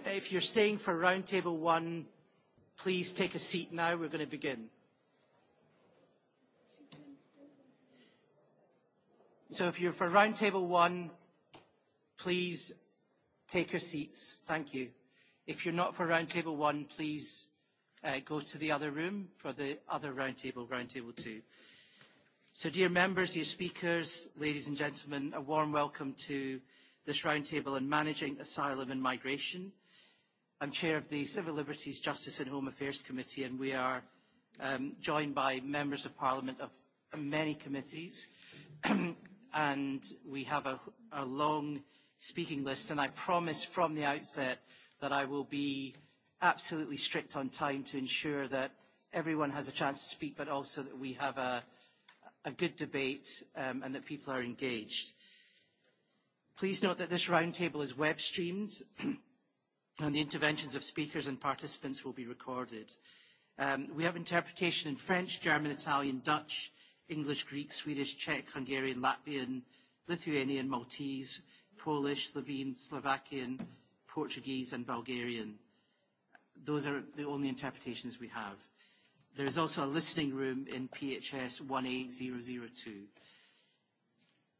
colleagues, if you're staying for roundtable one, please take a seat now. We're going to begin. So if you're for roundtable one, please take your seats. Thank you. If you're not for roundtable one, please uh, go to the other room for the other roundtable, roundtable two. So dear members, dear speakers, ladies and gentlemen, a warm welcome to this roundtable on managing asylum and migration I'm chair of the Civil Liberties, Justice and Home Affairs Committee, and we are um, joined by members of Parliament of many committees. and we have a, a long speaking list, and I promise from the outset that I will be absolutely strict on time to ensure that everyone has a chance to speak, but also that we have a, a good debate um, and that people are engaged. Please note that this roundtable is web streamed. and the interventions of speakers and participants will be recorded. Um, we have interpretation in French, German, Italian, Dutch, English, Greek, Swedish, Czech, Hungarian, Latvian, Lithuanian, Maltese, Polish, Slovene, Slovakian, Portuguese and Bulgarian. Those are the only interpretations we have. There is also a listening room in PHS 18002.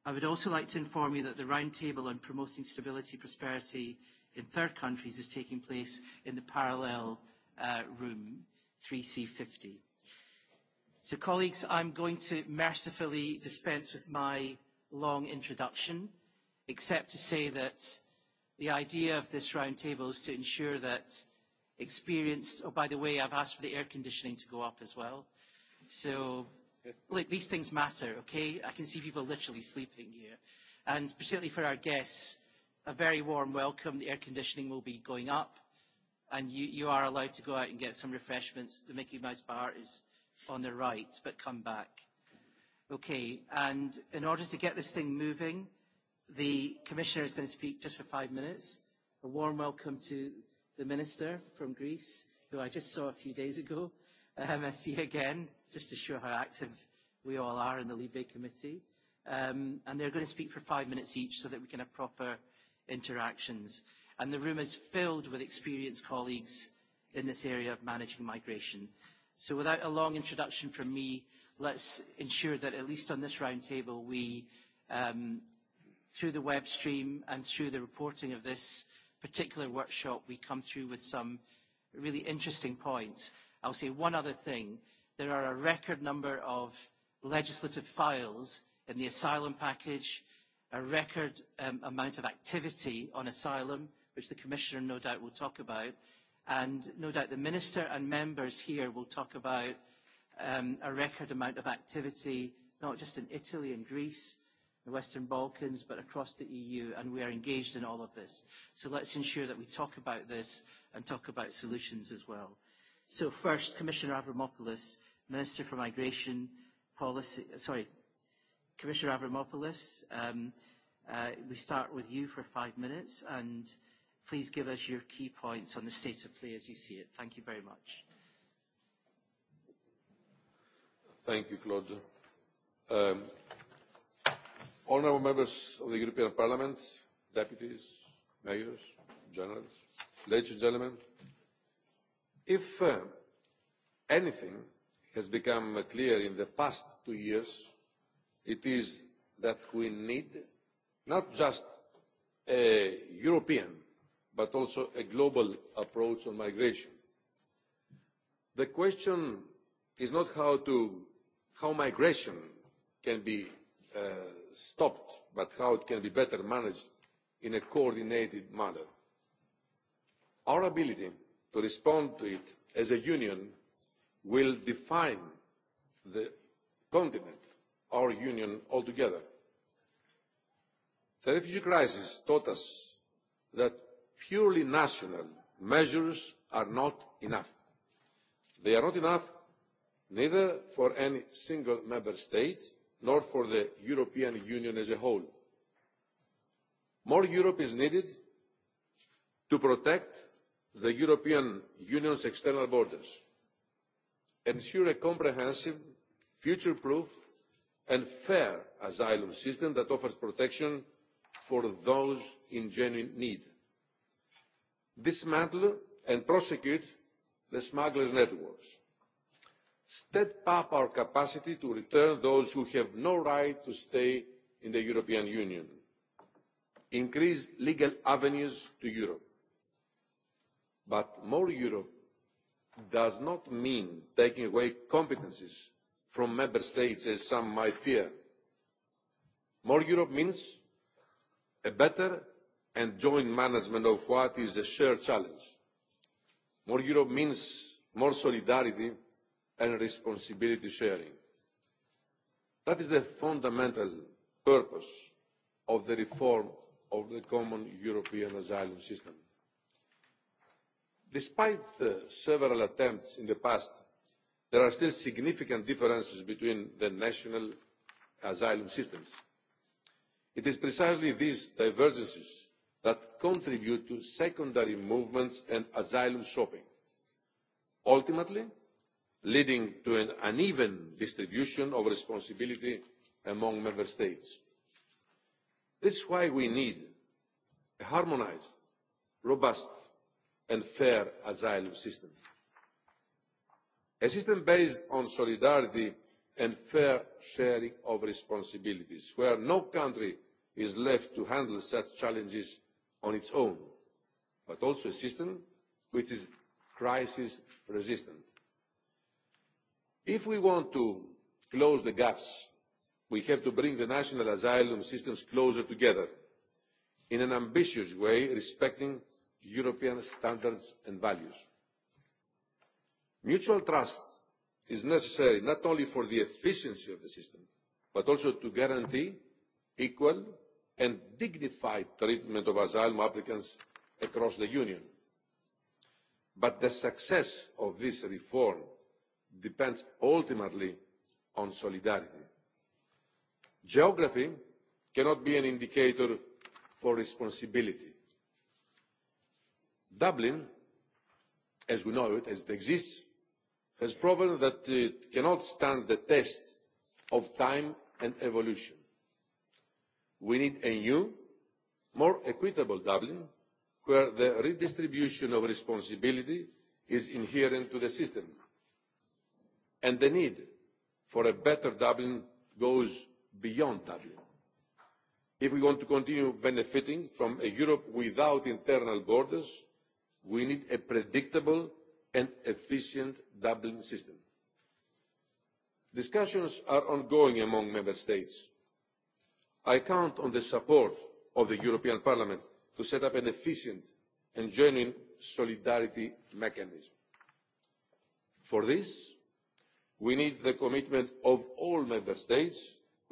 I would also like to inform you that the roundtable on promoting stability, prosperity in third countries is taking place in the parallel uh, room 3C50. So colleagues, I'm going to mercifully dispense with my long introduction, except to say that the idea of this roundtable is to ensure that experienced, oh, by the way, I've asked for the air conditioning to go up as well. So, look, these things matter, okay? I can see people literally sleeping here. And particularly for our guests, a very warm welcome. The air conditioning will be going up, and you, you are allowed to go out and get some refreshments. The Mickey Mouse bar is on the right, but come back. Okay, and in order to get this thing moving, the Commissioner is going to speak just for five minutes. A warm welcome to the Minister from Greece, who I just saw a few days ago. Um, I see again, just to show how active we all are in the Libe Committee. Um, and they're going to speak for five minutes each so that we can have proper interactions. And the room is filled with experienced colleagues in this area of managing migration. So without a long introduction from me, let's ensure that at least on this roundtable we, um, through the web stream and through the reporting of this particular workshop, we come through with some really interesting points. I'll say one other thing. There are a record number of legislative files in the asylum package, a record um, amount of activity on asylum, which the Commissioner no doubt will talk about, and no doubt the Minister and members here will talk about um, a record amount of activity, not just in Italy and Greece, the Western Balkans, but across the EU, and we are engaged in all of this. So let's ensure that we talk about this and talk about solutions as well. So first, Commissioner Avramopoulos, Minister for Migration Policy, sorry, Commissioner Avramopoulos, um, uh, we start with you for five minutes, and please give us your key points on the state of play as you see it. Thank you very much. Thank you, Claude. Um, honourable members of the European Parliament, deputies, mayors, generals, ladies and gentlemen, if uh, anything has become clear in the past two years, it is that we need not just a european but also a global approach on migration. the question is not how, to, how migration can be uh, stopped but how it can be better managed in a coordinated manner. our ability to respond to it as a union will define the continent our union altogether. The refugee crisis taught us that purely national measures are not enough. They are not enough neither for any single member state nor for the European Union as a whole. More Europe is needed to protect the European Union's external borders, ensure a comprehensive, future-proof and fair asylum system that offers protection for those in genuine need. Dismantle and prosecute the smugglers' networks. Step up our capacity to return those who have no right to stay in the European Union. Increase legal avenues to Europe. But more Europe does not mean taking away competences from member states as some might fear. More Europe means a better and joint management of what is a shared challenge. More Europe means more solidarity and responsibility sharing. That is the fundamental purpose of the reform of the common European asylum system. Despite uh, several attempts in the past there are still significant differences between the national asylum systems. it is precisely these divergences that contribute to secondary movements and asylum shopping ultimately leading to an uneven distribution of responsibility among member states. this is why we need a harmonised robust and fair asylum system a system based on solidarity and fair sharing of responsibilities where no country is left to handle such challenges on its own but also a system which is crisis resistant. if we want to close the gaps we have to bring the national asylum systems closer together in an ambitious way respecting european standards and values. Mutual trust is necessary not only for the efficiency of the system, but also to guarantee equal and dignified treatment of asylum applicants across the Union. But the success of this reform depends ultimately on solidarity. Geography cannot be an indicator for responsibility. Dublin, as we know it, as it exists, has proven that it cannot stand the test of time and evolution. We need a new, more equitable Dublin, where the redistribution of responsibility is inherent to the system. And the need for a better Dublin goes beyond Dublin. If we want to continue benefiting from a Europe without internal borders, we need a predictable and efficient dublin system. discussions are ongoing among member states. i count on the support of the european parliament to set up an efficient and genuine solidarity mechanism. for this we need the commitment of all member states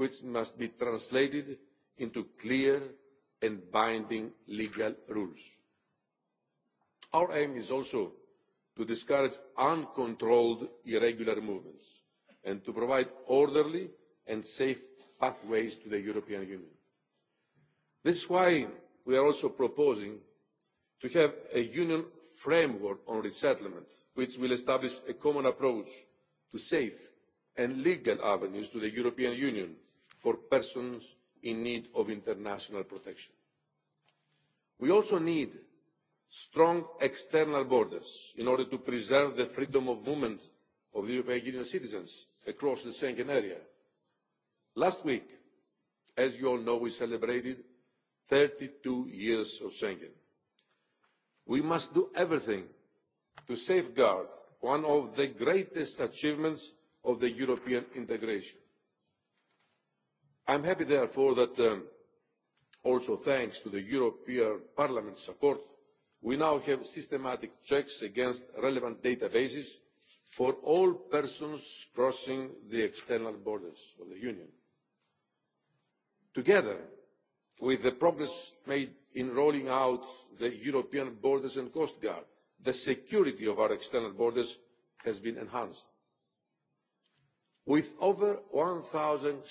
which must be translated into clear and binding legal rules. our aim is also to discourage uncontrolled irregular movements and to provide orderly and safe pathways to the European Union. This is why we are also proposing to have a union framework on resettlement, which will establish a common approach to safe and legal avenues to the European Union for persons in need of international protection. We also need strong external borders in order to preserve the freedom of movement of european union citizens across the schengen area. last week as you all know we celebrated thirty two years of schengen. we must do everything to safeguard one of the greatest achievements of the european integration. i am happy therefore that um, also thanks to the european parliament's support we now have systematic checks against relevant databases for all persons crossing the external borders of the union. together with the progress made in rolling out the european borders and coast guard the security of our external borders has been enhanced. with over one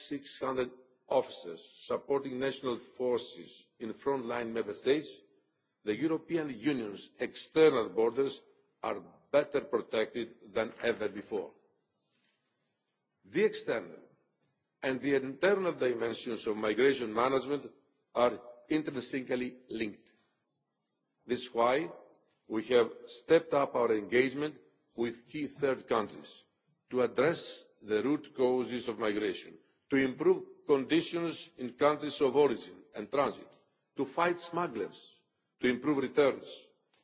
six hundred officers supporting national forces in frontline member states the european union's external borders are better protected than ever before. the external and the internal dimensions of migration management are intrinsically linked. this is why we have stepped up our engagement with key third countries to address the root causes of migration to improve conditions in countries of origin and transit to fight smugglers to improve returns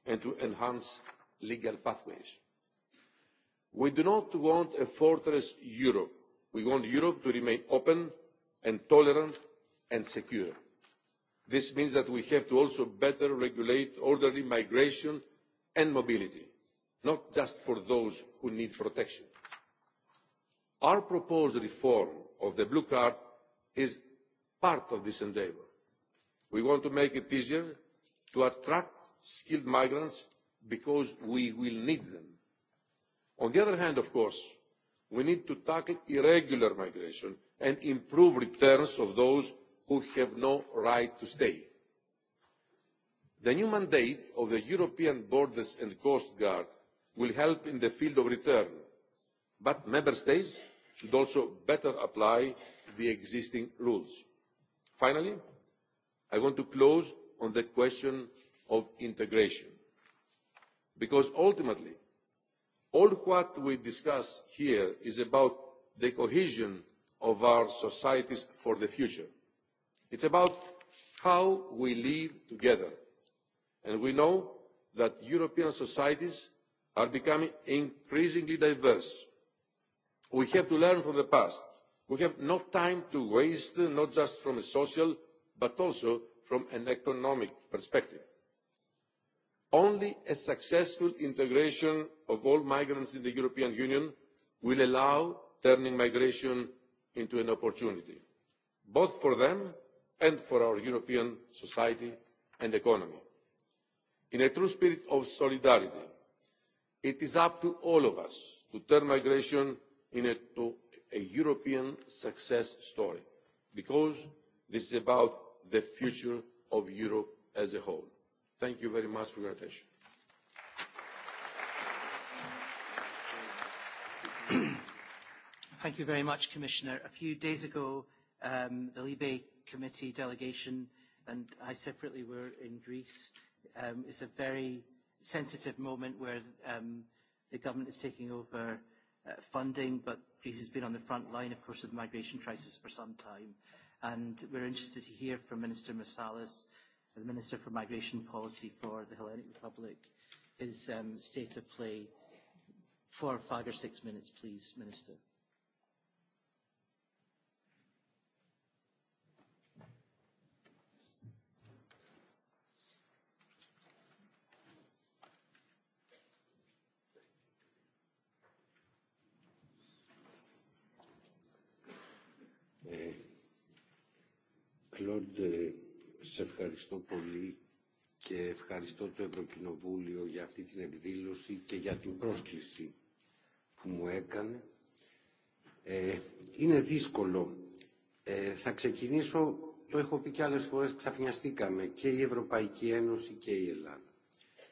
and to enhance legal pathways. We do not want a fortress Europe. We want Europe to remain open and tolerant and secure. This means that we have to also better regulate orderly migration and mobility, not just for those who need protection. Our proposed reform of the Blue Card is part of this endeavour. We want to make it easier to attract skilled migrants because we will need them. On the other hand, of course, we need to tackle irregular migration and improve returns of those who have no right to stay. The new mandate of the European Borders and Coast Guard will help in the field of return, but Member States should also better apply the existing rules. Finally, I want to close on the question of integration. Because ultimately, all what we discuss here is about the cohesion of our societies for the future. It's about how we live together. And we know that European societies are becoming increasingly diverse. We have to learn from the past. We have no time to waste, not just from a social, but also from an economic perspective. Only a successful integration of all migrants in the European Union will allow turning migration into an opportunity, both for them and for our European society and economy. In a true spirit of solidarity, it is up to all of us to turn migration into a European success story, because this is about the future of Europe as a whole. Thank you very much for your attention. Thank you very much, Commissioner. A few days ago, um, the Libe Committee delegation and I separately were in Greece. Um, it's a very sensitive moment where um, the government is taking over uh, funding, but Greece has been on the front line, of course, of the migration crisis for some time. And we're interested to hear from Minister Marsalis, the Minister for Migration Policy for the Hellenic Republic, his um, state of play for five or six minutes, please, Minister. Λόντ, σε ευχαριστώ πολύ και ευχαριστώ το Ευρωκοινοβούλιο για αυτή την εκδήλωση και για την πρόσκληση που μου έκανε. Ε, είναι δύσκολο. Ε, θα ξεκινήσω, το έχω πει και άλλες φορές, ξαφνιαστήκαμε και η Ευρωπαϊκή Ένωση και η Ελλάδα.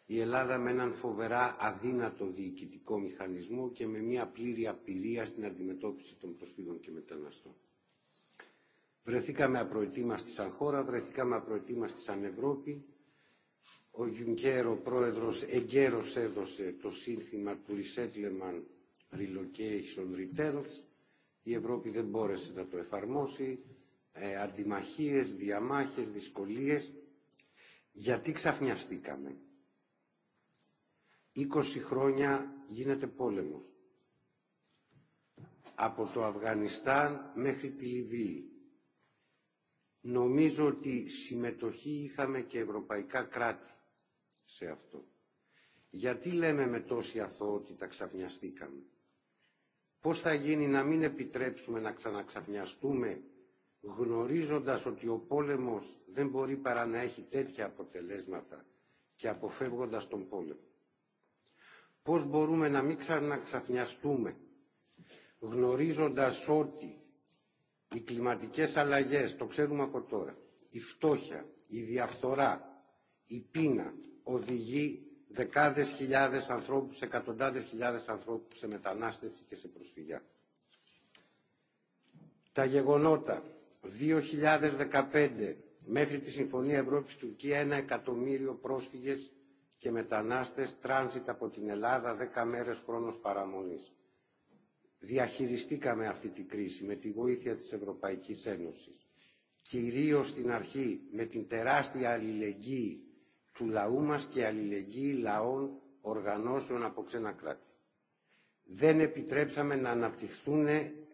Η Ελλάδα με έναν φοβερά αδύνατο διοικητικό μηχανισμό και με μια πλήρη απειρία στην αντιμετώπιση των προσφύγων και μεταναστών. Βρεθήκαμε απροετοίμαστοι σαν χώρα, βρεθήκαμε απροετοίμαστοι σαν Ευρώπη. Ο Γιουνκέρο, πρόεδρος, εγκαίρος έδωσε το σύνθημα του resettlement relocation returns. Η Ευρώπη δεν μπόρεσε να το εφαρμόσει. Ε, αντιμαχίες, διαμάχες, δυσκολίες. Γιατί ξαφνιαστήκαμε. 20 χρόνια γίνεται πόλεμος. Από το Αφγανιστάν μέχρι τη Λιβύη Νομίζω ότι συμμετοχή είχαμε και ευρωπαϊκά κράτη σε αυτό. Γιατί λέμε με τόση αθωότητα ξαφνιαστήκαμε. Πώς θα γίνει να μην επιτρέψουμε να ξαναξαφνιαστούμε γνωρίζοντας ότι ο πόλεμος δεν μπορεί παρά να έχει τέτοια αποτελέσματα και αποφεύγοντας τον πόλεμο. Πώς μπορούμε να μην ξαναξαφνιαστούμε γνωρίζοντας ότι Οι κλιματικές αλλαγές, το ξέρουμε από τώρα, η φτώχεια, η διαφθορά, η πείνα οδηγεί δεκάδες χιλιάδες ανθρώπους, εκατοντάδες χιλιάδες ανθρώπους σε μετανάστευση και σε προσφυγιά. Τα γεγονότα 2015 μέχρι τη Συμφωνία Ευρώπης-Τουρκία ένα εκατομμύριο πρόσφυγες και μετανάστες τράνζιτ από την Ελλάδα 10 μέρες χρόνος παραμονής διαχειριστήκαμε αυτή την κρίση με τη βοήθεια της Ευρωπαϊκής Ένωσης. Κυρίως στην αρχή με την τεράστια αλληλεγγύη του λαού μας και αλληλεγγύη λαών οργανώσεων από ξένα κράτη. Δεν επιτρέψαμε να αναπτυχθούν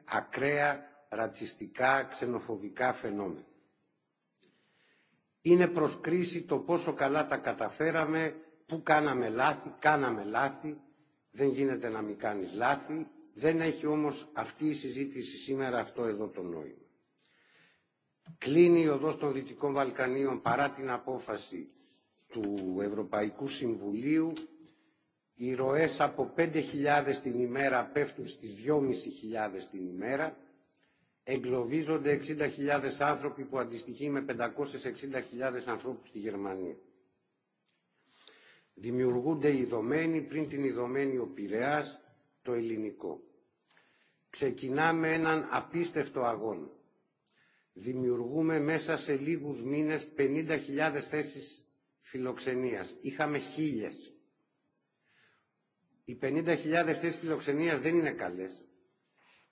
ακραία ρατσιστικά, ξενοφοβικά φαινόμενα. Είναι προς κρίση το πόσο καλά τα καταφέραμε, πού κάναμε λάθη, κάναμε λάθη, δεν γίνεται να μην κάνεις λάθη, Δεν έχει όμως αυτή η συζήτηση σήμερα αυτό εδώ το νόημα. Κλείνει η οδός των Δυτικών Βαλκανίων παρά την απόφαση του Ευρωπαϊκού Συμβουλίου. Οι ροές από 5.000 την ημέρα πέφτουν στις 2.500 την ημέρα. Εγκλωβίζονται 60.000 άνθρωποι που αντιστοιχεί με 560.000 ανθρώπους στη Γερμανία. Δημιουργούνται ειδωμένοι, πριν την ειδωμένη ο Πειραιάς, το ελληνικό. Ξεκινάμε έναν απίστευτο αγώνα. Δημιουργούμε μέσα σε λίγους μήνες 50.000 θέσεις φιλοξενίας. Είχαμε χίλιες. Οι 50.000 θέσεις φιλοξενίας δεν είναι καλές.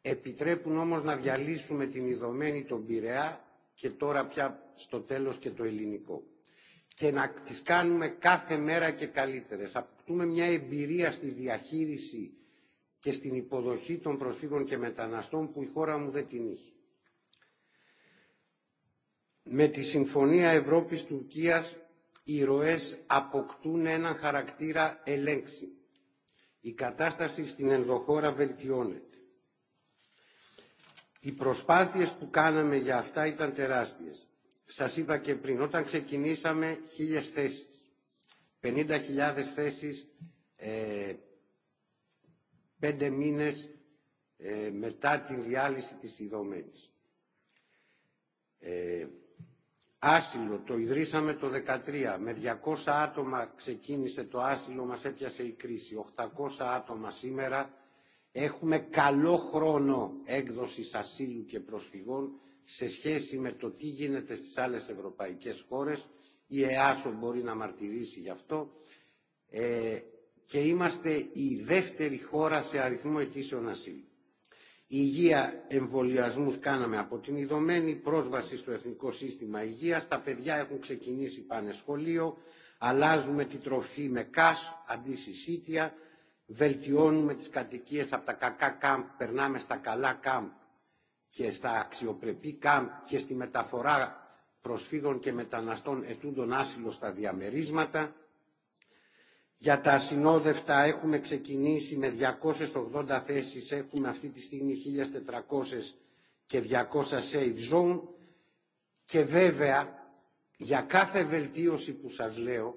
Επιτρέπουν όμως να διαλύσουμε την ειδωμένη τον Πειραιά και τώρα πια στο τέλος και το ελληνικό. Και να τις κάνουμε κάθε μέρα και καλύτερες. Αποκτούμε μια εμπειρία στη διαχείριση και στην υποδοχή των προσφύγων και μεταναστών που η χώρα μου δεν την είχε. Με τη Συμφωνία Ευρώπης-Τουρκίας οι ροές αποκτούν έναν χαρακτήρα ελέγξη. Η κατάσταση στην ενδοχώρα βελτιώνεται. Οι προσπάθειες που κάναμε για αυτά ήταν τεράστιες. Σας είπα και πριν, όταν ξεκινήσαμε χίλιες θέσεις, 50.000 θέσεις ε, πέντε μήνες ε, μετά την διάλυση της ιδωμένης. Ε, άσυλο, το ιδρύσαμε το 2013, με 200 άτομα ξεκίνησε το άσυλο, μας έπιασε η κρίση, 800 άτομα σήμερα, έχουμε καλό χρόνο έκδοσης ασύλου και προσφυγών σε σχέση με το τι γίνεται στις άλλες ευρωπαϊκές χώρες, η ΕΑΣΟ μπορεί να μαρτυρήσει γι' αυτό, ε, και είμαστε η δεύτερη χώρα σε αριθμό αιτήσεων ασύλου. Η υγεία εμβολιασμούς κάναμε από την ειδωμένη πρόσβαση στο Εθνικό Σύστημα Υγείας. Τα παιδιά έχουν ξεκινήσει πάνε σχολείο, αλλάζουμε τη τροφή με κάσ αντί συσίτια, βελτιώνουμε τις κατοικίες από τα κακά κάμπ, περνάμε στα καλά κάμπ και στα αξιοπρεπή κάμπ και στη μεταφορά προσφύγων και μεταναστών ετούντων άσυλο στα διαμερίσματα. Για τα ασυνόδευτα έχουμε ξεκινήσει με 280 θέσεις, έχουμε αυτή τη στιγμή 1.400 και 200 safe zone και βέβαια για κάθε βελτίωση που σας λέω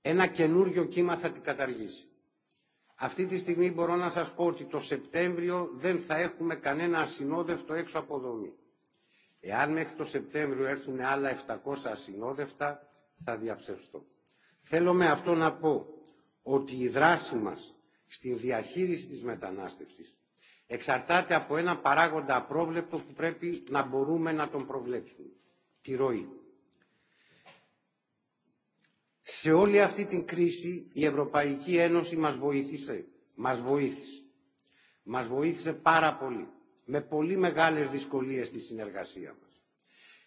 ένα καινούριο κύμα θα την καταργήσει. Αυτή τη στιγμή μπορώ να σας πω ότι το Σεπτέμβριο δεν θα έχουμε κανένα ασυνόδευτο έξω από δομή. Εάν μέχρι το Σεπτέμβριο έρθουν άλλα 700 ασυνόδευτα θα διαψευστώ. Θέλω με αυτό να πω ότι η δράση μας στην διαχείριση της μετανάστευσης εξαρτάται από ένα παράγοντα απρόβλεπτο που πρέπει να μπορούμε να τον προβλέψουμε, τη ροή. Σε όλη αυτή την κρίση η Ευρωπαϊκή Ένωση μας βοήθησε, μας βοήθησε. Μας βοήθησε πάρα πολύ, με πολύ μεγάλες δυσκολίες στη συνεργασία μας.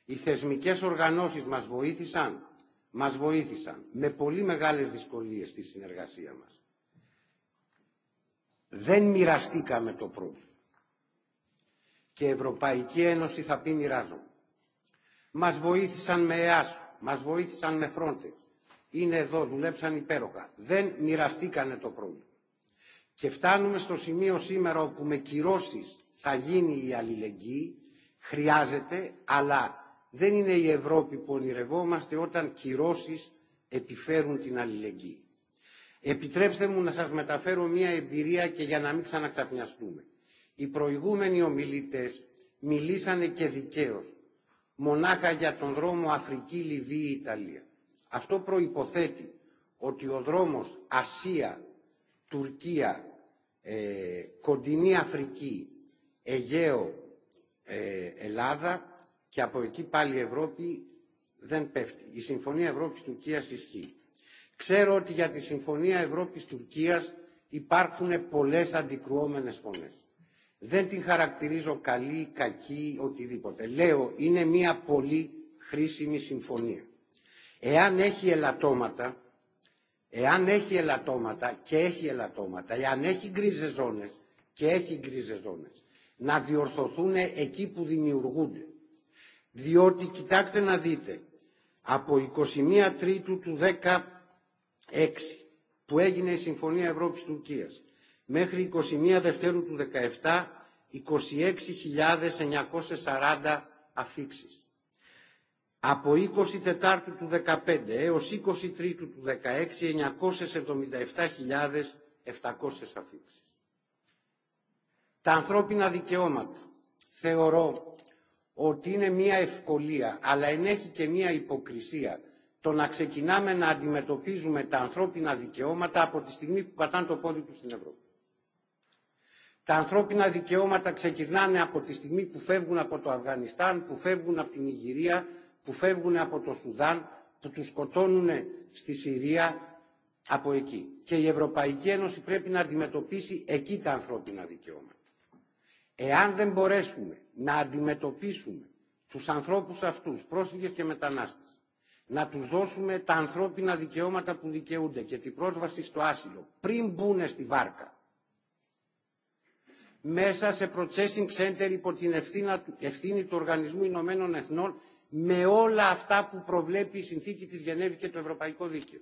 Οι θεσμικές οργανώσεις μας βοήθησαν μας βοήθησαν με πολύ μεγάλες δυσκολίες στη συνεργασία μας. Δεν μοιραστήκαμε το πρόβλημα. Και η Ευρωπαϊκή Ένωση θα πει μοιράζομαι. Μας βοήθησαν με ΕΑΣΟ, μας βοήθησαν με Frontex. Είναι εδώ, δουλέψαν υπέροχα. Δεν μοιραστήκανε το πρόβλημα. Και φτάνουμε στο σημείο σήμερα όπου με κυρώσεις θα γίνει η αλληλεγγύη, χρειάζεται, αλλά δεν είναι η Ευρώπη που ονειρευόμαστε όταν κυρώσεις επιφέρουν την αλληλεγγύη. Επιτρέψτε μου να σας μεταφέρω μια εμπειρία και για να μην ξαναξαπνιαστούμε. Οι προηγούμενοι ομιλητές μιλήσανε και δικαίως μονάχα για τον δρόμο Αφρική-Λιβύη-Ιταλία. Αυτό προϋποθέτει ότι ο δρόμος Ασία-Τουρκία, ε, κοντινή Αφρική, Αιγαίο, ε, Ελλάδα και από εκεί πάλι η Ευρώπη δεν πέφτει. Η Συμφωνία Ευρώπης-Τουρκίας ισχύει. Ξέρω ότι για τη Συμφωνία Ευρώπης-Τουρκίας υπάρχουν πολλές αντικρουόμενες φωνές. Δεν την χαρακτηρίζω καλή, κακή, οτιδήποτε. Λέω, είναι μια πολύ χρήσιμη συμφωνία. Εάν έχει ελαττώματα, εάν έχει ελαττώματα και έχει ελαττώματα, εάν έχει γκρίζες ζώνες και έχει γκρίζες ζώνες, να διορθωθούν εκεί που δημιουργούνται. Διότι, κοιτάξτε να δείτε, από 21 Τρίτου του 16 που έγινε η Συμφωνία Ευρώπης Τουρκίας μέχρι 21 Δευτέρου του 17 26.940 αφήξεις. Από 20 Τετάρτου του 15 έως 20 Τρίτου του 16 977.700 αφήξεις. Τα ανθρώπινα δικαιώματα θεωρώ ότι είναι μια ευκολία, αλλά ενέχει και μια υποκρισία το να ξεκινάμε να αντιμετωπίζουμε τα ανθρώπινα δικαιώματα από τη στιγμή που πατάνε το πόδι του στην Ευρώπη. Τα ανθρώπινα δικαιώματα ξεκινάνε από τη στιγμή που φεύγουν από το Αφγανιστάν, που φεύγουν από την Ιγυρία, που φεύγουν από το Σουδάν, που τους σκοτώνουν στη Συρία από εκεί. Και η Ευρωπαϊκή Ένωση πρέπει να αντιμετωπίσει εκεί τα ανθρώπινα δικαιώματα. Εάν δεν μπορέσουμε να αντιμετωπίσουμε τους ανθρώπους αυτούς, πρόσφυγες και μετανάστες, να τους δώσουμε τα ανθρώπινα δικαιώματα που δικαιούνται και την πρόσβαση στο άσυλο πριν μπουν στη βάρκα. Μέσα σε processing center υπό την ευθύνα, ευθύνη του Οργανισμού Ηνωμένων Εθνών με όλα αυτά που προβλέπει η συνθήκη της Γενέβη και το Ευρωπαϊκό Δίκαιο.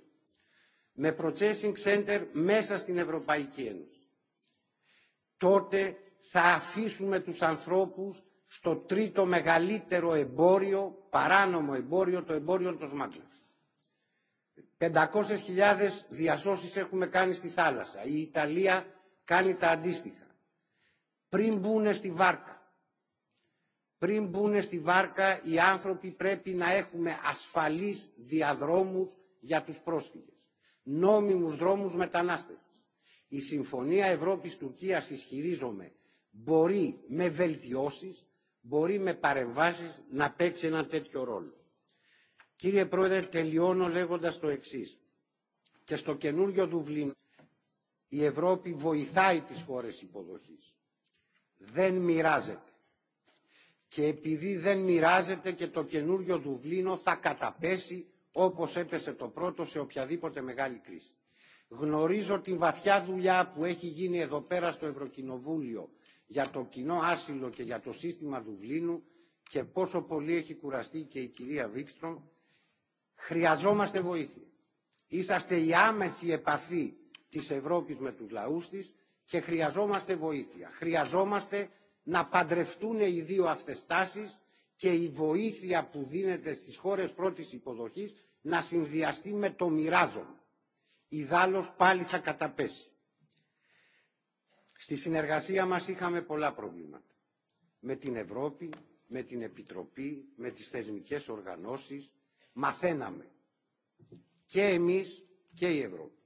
Με processing center μέσα στην Ευρωπαϊκή Ένωση. Τότε θα αφήσουμε τους ανθρώπους στο τρίτο μεγαλύτερο εμπόριο, παράνομο εμπόριο, το εμπόριο των σμάτλας. 500.000 διασώσεις έχουμε κάνει στη θάλασσα. Η Ιταλία κάνει τα αντίστοιχα. Πριν μπουν στη βάρκα, πριν μπουν στη βάρκα οι άνθρωποι πρέπει να έχουμε ασφαλείς διαδρόμους για τους πρόσφυγες. Νόμιμους δρόμους μετανάστευσης. Η Συμφωνία Ευρώπης-Τουρκίας ισχυρίζομαι μπορεί με βελτιώσεις, μπορεί με παρεμβάσεις να παίξει ένα τέτοιο ρόλο. Κύριε Πρόεδρε, τελειώνω λέγοντας το εξής. Και στο καινούριο Δουβλίνο η Ευρώπη βοηθάει τις χώρες υποδοχής. Δεν μοιράζεται. Και επειδή δεν μοιράζεται και το καινούριο Δουβλίνο θα καταπέσει όπως έπεσε το πρώτο σε οποιαδήποτε μεγάλη κρίση. Γνωρίζω τη βαθιά δουλειά που έχει γίνει εδώ πέρα στο Ευρωκοινοβούλιο για το κοινό άσυλο και για το σύστημα Δουβλίνου και πόσο πολύ έχει κουραστεί και η κυρία Βίξτρομ, χρειαζόμαστε βοήθεια. Είσαστε η άμεση επαφή της Ευρώπης με τους λαούς της και χρειαζόμαστε βοήθεια. Χρειαζόμαστε να παντρευτούν οι δύο αυτές τάσεις και η βοήθεια που δίνεται στις χώρες πρώτης υποδοχής να συνδυαστεί με το μοιράζομαι. Ιδάλλως πάλι θα καταπέσει. Στη συνεργασία μας είχαμε πολλά προβλήματα. Με την Ευρώπη, με την Επιτροπή, με τις θεσμικές οργανώσεις, μαθαίναμε. Και εμείς και η Ευρώπη.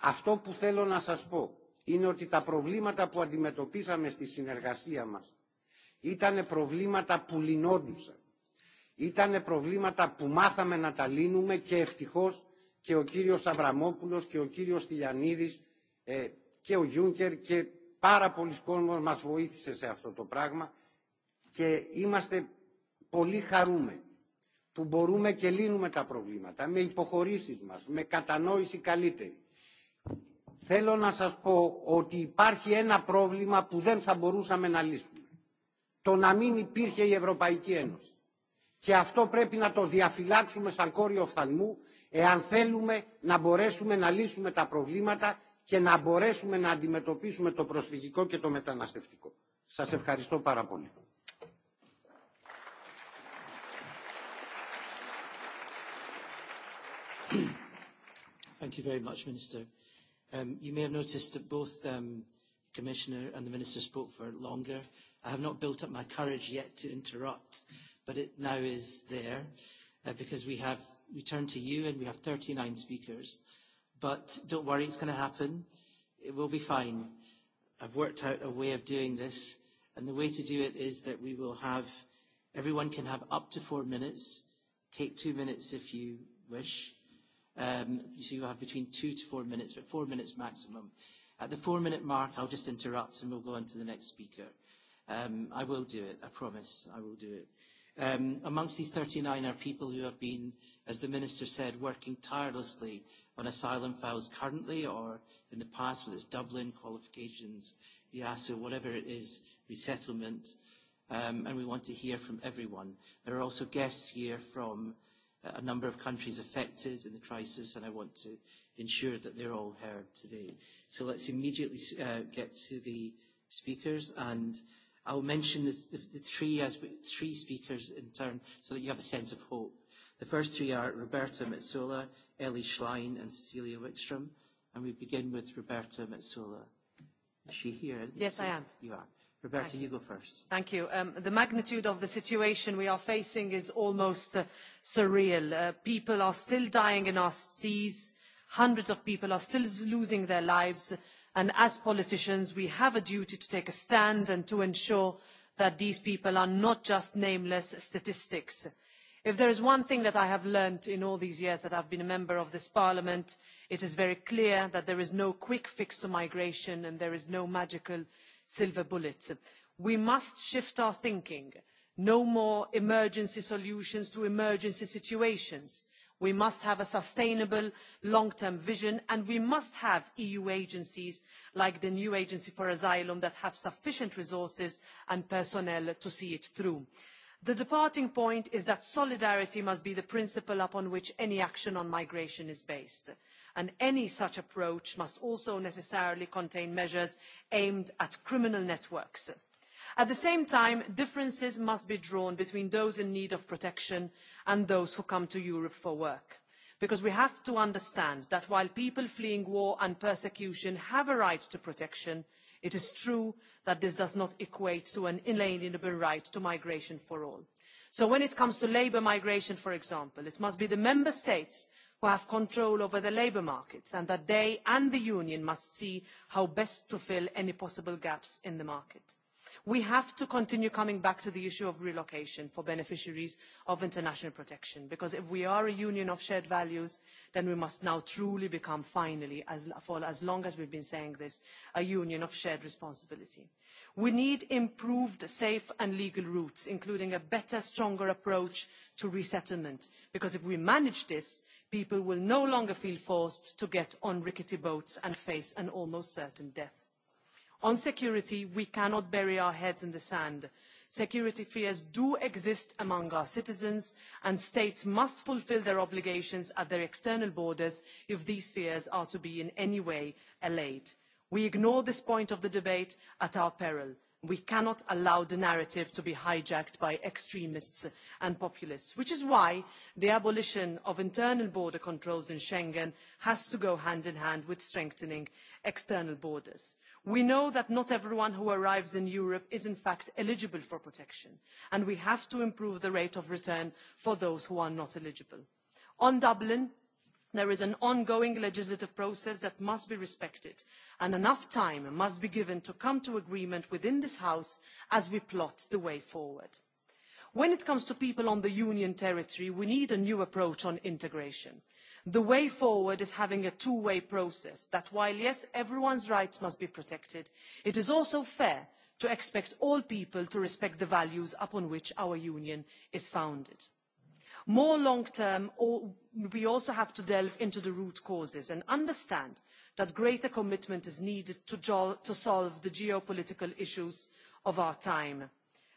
Αυτό που θέλω να σας πω είναι ότι τα προβλήματα που αντιμετωπίσαμε στη συνεργασία μας ήταν προβλήματα που λυνόντουσαν. Ήταν προβλήματα που μάθαμε να τα λύνουμε και ευτυχώς και ο κύριος Αβραμόπουλος και ο κύριος Τηλιανίδης ε, και ο Γιούνκερ και πάρα πολλοί κόσμος μας βοήθησε σε αυτό το πράγμα και είμαστε πολύ χαρούμενοι που μπορούμε και λύνουμε τα προβλήματα με υποχωρήσεις μας, με κατανόηση καλύτερη. Θέλω να σας πω ότι υπάρχει ένα πρόβλημα που δεν θα μπορούσαμε να λύσουμε. Το να μην υπήρχε η Ευρωπαϊκή Ένωση. Και αυτό πρέπει να το διαφυλάξουμε σαν κόριο οφθαλμού εάν θέλουμε να μπορέσουμε να λύσουμε τα προβλήματα και να μπορέσουμε να αντιμετωπίσουμε το προσφυγικό και το μεταναστευτικό. Σας ευχαριστώ πάρα πολύ. Thank you very much, Minister. Um, you may have noticed that both um, Commissioner and the Minister spoke for longer. I have not built up my courage yet to interrupt, but it now is there uh, because we have, we turn to you and we have 39 speakers. Uh, But don't worry, it's going to happen. It will be fine. I've worked out a way of doing this, and the way to do it is that we will have, everyone can have up to four minutes. Take two minutes if you wish. Um, so you'll have between two to four minutes, but four minutes maximum. At the four-minute mark, I'll just interrupt and we'll go on to the next speaker. Um, I will do it, I promise, I will do it. Um, amongst these 39 are people who have been, as the Minister said, working tirelessly on asylum files currently or in the past, whether it's Dublin, qualifications, EASO, whatever it is, resettlement, um, and we want to hear from everyone. There are also guests here from uh, a number of countries affected in the crisis, and I want to ensure that they're all heard today. So let's immediately uh, get to the speakers, and I'll mention the, the, the three, as we, three speakers in turn so that you have a sense of hope. The first three are Roberta Metsola, Ellie Schlein and Cecilia Wickstrom. And we begin with Roberta Metsola. Is she here? Isn't yes, she? I am. You are. Roberta, Thank you go first. Thank you. Um, the magnitude of the situation we are facing is almost uh, surreal. Uh, people are still dying in our seas. Hundreds of people are still losing their lives and as politicians we have a duty to take a stand and to ensure that these people are not just nameless statistics. if there is one thing that i have learned in all these years that i have been a member of this parliament it is very clear that there is no quick fix to migration and there is no magical silver bullet. we must shift our thinking no more emergency solutions to emergency situations we must have a sustainable long term vision and we must have eu agencies like the new agency for asylum that have sufficient resources and personnel to see it through. the departing point is that solidarity must be the principle upon which any action on migration is based and any such approach must also necessarily contain measures aimed at criminal networks At the same time, differences must be drawn between those in need of protection and those who come to Europe for work. Because we have to understand that while people fleeing war and persecution have a right to protection, it is true that this does not equate to an inalienable right to migration for all. So when it comes to labour migration, for example, it must be the member states who have control over the labour markets and that they and the union must see how best to fill any possible gaps in the market we have to continue coming back to the issue of relocation for beneficiaries of international protection because if we are a union of shared values then we must now truly become finally as, for as long as we've been saying this a union of shared responsibility. we need improved safe and legal routes including a better stronger approach to resettlement because if we manage this people will no longer feel forced to get on rickety boats and face an almost certain death On security, we cannot bury our heads in the sand. Security fears do exist among our citizens, and states must fulfil their obligations at their external borders if these fears are to be in any way allayed. We ignore this point of the debate at our peril. We cannot allow the narrative to be hijacked by extremists and populists, which is why the abolition of internal border controls in Schengen has to go hand in hand with strengthening external borders we know that not everyone who arrives in europe is in fact eligible for protection and we have to improve the rate of return for those who are not eligible. on dublin there is an ongoing legislative process that must be respected and enough time must be given to come to agreement within this house as we plot the way forward when it comes to people on the union territory we need a new approach on integration. the way forward is having a two way process that while yes everyone's rights must be protected it is also fair to expect all people to respect the values upon which our union is founded. more long term we also have to delve into the root causes and understand that greater commitment is needed to, to solve the geopolitical issues of our time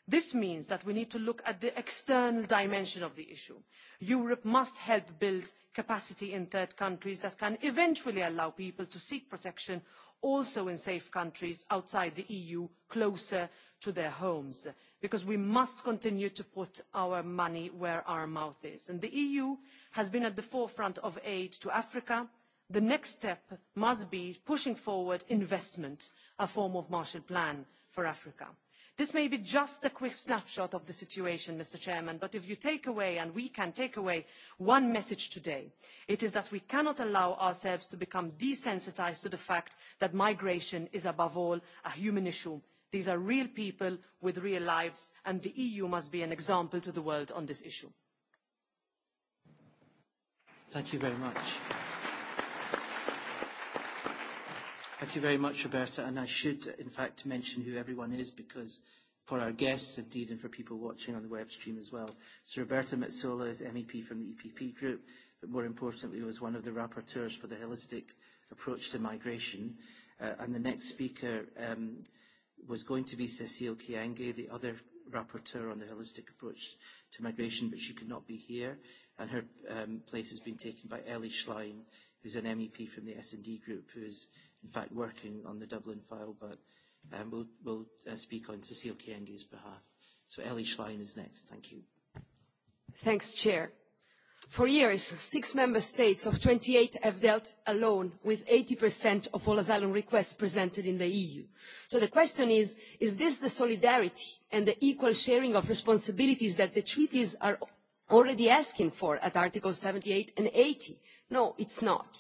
This means that we need to look at the external dimension of the issue. Europe must help build capacity in third countries that can eventually allow people to seek protection also in safe countries outside the EU closer to their homes because we must continue to put our money where our mouth is. And the EU has been at the forefront of aid to Africa. The next step must be pushing forward investment, a form of Marshall Plan for Africa This may be just a quick snapshot of the situation, Mr. Chairman, but if you take away, and we can take away, one message today, it is that we cannot allow ourselves to become desensitized to the fact that migration is above all a human issue. These are real people with real lives, and the EU must be an example to the world on this issue. Thank you very much. Thank you very much, Roberta. And I should, in fact, mention who everyone is because for our guests, indeed, and for people watching on the web stream as well. So Roberta Metsola is MEP from the EPP group, but more importantly, was one of the rapporteurs for the holistic approach to migration. Uh, and the next speaker um, was going to be Cecile Kiange, the other rapporteur on the holistic approach to migration, but she could not be here, and her um, place has been taken by Ellie Schlein, who's an MEP from the S&D group, who is in fact, working on the Dublin file, but um, we'll, we'll uh, speak on Cecile Kienge's behalf. So Ellie Schlein is next. Thank you. Thanks, Chair. For years, six member states of 28 have dealt alone with 80% of all asylum requests presented in the EU. So the question is, is this the solidarity and the equal sharing of responsibilities that the treaties are already asking for at Article 78 and 80? No, it's not.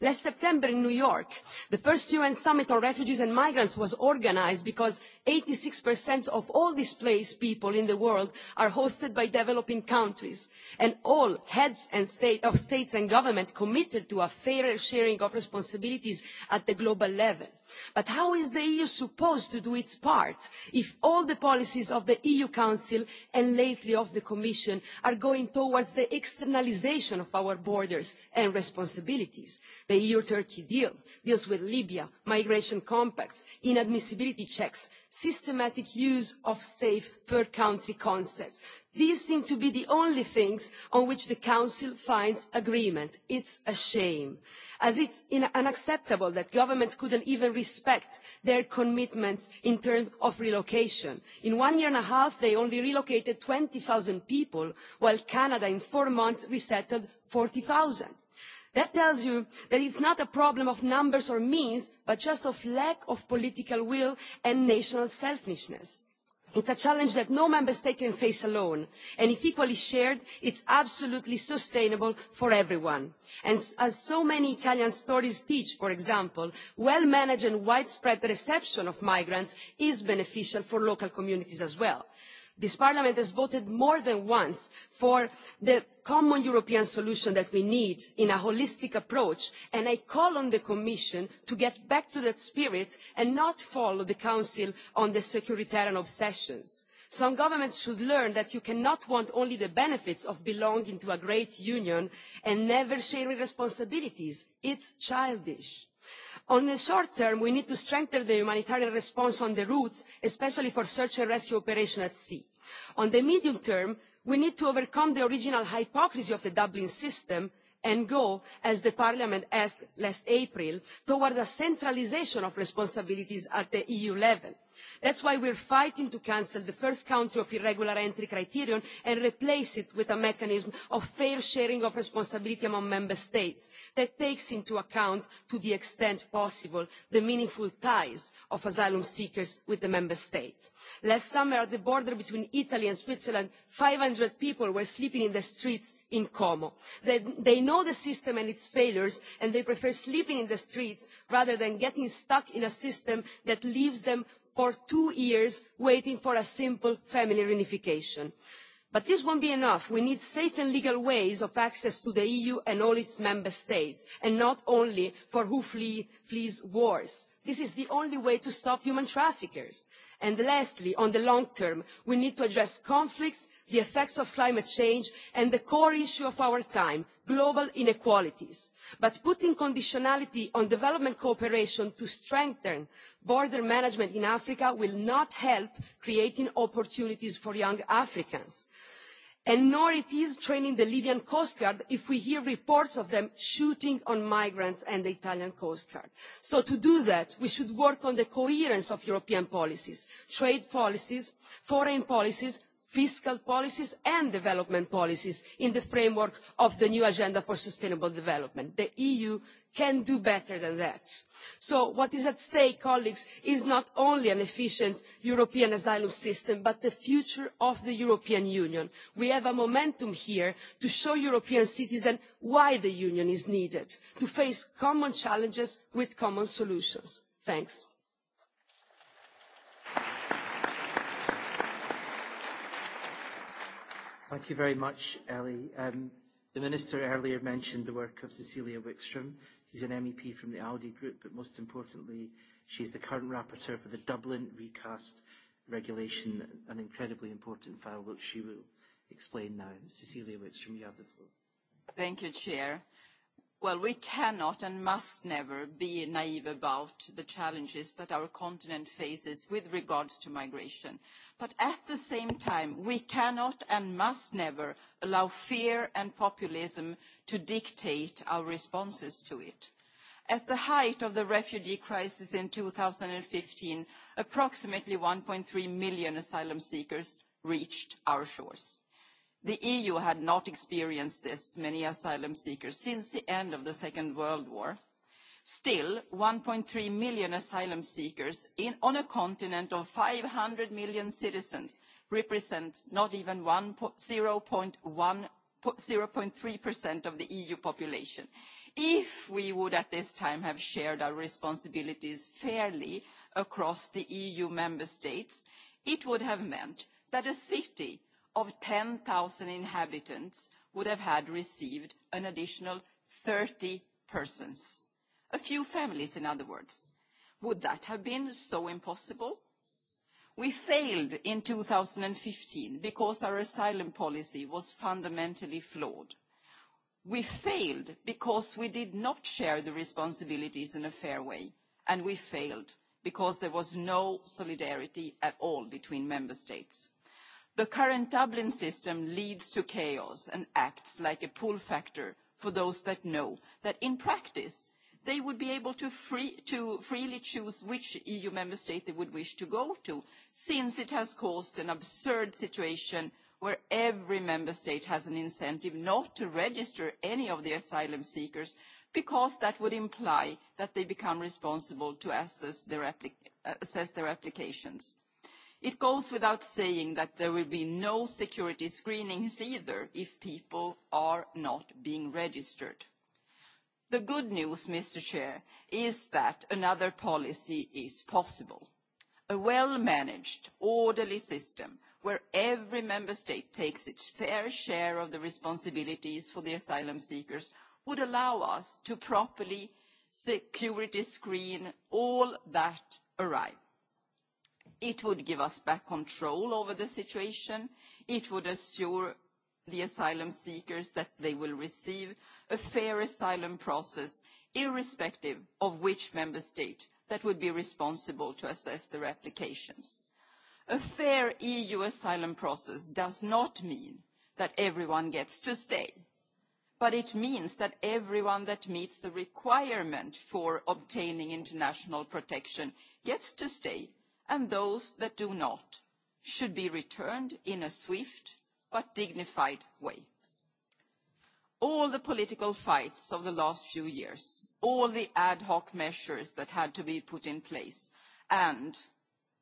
Last September in New York, the first UN summit on refugees and migrants was organized because 86% of all displaced people in the world are hosted by developing countries, and all heads and state, of states and government committed to a fairer sharing of responsibilities at the global level. But how is the EU supposed to do its part if all the policies of the EU Council and lately of the Commission are going towards the externalization of our borders and and responsibilities. The EU-Turkey deal deals with Libya, migration compacts, inadmissibility checks, systematic use of safe third country concepts. These seem to be the only things on which the Council finds agreement. It's a shame, as it's in- unacceptable that governments couldn't even respect their commitments in terms of relocation. In one year and a half, they only relocated 20,000 people, while Canada in four months resettled 40,000 That tells you that it's not a problem of numbers or means, but just of lack of political will and national selfishness. It's a challenge that no member state can face alone, and if equally shared, it's absolutely sustainable for everyone. And as so many Italian stories teach, for example, well-managed and widespread reception of migrants is beneficial for local communities as well This Parliament has voted more than once for the common European solution that we need in a holistic approach, and I call on the Commission to get back to that spirit and not follow the Council on the securitarian obsessions. Some governments should learn that you cannot want only the benefits of belonging to a great union and never sharing responsibilities. It's childish. On the short term, we need to strengthen the humanitarian response on the routes, especially for search and rescue operations at sea. On the medium term, we need to overcome the original hypocrisy of the Dublin system and go, as the Parliament asked last April, towards a centralisation of responsibilities at the EU level that is why we are fighting to cancel the first country of irregular entry criterion and replace it with a mechanism of fair sharing of responsibility among member states that takes into account to the extent possible the meaningful ties of asylum seekers with the member state. last summer at the border between italy and switzerland five hundred people were sleeping in the streets in como. They, they know the system and its failures and they prefer sleeping in the streets rather than getting stuck in a system that leaves them for two years waiting for a simple family reunification. But this won't be enough. We need safe and legal ways of access to the EU and all its member states, and not only for who flee, flees wars This is the only way to stop human traffickers. And lastly, on the long term, we need to address conflicts, the effects of climate change, and the core issue of our time, global inequalities. But putting conditionality on development cooperation to strengthen border management in Africa will not help creating opportunities for young Africans. Uh, and nor it is training the libyan coast guard if we hear reports of them shooting on migrants and the italian coast guard. so to do that we should work on the coherence of european policies trade policies foreign policies fiscal policies and development policies in the framework of the new agenda for sustainable development. the eu can do better than that. so what is at stake colleagues is not only an efficient european asylum system but the future of the european union. we have a momentum here to show european citizens why the union is needed to face common challenges with common solutions. thanks. Thank you very much, Ellie. Um, the Minister earlier mentioned the work of Cecilia Wickstrom. He's an MEP from the Audi Group, but most importantly, she's the current rapporteur for the Dublin recast regulation, an incredibly important file, which she will explain now. Cecilia Wickstrom, you have the floor. Thank you, Chair. Well, we cannot and must never be naive about the challenges that our continent faces with regards to migration. But at the same time, we cannot and must never allow fear and populism to dictate our responses to it. At the height of the refugee crisis in 2015, approximately 1.3 million asylum seekers reached our shores The EU had not experienced this many asylum seekers since the end of the Second World War. Still, 1.3 million asylum seekers in, on a continent of 500 million citizens represents not even 0.3% of the EU population. If we would at this time have shared our responsibilities fairly across the EU member states, it would have meant that a city of 10,000 inhabitants would have had received an additional 30 persons. A few families, in other words. Would that have been so impossible? We failed in 2015 because our asylum policy was fundamentally flawed. We failed because we did not share the responsibilities in a fair way, and we failed because there was no solidarity at all between member states the current dublin system leads to chaos and acts like a pull factor for those that know that in practice they would be able to, free, to freely choose which eu member state they would wish to go to since it has caused an absurd situation where every member state has an incentive not to register any of the asylum seekers because that would imply that they become responsible to assess their, applic- assess their applications It goes without saying that there will be no security screenings either if people are not being registered. The good news, Mr. Chair, is that another policy is possible. A well-managed, orderly system where every member state takes its fair share of the responsibilities for the asylum seekers would allow us to properly security screen all that arrive It would give us back control over the situation. It would assure the asylum seekers that they will receive a fair asylum process irrespective of which member state that would be responsible to assess their applications. A fair EU asylum process does not mean that everyone gets to stay, but it means that everyone that meets the requirement for obtaining international protection gets to stay and those that do not should be returned in a swift but dignified way. All the political fights of the last few years, all the ad hoc measures that had to be put in place, and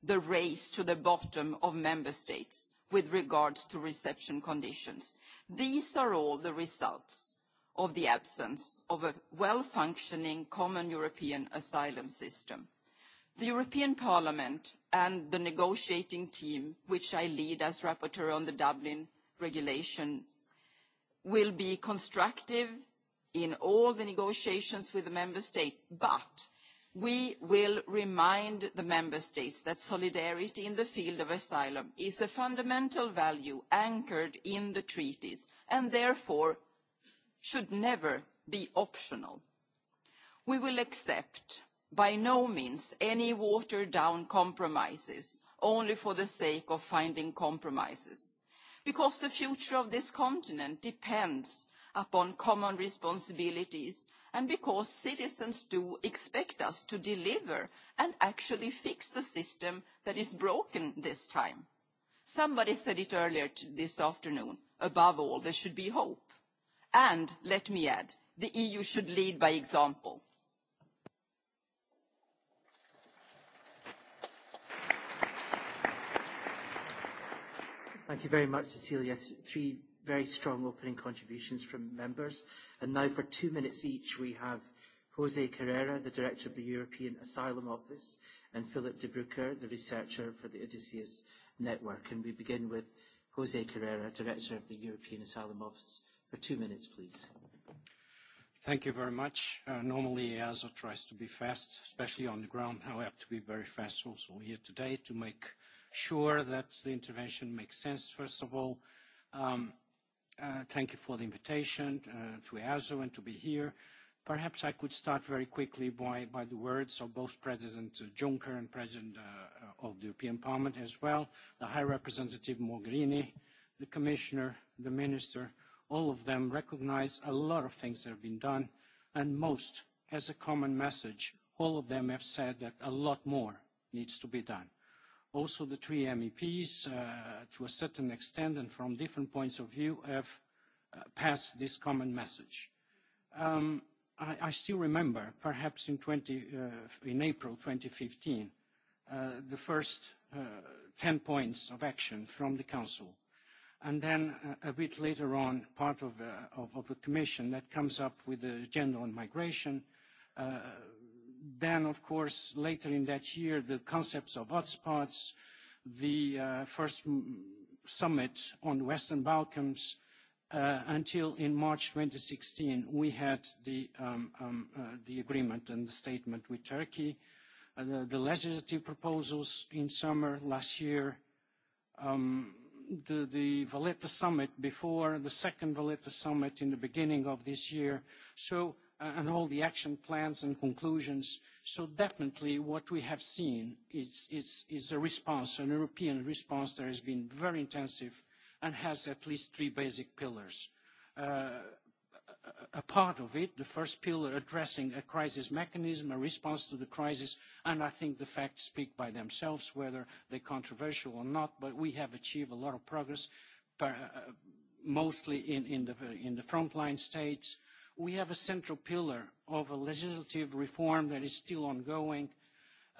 the race to the bottom of member states with regards to reception conditions, these are all the results of the absence of a well-functioning common European asylum system the european parliament and the negotiating team which i lead as rapporteur on the dublin regulation will be constructive in all the negotiations with the member states but we will remind the member states that solidarity in the field of asylum is a fundamental value anchored in the treaties and therefore should never be optional. we will accept by no means any watered down compromises only for the sake of finding compromises because the future of this continent depends upon common responsibilities and because citizens do expect us to deliver and actually fix the system that is broken this time. Somebody said it earlier this afternoon. Above all, there should be hope. And let me add, the EU should lead by example Thank you very much, Cecilia. Th three very strong opening contributions from members. And now for two minutes each, we have Jose Carrera, the Director of the European Asylum Office, and Philip de Brucker, the researcher for the Odysseus Network. And we begin with Jose Carrera, Director of the European Asylum Office, for two minutes, please. Thank you very much. Uh, normally, EASO tries to be fast, especially on the ground. Now, I have to be very fast also here today to make sure that the intervention makes sense, first of all. Um, uh, thank you for the invitation uh, to EASO and to be here. Perhaps I could start very quickly by, by the words of both President Juncker and President uh, uh, of the European Parliament as well, the High Representative Mogherini, the Commissioner, the Minister, all of them recognize a lot of things that have been done, and most, as a common message, all of them have said that a lot more needs to be done also the three MEPs, uh, to a certain extent and from different points of view, have uh, passed this common message. Um, I, I still remember, perhaps in, 20, uh, in April 2015, uh, the first uh, 10 points of action from the Council. And then uh, a bit later on, part of, uh, of, of the Commission that comes up with the agenda on migration, uh, Then, of course, later in that year, the concepts of hotspots, the uh, first summit on Western Balkans, uh, until in March 2016, we had the, um, um, uh, the agreement and the statement with Turkey, uh, the, the legislative proposals in summer last year, um, the, the Valletta summit before, the second Valletta summit in the beginning of this year. So and all the action plans and conclusions. So definitely what we have seen is, is, is a response, an European response that has been very intensive and has at least three basic pillars. Uh, a part of it, the first pillar addressing a crisis mechanism, a response to the crisis, and I think the facts speak by themselves, whether they're controversial or not, but we have achieved a lot of progress, per, uh, mostly in, in, the, in the frontline states, we have a central pillar of a legislative reform that is still ongoing.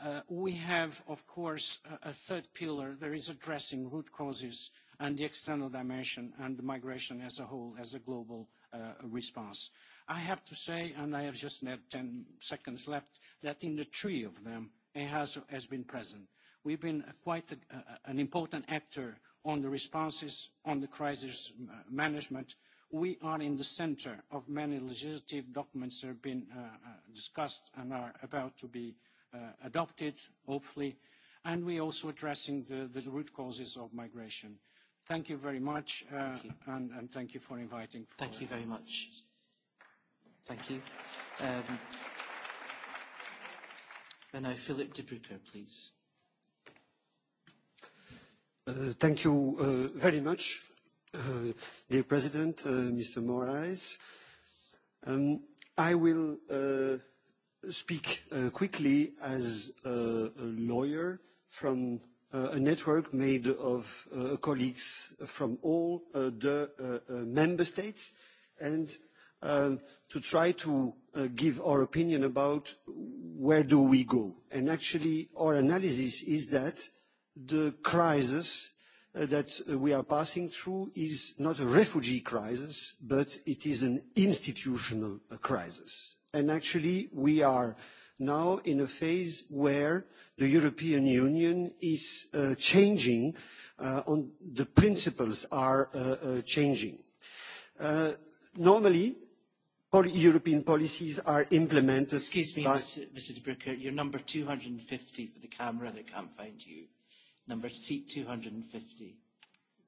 Uh, we have, of course, a, a third pillar that is addressing root causes and the external dimension and migration as a whole, as a global uh, response. I have to say, and I have just 10 seconds left, that in the three of them, it has, has been present. We've been uh, quite a, a, an important actor on the responses, on the crisis uh, management, We are in the center of many legislative documents that have been uh, uh discussed and are about to be uh, adopted, hopefully, and we're also addressing the, the root causes of migration. Thank you very much, uh, thank you. And, and thank you for inviting. For, thank you very much. Thank you. Um, and now Philip de Broecker, please. Uh, thank you uh, very much. Uh, dear President, uh, Mr. Moraes, um, I will uh, speak uh, quickly as uh, a lawyer from uh, a network made of uh, colleagues from all uh, the uh, uh, member states and um, to try to uh, give our opinion about where do we go. And actually, our analysis is that the crisis Uh, that we are passing through is not a refugee crisis, but it is an institutional uh, crisis. And actually, we are now in a phase where the European Union is uh, changing, uh, on the principles are uh, uh changing. Normally, pol European policies are implemented- Excuse me, by... Mr. De Broecker, you're number 250 for the camera that can't find you number seat 250.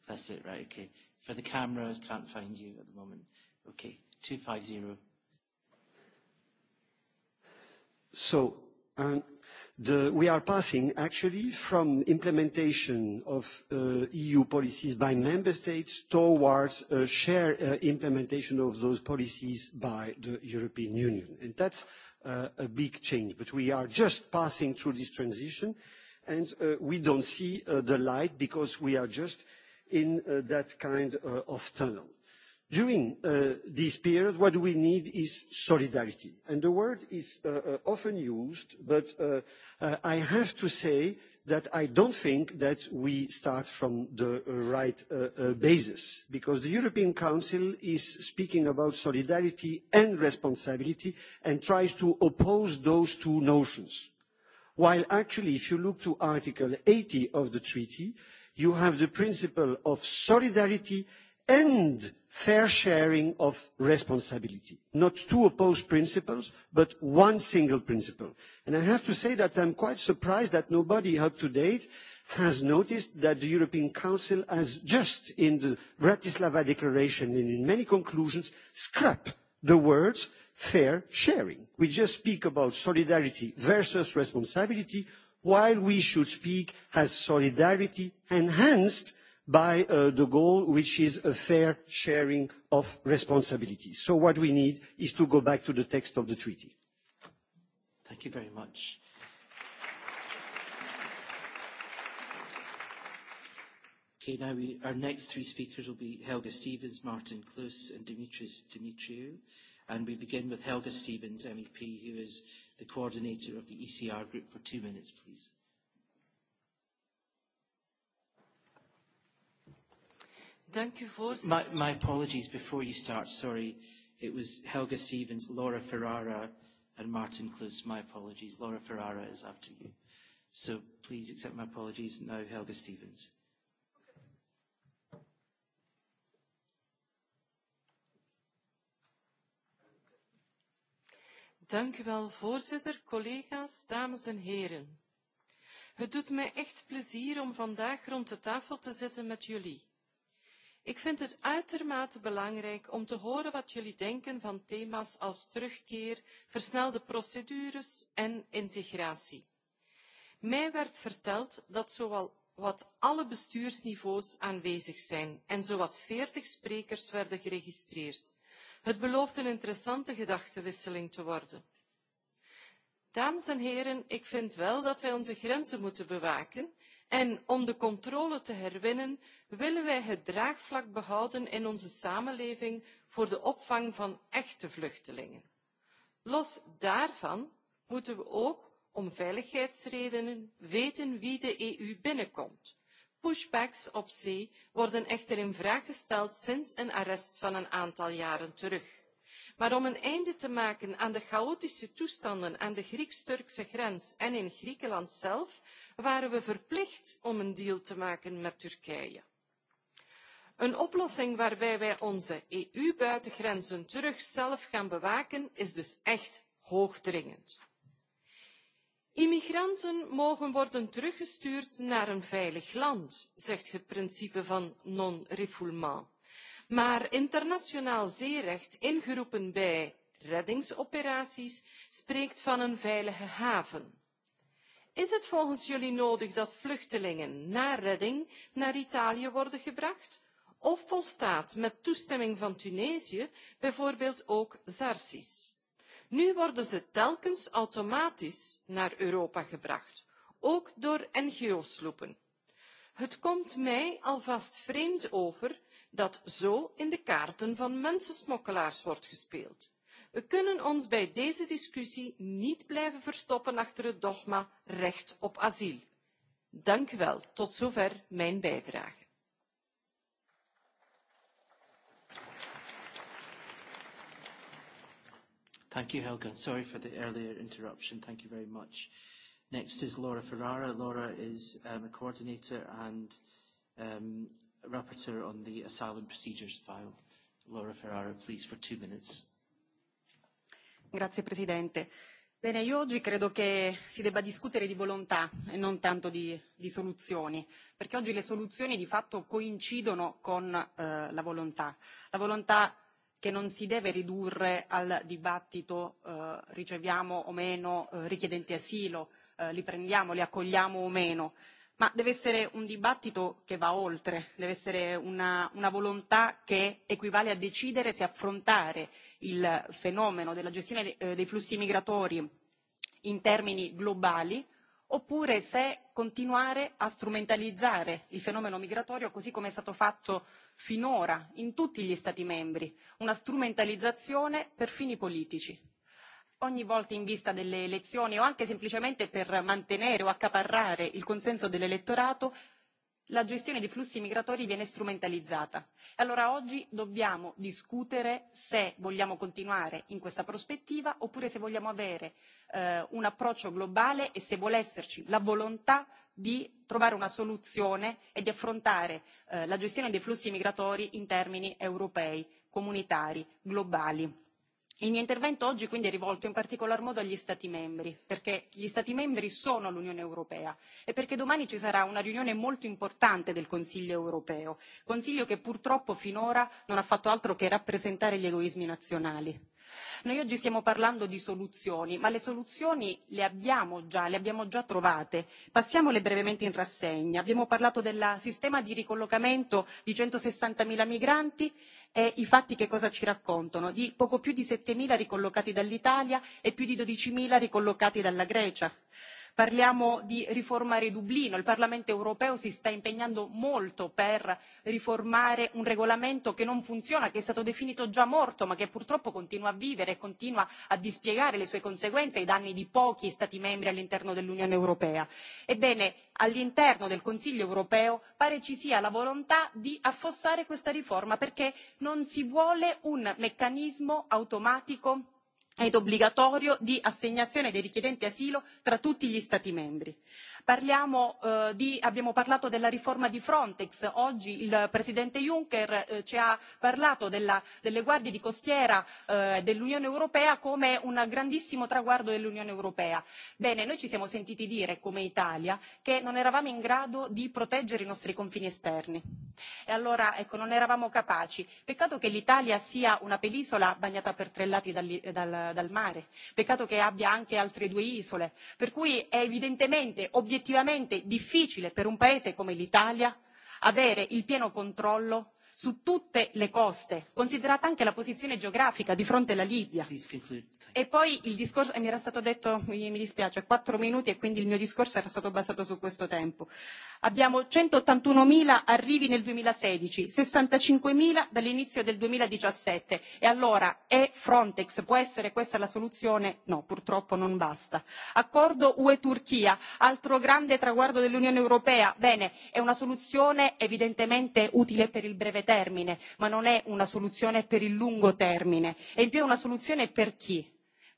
That's it, right, okay. For the camera, I can't find you at the moment. Okay, 250. So um, the, we are passing actually from implementation of uh, EU policies by member states towards a shared uh, implementation of those policies by the European Union. And that's uh, a big change. But we are just passing through this transition. Uh, and uh, we don't see uh, the light because we are just in uh, that kind of tunnel. During this period, what we need is solidarity. And the word is often used, but I have to say that I don't think that we start from the right uh, uh, basis, because the European Council is speaking about solidarity and responsibility and tries to oppose those two notions. While actually, if you look to Article 80 of the treaty, you have the principle of solidarity and fair sharing of responsibility. Not two opposed principles, but one single principle. And I have to say that I'm quite surprised that nobody up to date has noticed that the European Council has just in the Bratislava Declaration and in many conclusions scrapped the words fair sharing. We just speak about solidarity versus responsibility, while we should speak as solidarity enhanced by uh, the goal, which is a fair sharing of responsibilities. So what we need is to go back to the text of the treaty. Thank you very much. Okay, now we, our next three speakers will be Helga Stevens, Martin Cluse and Dimitris Dimitriou. And we begin with Helga Stevens, MEP, who is the coordinator of the ECR group for two minutes, please. Thank you, voorzitter. My, my apologies before you start, sorry. It was Helga Stevens, Laura Ferrara and Martin Cluse. My apologies. Laura Ferrara is after you. So please accept my apologies. Now Helga Stevens. Dank u wel, voorzitter, collega's, dames en heren. Het doet mij echt plezier om vandaag rond de tafel te zitten met jullie. Ik vind het uitermate belangrijk om te horen wat jullie denken van thema's als terugkeer, versnelde procedures en integratie. Mij werd verteld dat zowel wat alle bestuursniveaus aanwezig zijn en zowat veertig sprekers werden geregistreerd. Het belooft een interessante gedachtenwisseling te worden. Dames en heren, ik vind wel dat wij onze grenzen moeten bewaken en om de controle te herwinnen willen wij het draagvlak behouden in onze samenleving voor de opvang van echte vluchtelingen. Los daarvan moeten we ook om veiligheidsredenen weten wie de EU binnenkomt Pushbacks op zee worden echter in vraag gesteld sinds een arrest van een aantal jaren terug. Maar om een einde te maken aan de chaotische toestanden aan de Grieks-Turkse grens en in Griekenland zelf, waren we verplicht om een deal te maken met Turkije. Een oplossing waarbij wij onze EU-buitengrenzen terug zelf gaan bewaken is dus echt hoogdringend. Immigranten mogen worden teruggestuurd naar een veilig land, zegt het principe van non-refoulement. Maar internationaal zeerecht, ingeroepen bij reddingsoperaties, spreekt van een veilige haven. Is het volgens jullie nodig dat vluchtelingen na redding naar Italië worden gebracht? Of volstaat met toestemming van Tunesië bijvoorbeeld ook Zarsis? Nu worden ze telkens automatisch naar Europa gebracht, ook door NGO-sloepen. Het komt mij alvast vreemd over dat zo in de kaarten van mensensmokkelaars wordt gespeeld. We kunnen ons bij deze discussie niet blijven verstoppen achter het dogma recht op asiel. Dank u wel. Tot zover mijn bijdrage. Thank you, Helga. Sorry for the earlier interruption. Thank you very much. Next is Laura Ferrara. Laura is um, a coordinator and um, rapporteur on the asylum procedures file. Laura Ferrara, please, for two minutes. Grazie Presidente. Bene, io oggi credo che si debba discutere di volontà e non tanto di, di soluzioni, perché oggi le soluzioni di fatto coincidono con eh, la volontà. La volontà che non si deve ridurre al dibattito eh, riceviamo o meno eh, richiedenti asilo, eh, li prendiamo, li accogliamo o meno, ma deve essere un dibattito che va oltre, deve essere una, una volontà che equivale a decidere se affrontare il fenomeno della gestione de, eh, dei flussi migratori in termini globali oppure se continuare a strumentalizzare il fenomeno migratorio così come è stato fatto finora in tutti gli Stati membri, una strumentalizzazione per fini politici. Ogni volta in vista delle elezioni o anche semplicemente per mantenere o accaparrare il consenso dell'elettorato la gestione dei flussi migratori viene strumentalizzata e allora oggi dobbiamo discutere se vogliamo continuare in questa prospettiva oppure se vogliamo avere eh, un approccio globale e se vuole esserci la volontà di trovare una soluzione e di affrontare eh, la gestione dei flussi migratori in termini europei comunitari globali Il mio intervento oggi quindi è rivolto in particolar modo agli Stati membri, perché gli Stati membri sono l'Unione Europea e perché domani ci sarà una riunione molto importante del Consiglio Europeo, Consiglio che purtroppo finora non ha fatto altro che rappresentare gli egoismi nazionali Noi oggi stiamo parlando di soluzioni, ma le soluzioni le abbiamo già, le abbiamo già trovate. Passiamole brevemente in rassegna. Abbiamo parlato del sistema di ricollocamento di 160.000 migranti e i fatti che cosa ci raccontano? Di poco più di 7.000 ricollocati dall'Italia e più di 12.000 ricollocati dalla Grecia Parliamo di riformare Dublino, il Parlamento europeo si sta impegnando molto per riformare un regolamento che non funziona, che è stato definito già morto, ma che purtroppo continua a vivere e continua a dispiegare le sue conseguenze ai e danni di pochi Stati membri all'interno dell'Unione europea. Ebbene, all'interno del Consiglio europeo pare ci sia la volontà di affossare questa riforma perché non si vuole un meccanismo automatico ed obbligatorio di assegnazione dei richiedenti asilo tra tutti gli stati membri. Parliamo, eh, di, abbiamo parlato della riforma di Frontex, oggi il Presidente Juncker eh, ci ha parlato della, delle guardie di costiera eh, dell'Unione Europea come un grandissimo traguardo dell'Unione Europea. Bene, noi ci siamo sentiti dire come Italia che non eravamo in grado di proteggere i nostri confini esterni e allora ecco, non eravamo capaci. Peccato che l'Italia sia una penisola bagnata per tre lati dal, dal dal, dal mare. Peccato che abbia anche altre due isole, per cui è evidentemente, obiettivamente difficile per un paese come l'Italia avere il pieno controllo su tutte le coste, considerata anche la posizione geografica di fronte alla Libia. E poi il discorso, e mi era stato detto, mi dispiace, 4 minuti e quindi il mio discorso era stato basato su questo tempo. Abbiamo 181.000 arrivi nel 2016, 65.000 dall'inizio del 2017 e allora è Frontex, può essere questa la soluzione? No, purtroppo non basta. Accordo UE-Turchia, altro grande traguardo dell'Unione Europea, bene, è una soluzione evidentemente utile per il breve termine ma non è una soluzione per il lungo termine e in più è una soluzione per chi?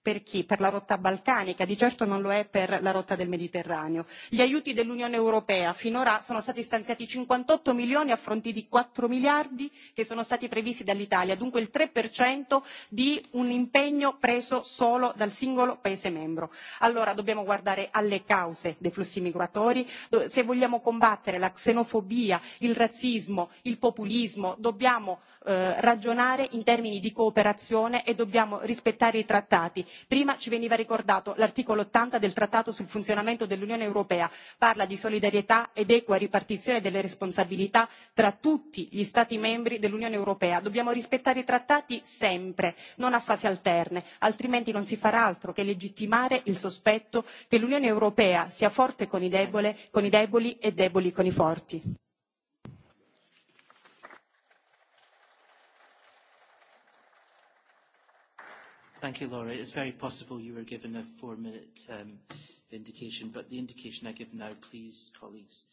per chi? Per la rotta balcanica, di certo non lo è per la rotta del Mediterraneo. Gli aiuti dell'Unione Europea finora sono stati stanziati 58 milioni a fronte di 4 miliardi che sono stati previsti dall'Italia, dunque il 3% di un impegno preso solo dal singolo Paese membro. Allora dobbiamo guardare alle cause dei flussi migratori, se vogliamo combattere la xenofobia, il razzismo, il populismo, dobbiamo eh, ragionare in termini di cooperazione e dobbiamo rispettare i trattati prima ci veniva ricordato l'articolo ottanta del trattato sul funzionamento dell'unione europea parla di solidarietà ed equa ripartizione delle responsabilità tra tutti gli stati membri dell'unione europea dobbiamo rispettare i trattati sempre non a fasi alterne altrimenti non si farà altro che legittimare il sospetto che l'unione europea sia forte con i deboli e debole con i e forti. Thank you, Laura. It's very possible you were given a four-minute um, indication, but the indication I give now, please, colleagues,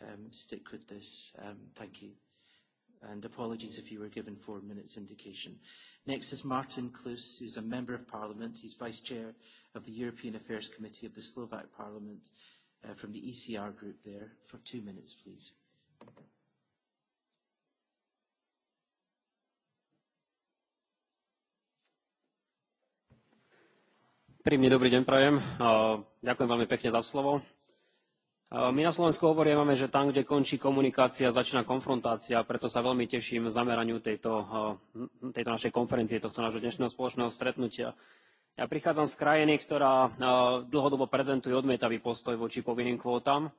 um, stick with this. Um, thank you. And apologies if you were given four minutes indication. Next is Martin Klus, who's a Member of Parliament. He's Vice Chair of the European Affairs Committee of the Slovak Parliament uh, from the ECR group there. For two minutes, please. Thank you. Príjemný dobrý deň prajem. Ďakujem veľmi pekne za slovo. My na Slovensku hovorievame, že tam, kde končí komunikácia, začína konfrontácia, preto sa veľmi teším zameraniu tejto, tejto našej konferencie, tohto nášho dnešného spoločného stretnutia. Ja prichádzam z krajiny, ktorá dlhodobo prezentuje odmietavý postoj voči povinným kvótam.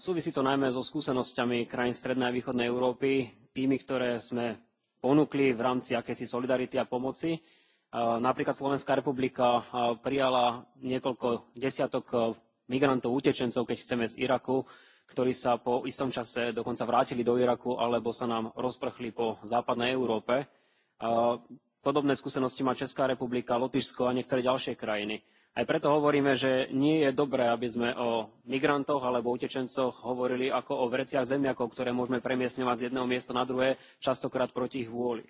Súvisí to najmä so skúsenosťami krajín Strednej a Východnej Európy, tými, ktoré sme ponúkli v rámci akési solidarity a pomoci Eh, napríklad Slovenská republika eh, prijala niekoľko desiatok eh, migrantov, utečencov, keď chceme z Iraku, ktorí sa po istom čase dokonca vrátili do Iraku alebo sa nám rozprchli po západnej Európe. Podobné skúsenosti má Česká republika, Lotyšsko a niektoré ďalšie krajiny. Aj preto hovoríme, že nie je dobré, aby sme o migrantoch alebo utečencoch hovorili ako o vreciach zemiakov, ktoré môžeme premiesňovať z jedného miesta na druhé, častokrát proti ich vôli.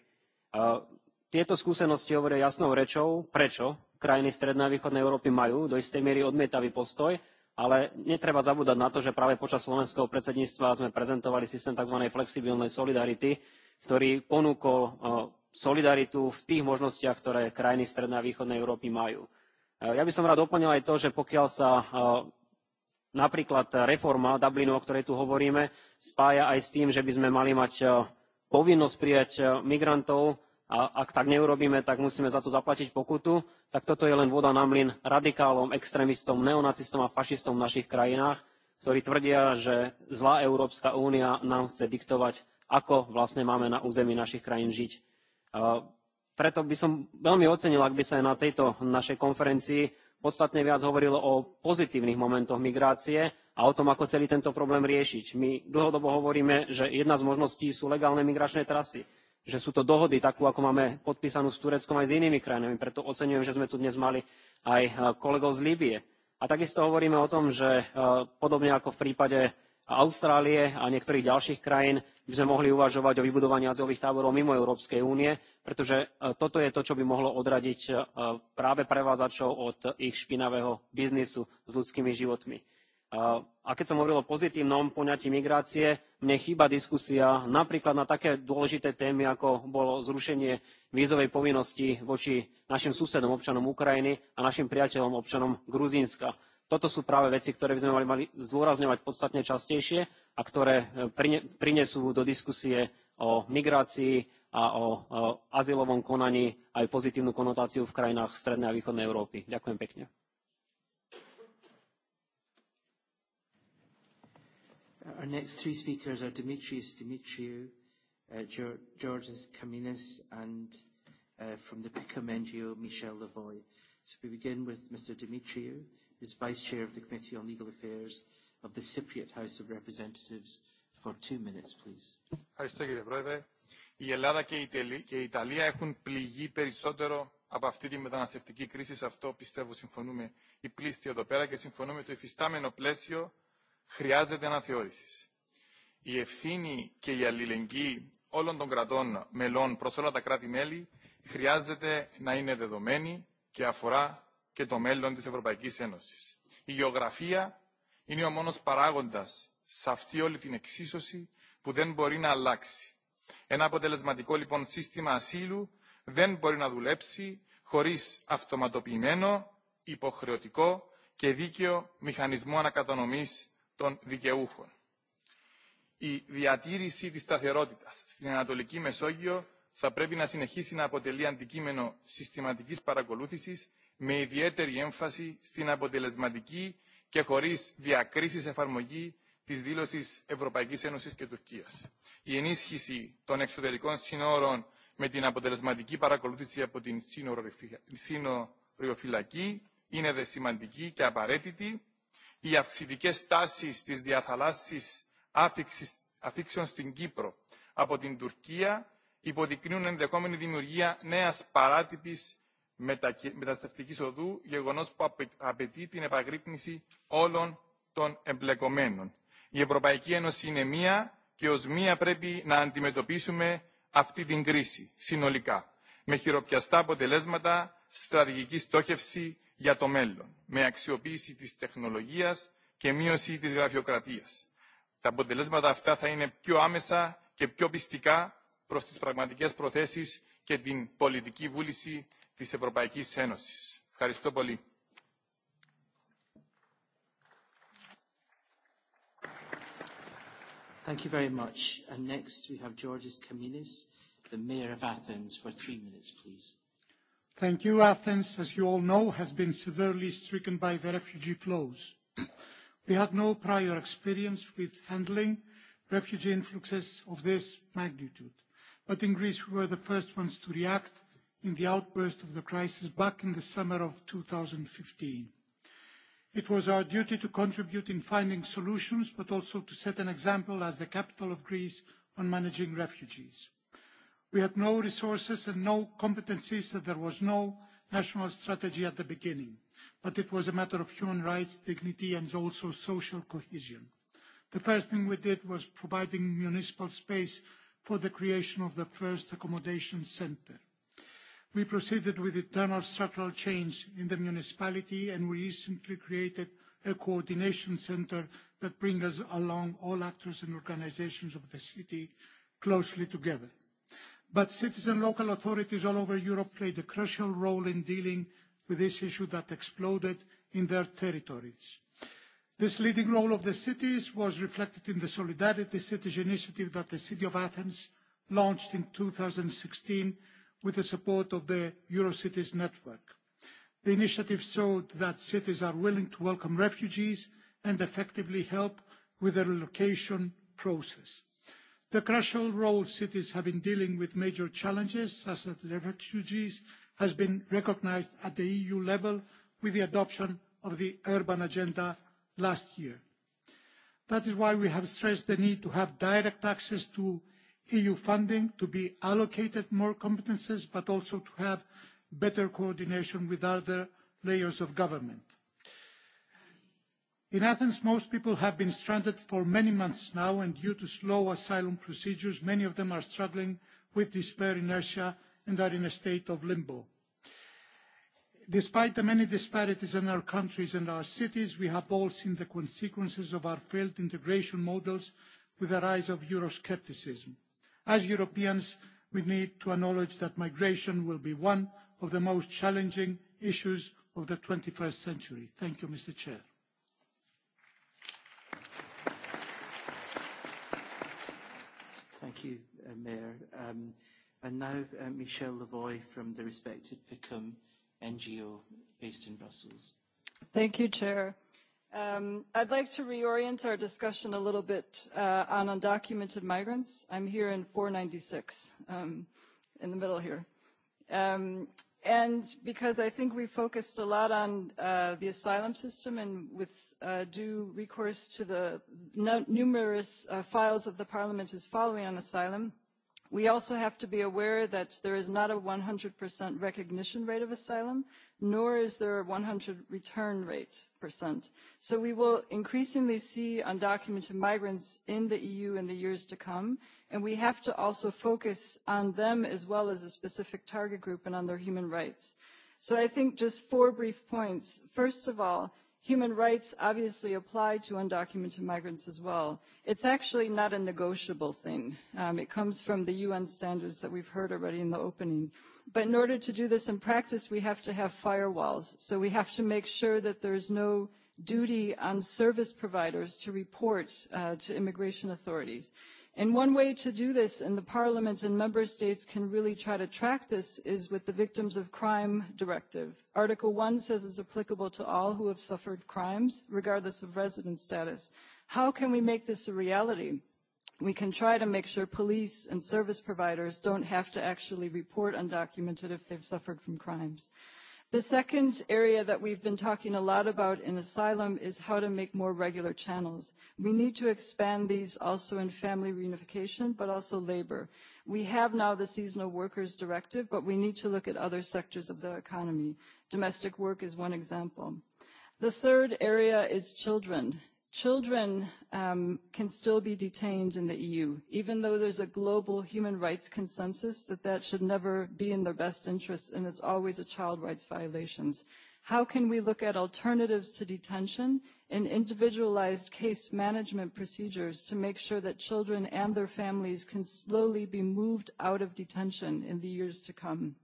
Tieto skúsenosti hovoria jasnou rečou, prečo krajiny Strednej a Východnej Európy majú do istej miery odmietavý postoj, ale netreba zabúdať na to, že práve počas slovenského predsedníctva sme prezentovali systém tzv. flexibilnej solidarity, ktorý ponúkol e, solidaritu v tých možnostiach, ktoré krajiny Strednej a Východnej Európy majú. E, ja by som rád doplnil aj to, že pokiaľ sa e, napríklad reforma Dublinu, o ktorej tu hovoríme, spája aj s tým, že by sme mali mať povinnosť prijať migrantov A ak tak neurobíme, tak musíme za to zaplatiť pokutu. Tak toto je len voda na mlyn radikálom, extrémistom, neonacistom a fašistom v našich krajinách, ktorí tvrdia, že zlá Európska únia nám chce diktovať, ako vlastne máme na území našich krajín žiť. A preto by som veľmi ocenil, ak by sa na tejto našej konferencii podstatne viac hovorilo o pozitívnych momentoch migrácie a o tom, ako celý tento problém riešiť. My dlhodobo hovoríme, že jedna z možností sú legálne migračné trasy že sú to dohody, takú, ako máme podpísanú s Tureckom aj s inými krajinami. Preto oceňujem, že sme tu dnes mali aj e, kolegov z Líbie. A takisto hovoríme o tom, že e, podobne ako v prípade Austrálie a niektorých ďalších krajín by sme mohli uvažovať o vybudovaní azylových táborov mimo Európskej únie, pretože e, toto je to, čo by mohlo odradiť práve prevádzačov od ich špinavého biznisu s ľudskými životmi. A keď som hovoril o pozitívnom poňatí migrácie, mne chýba diskusia napríklad na také dôležité témy, ako bolo zrušenie vízovej povinnosti voči našim susedom, občanom Ukrajiny a našim priateľom, občanom Gruzínska. Toto sú práve veci, ktoré by sme mali, mali zdôrazňovať podstatne častejšie a ktoré e, prinesú do diskusie o migrácii a o, o azylovom konaní aj pozitívnu konotáciu v krajinách Strednej a Východnej Európy. Ďakujem pekne. Our next three speakers are Demetrius Demetriou, uh, Geor- Georges Kaminis, and uh, from the PICUM NGO, Michel Lavoy. So we begin with Mr. Demetriou, who's Vice Chair of the Committee on Legal Affairs of the Cypriot House of Representatives for two minutes, please. Ευχαριστώ κύριε Πρόεδρε. Η Ελλάδα και η, Τελή, και η Ιταλία έχουν πληγεί περισσότερο από αυτή τη μεταναστευτική κρίση. Σε αυτό πιστεύω συμφωνούμε οι πλήστοι εδώ πέρα και συμφωνούμε το υφιστάμενο πλαίσιο χρειάζεται αναθεώρηση. Η ευθύνη και η αλληλεγγύη όλων των κρατών μελών προς όλα τα κράτη-μέλη χρειάζεται να είναι δεδομένη και αφορά και το μέλλον της Ευρωπαϊκής Ένωσης. Η γεωγραφία είναι ο μόνος παράγοντας σε αυτή όλη την εξίσωση που δεν μπορεί να αλλάξει. Ένα αποτελεσματικό λοιπόν σύστημα ασύλου δεν μπορεί να δουλέψει χωρίς αυτοματοποιημένο, υποχρεωτικό και δίκαιο μηχανισμό ανακατανομής των δικαιούχων. Η διατήρηση της σταθερότητας στην Ανατολική Μεσόγειο θα πρέπει να συνεχίσει να αποτελεί αντικείμενο συστηματικής παρακολούθησης με ιδιαίτερη έμφαση στην αποτελεσματική και χωρίς διακρίσεις εφαρμογή της δήλωσης Ευρωπαϊκής Ένωσης και Τουρκίας. Η ενίσχυση των εξωτερικών σύνορων με την αποτελεσματική παρακολούθηση από την σύνοριοφυλακή είναι δε σημαντική και απαραίτητη οι αυξητικές τάσεις της διαθαλάσσης αφήξεων στην Κύπρο από την Τουρκία υποδεικνύουν ενδεχόμενη δημιουργία νέας παράτυπης μεταστευτικής οδού, γεγονός που απαιτεί την επαγρύπνηση όλων των εμπλεκομένων. Η Ευρωπαϊκή Ένωση είναι μία και ως μία πρέπει να αντιμετωπίσουμε αυτή την κρίση συνολικά, με χειροπιαστά αποτελέσματα, στρατηγική στόχευση, για το μέλλον, με αξιοποίηση της τεχνολογίας και μείωση της γραφειοκρατίας. Τα αποτελέσματα αυτά θα είναι πιο άμεσα και πιο πιστικά προς τις πραγματικές προθέσεις και την πολιτική βούληση της Ευρωπαϊκής Ένωσης. Ευχαριστώ πολύ. Thank you very much. And next we have Georges Kaminis, the Mayor of Athens, for three minutes, please. Thank you. Athens, as you all know, has been severely stricken by the refugee flows. We had no prior experience with handling refugee influxes of this magnitude, but in Greece we were the first ones to react in the outburst of the crisis back in the summer of 2015. It was our duty to contribute in finding solutions, but also to set an example as the capital of Greece on managing refugees. We had no resources and no competencies, and there was no national strategy at the beginning. But it was a matter of human rights, dignity, and also social cohesion. The first thing we did was providing municipal space for the creation of the first accommodation centre. We proceeded with internal structural change in the municipality, and we recently created a coordination centre that brings along all actors and organisations of the city closely together. But citizen local authorities all over Europe played a crucial role in dealing with this issue that exploded in their territories. This leading role of the cities was reflected in the Solidarity Cities initiative that the City of Athens launched in 2016 with the support of the Eurocities network. The initiative showed that cities are willing to welcome refugees and effectively help with the relocation process. The crucial role cities have been dealing with major challenges, such as refugees, has been recognised at the EU level with the adoption of the Urban Agenda last year. That is why we have stressed the need to have direct access to EU funding, to be allocated more competences, but also to have better coordination with other layers of government. In Athens, most people have been stranded for many months now, and due to slow asylum procedures, many of them are struggling with despair, inertia, and are in a state of limbo. Despite the many disparities in our countries and our cities, we have all seen the consequences of our failed integration models with the rise of Euroscepticism. As Europeans, we need to acknowledge that migration will be one of the most challenging issues of the 21st century. Thank you, Mr. Chair. Thank you, uh, Mayor. Um, and now uh, Michelle Lavoy from the respected PICUM NGO based in Brussels. Thank you, Chair. Um, I'd like to reorient our discussion a little bit uh, on undocumented migrants. I'm here in 496, um, in the middle here. Um, And because I think we focused a lot on uh, the asylum system and with uh, due recourse to the no numerous uh, files of the Parliament is following on asylum, we also have to be aware that there is not a 100% recognition rate of asylum nor is there a 100 return rate percent. So we will increasingly see undocumented migrants in the EU in the years to come, and we have to also focus on them as well as a specific target group and on their human rights. So I think just four brief points. First of all, Human rights obviously apply to undocumented migrants as well. It's actually not a negotiable thing. Um, it comes from the UN standards that we've heard already in the opening. But in order to do this in practice, we have to have firewalls. So we have to make sure that there's no duty on service providers to report uh, to immigration authorities. And one way to do this, and the Parliament and member states can really try to track this, is with the Victims of Crime Directive. Article 1 says it's applicable to all who have suffered crimes, regardless of resident status. How can we make this a reality? We can try to make sure police and service providers don't have to actually report undocumented if they've suffered from crimes. Uh, The second area that we've been talking a lot about in asylum is how to make more regular channels. We need to expand these also in family reunification, but also labor. We have now the Seasonal Workers Directive, but we need to look at other sectors of the economy. Domestic work is one example. The third area is children children um, can still be detained in the EU, even though there's a global human rights consensus that that should never be in their best interests and it's always a child rights violations. How can we look at alternatives to detention and individualized case management procedures to make sure that children and their families can slowly be moved out of detention in the years to come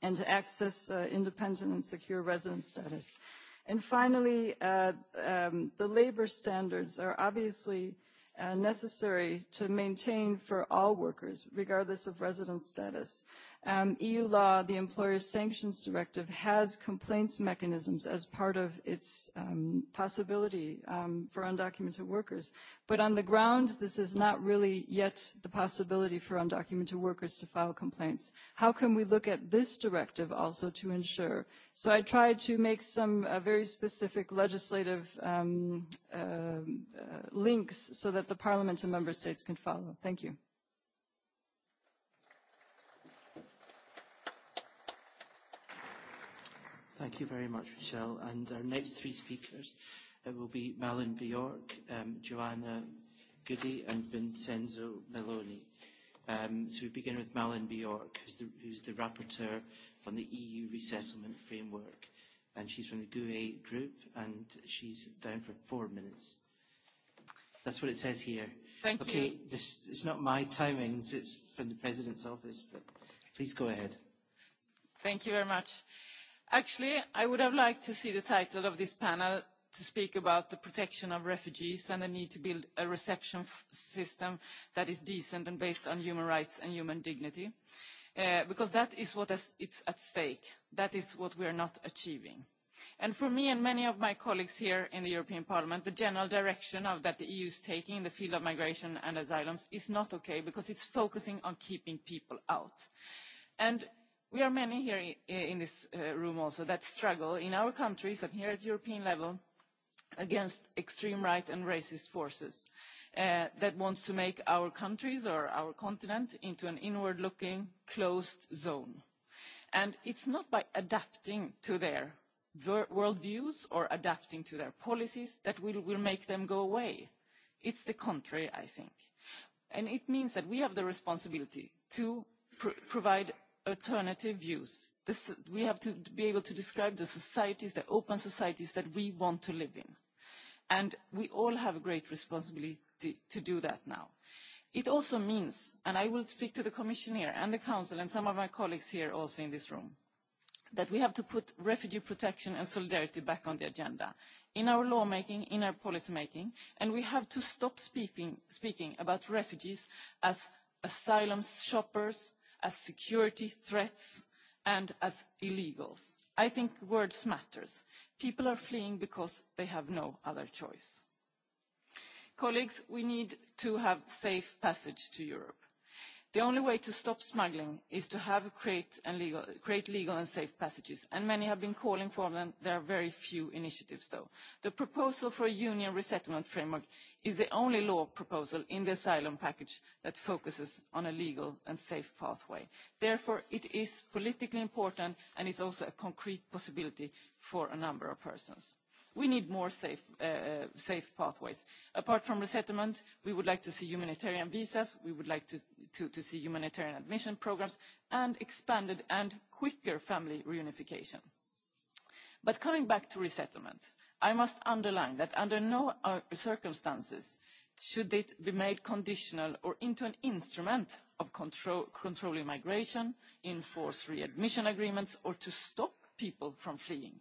and to access uh, independent and secure residence status? Uh, And finally, uh, um, the labor standards are obviously uh, necessary to maintain for all workers, regardless of residence status. Um, EU law, the Employer Sanctions Directive, has complaints mechanisms as part of its um, possibility um, for undocumented workers. But on the ground, this is not really yet the possibility for undocumented workers to file complaints. How can we look at this directive also to ensure? So I tried to make some uh, very specific legislative um, uh, uh, links so that the Parliament and Member States can follow. Thank you. Thank you very much, Michelle. And our next three speakers uh, will be Malin Bjork, um, Joanna Goody, and Vincenzo Meloni. Um, so we begin with Malin Bjork, who's the, who's the rapporteur on the EU resettlement framework. And she's from the GUE group, and she's down for four minutes. That's what it says here. Thank okay, you. Okay, this it's not my timings, it's from the President's office, but please go ahead. Thank you very much. Uh, Actually, I would have liked to see the title of this panel to speak about the protection of refugees and the need to build a reception system that is decent and based on human rights and human dignity, uh, because that is what is it's at stake. That is what we are not achieving. And for me and many of my colleagues here in the European Parliament, the general direction of, that the EU is taking in the field of migration and asylums is not okay because it's focusing on keeping people out. And we are many here in this uh, room also that struggle in our countries and here at european level against extreme right and racist forces uh, that want to make our countries or our continent into an inward looking closed zone. and it's not by adapting to their worldviews or adapting to their policies that will, will make them go away. it's the contrary i think. and it means that we have the responsibility to pr provide alternative views. This, we have to be able to describe the societies, the open societies that we want to live in. And we all have a great responsibility to do that now. It also means, and I will speak to the Commissioner and the Council and some of my colleagues here also in this room, that we have to put refugee protection and solidarity back on the agenda in our lawmaking, in our policymaking, and we have to stop speaking, speaking about refugees as asylum shoppers, as security threats and as illegals. I think words matter. People are fleeing because they have no other choice. Colleagues, we need to have safe passage to Europe The only way to stop smuggling is to have create, and legal, create legal and safe passages, and many have been calling for them. There are very few initiatives, though. The proposal for a union resettlement framework is the only law proposal in the asylum package that focuses on a legal and safe pathway. Therefore, it is politically important, and it's also a concrete possibility for a number of persons we need more safe, uh, uh, safe pathways. apart from resettlement we would like to see humanitarian visas we would like to, to, to see humanitarian admission programmes and expanded and quicker family reunification. but coming back to resettlement i must underline that under no uh, circumstances should it be made conditional or into an instrument of control, controlling migration enforce readmission agreements or to stop people from fleeing.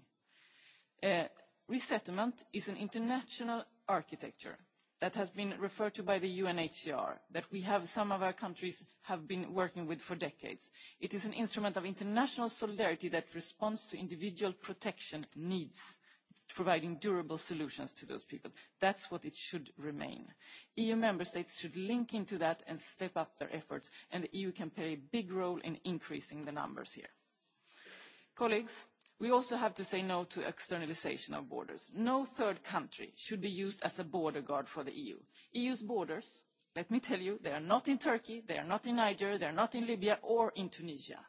Uh, resettlement is an international architecture that has been referred to by the UNHCR, that we have some of our countries have been working with for decades. It is an instrument of international solidarity that responds to individual protection needs, providing durable solutions to those people. That's what it should remain. EU member states should link into that and step up their efforts, and the EU can play a big role in increasing the numbers here. Colleagues, We also have to say no to externalization of borders. No third country should be used as a border guard for the EU. EU's borders, let me tell you, they are not in Turkey, they are not in Niger, they are not in Libya or in Tunisia.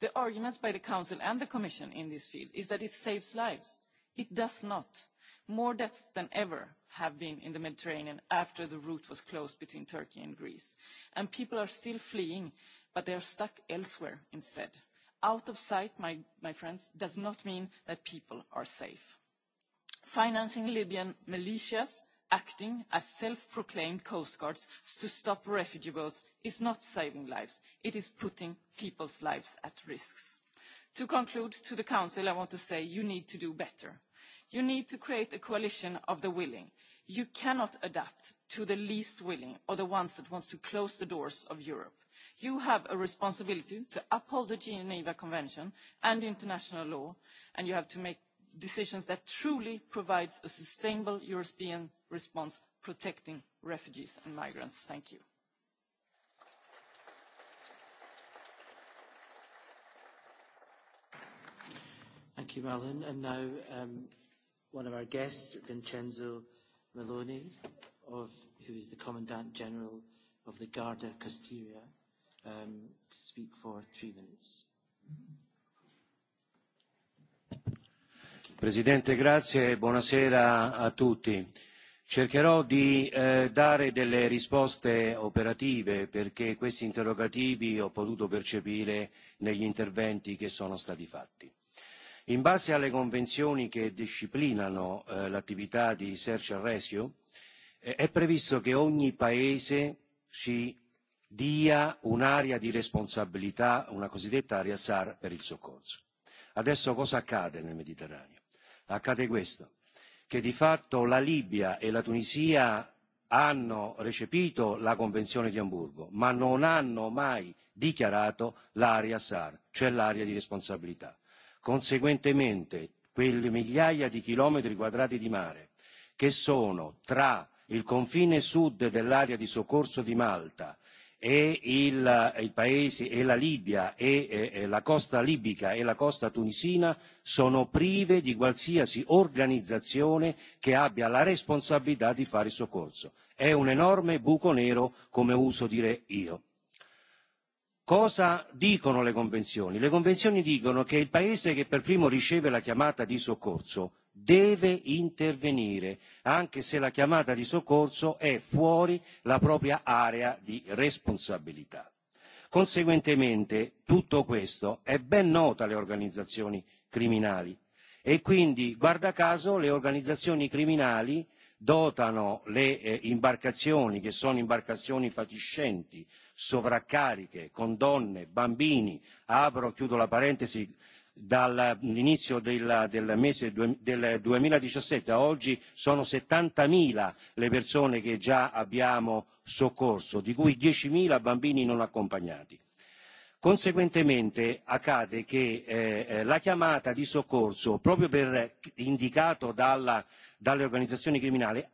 The arguments by the Council and the Commission in this field is that it saves lives. It does not. More deaths than ever have been in the Mediterranean after the route was closed between Turkey and Greece. And people are still fleeing, but they are stuck elsewhere instead out of sight, my, my friends, does not mean that people are safe. Financing Libyan militias acting as self-proclaimed coastguards to stop refugee boats is not saving lives. It is putting people's lives at risk. To conclude, to the Council, I want to say you need to do better. You need to create a coalition of the willing. You cannot adapt to the least willing or the ones that want to close the doors of Europe you have a responsibility to uphold the geneva convention and international law and you have to make decisions that truly provide a sustainable european response protecting refugees and migrants. thank you. Thank you, Alan. And now um, one of our guests, Vincenzo Maloney, of, who is the Commandant General of the Garda Costiera um, to speak for three minutes. Presidente, grazie, e buonasera a tutti. Cercherò di eh, dare delle risposte operative perché questi interrogativi ho potuto percepire negli interventi che sono stati fatti. In base alle convenzioni che disciplinano eh, l'attività di search and rescue, eh, è previsto che ogni Paese si dia un'area di responsabilità, una cosiddetta area SAR per il soccorso. Adesso cosa accade nel Mediterraneo? Accade questo, che di fatto la Libia e la Tunisia hanno recepito la Convenzione di Amburgo, ma non hanno mai dichiarato l'area SAR, cioè l'area di responsabilità. Conseguentemente, quelle migliaia di chilometri quadrati di mare che sono tra il confine sud dell'area di soccorso di Malta e il, i paesi e la Libia e, e, e la costa libica e la costa tunisina sono prive di qualsiasi organizzazione che abbia la responsabilità di fare soccorso. È un enorme buco nero, come uso dire io. Cosa dicono le convenzioni? Le convenzioni dicono che il paese che per primo riceve la chiamata di soccorso deve intervenire anche se la chiamata di soccorso è fuori la propria area di responsabilità. conseguentemente tutto questo è ben noto alle organizzazioni criminali e quindi guarda caso le organizzazioni criminali dotano le eh, imbarcazioni che sono imbarcazioni fatiscenti sovraccariche con donne bambini apro chiudo la parentesi dall'inizio del, del mese due, del 2017 a oggi sono 70.000 le persone che già abbiamo soccorso, di cui 10.000 bambini non accompagnati. Conseguentemente accade che eh, eh, la chiamata di soccorso, proprio per indicato dalla, dalle organizzazioni criminali,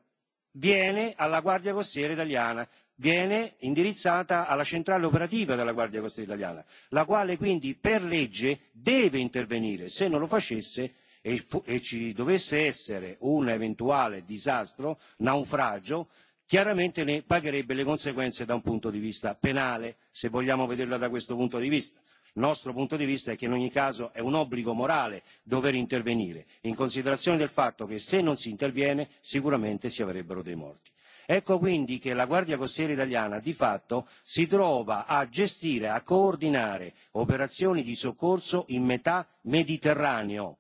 viene alla Guardia Costiera italiana viene indirizzata alla centrale operativa della Guardia Costiera Italiana, la quale quindi per legge deve intervenire. Se non lo facesse e, e ci dovesse essere un eventuale disastro, naufragio, chiaramente ne pagherebbe le conseguenze da un punto di vista penale, se vogliamo vederla da questo punto di vista. Il nostro punto di vista è che in ogni caso è un obbligo morale dover intervenire, in considerazione del fatto che se non si interviene sicuramente si avrebbero dei morti. Ecco quindi che la Guardia Costiera italiana di fatto si trova a gestire, a coordinare operazioni di soccorso in metà Mediterraneo.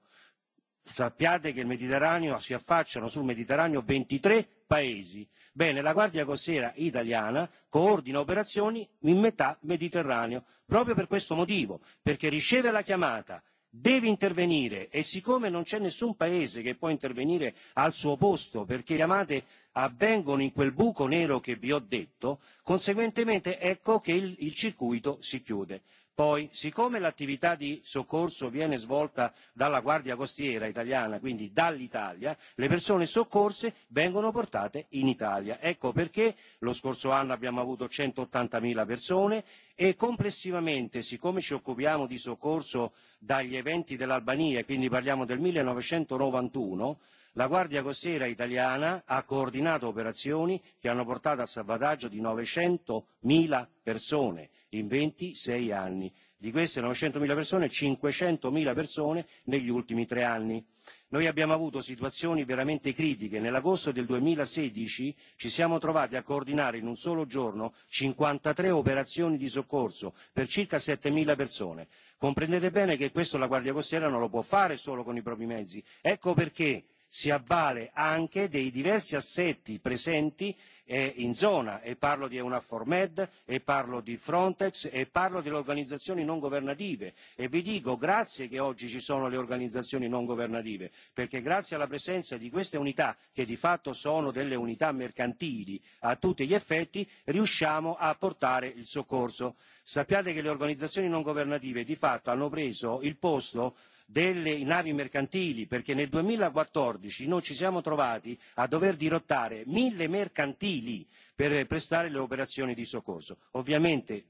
Sappiate che il Mediterraneo si affacciano sul Mediterraneo 23 paesi. Bene, la Guardia Costiera italiana coordina operazioni in metà Mediterraneo proprio per questo motivo, perché riceve la chiamata deve intervenire e siccome non c'è nessun paese che può intervenire al suo posto perché le amate avvengono in quel buco nero che vi ho detto conseguentemente ecco che il, il circuito si chiude. Poi, siccome l'attività di soccorso viene svolta dalla Guardia Costiera italiana, quindi dall'Italia, le persone soccorse vengono portate in Italia. Ecco perché lo scorso anno abbiamo avuto 180.000 persone e complessivamente, siccome ci occupiamo di soccorso dagli eventi dell'Albania, e quindi parliamo del 1991, la guardia costiera italiana ha coordinato operazioni che hanno portato al salvataggio di novecento zero persone in ventisei anni di queste novecento zero persone cinquecento zero persone negli ultimi tre anni. noi abbiamo avuto situazioni veramente critiche nell'agosto del duemilasedici ci siamo trovati a coordinare in un solo giorno cinquantatré operazioni di soccorso per circa sette zero persone comprendete bene che questo la guardia costiera non lo può fare solo con i propri mezzi ecco perché si avvale anche dei diversi assetti presenti eh, in zona e parlo di EUNAVFOR Med e parlo di Frontex e parlo delle organizzazioni non governative e vi dico grazie che oggi ci sono le organizzazioni non governative perché grazie alla presenza di queste unità che di fatto sono delle unità mercantili a tutti gli effetti riusciamo a portare il soccorso. Sappiate che le organizzazioni non governative di fatto hanno preso il posto delle navi mercantili perché nel duemilaquattordici noi ci siamo trovati a dover dirottare mille mercantili per prestare le operazioni di soccorso ovviamente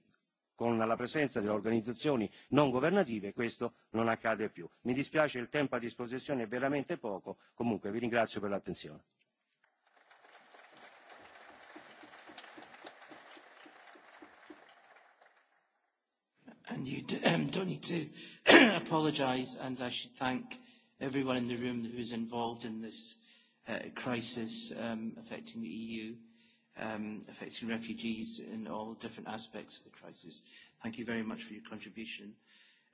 con la presenza delle organizzazioni non governative questo non accade più. mi dispiace il tempo a disposizione è veramente poco comunque vi ringrazio per l'attenzione. and you d- um, don't need to apologise. And I should thank everyone in the room who's involved in this uh, crisis um, affecting the EU, um, affecting refugees in all different aspects of the crisis. Thank you very much for your contribution.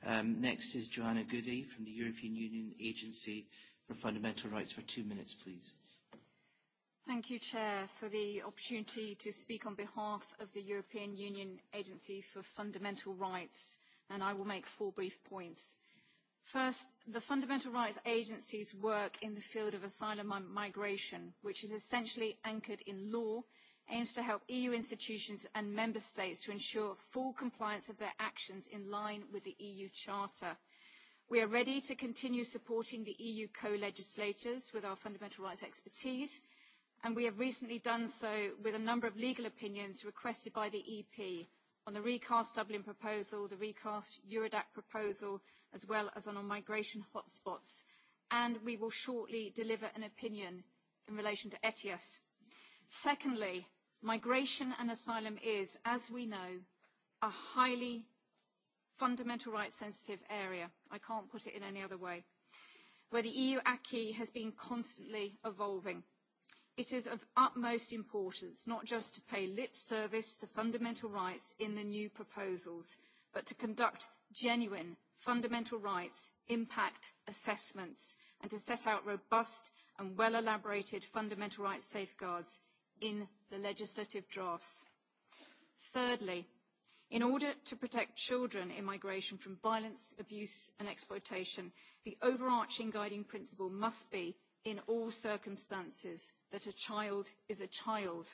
Um, next is Johanna Goody from the European Union Agency for Fundamental Rights for two minutes, please. Thank you, Chair, for the opportunity to speak on behalf of the European Union Agency for Fundamental Rights, and I will make four brief points. First, the Fundamental Rights Agency's work in the field of asylum and migration, which is essentially anchored in law, aims to help EU institutions and member states to ensure full compliance of their actions in line with the EU Charter. We are ready to continue supporting the EU co-legislators with our fundamental rights expertise and we have recently done so with a number of legal opinions requested by the EP on the recast Dublin proposal, the recast Eurodac proposal, as well as on our migration hotspots. And we will shortly deliver an opinion in relation to ETIAS. Secondly, migration and asylum is, as we know, a highly fundamental rights sensitive area. I can't put it in any other way. Where the EU acquis has been constantly evolving. It is of utmost importance not just to pay lip service to fundamental rights in the new proposals, but to conduct genuine fundamental rights impact assessments and to set out robust and well elaborated fundamental rights safeguards in the legislative drafts. Thirdly, in order to protect children in migration from violence, abuse and exploitation, the overarching guiding principle must be in all circumstances that a child is a child.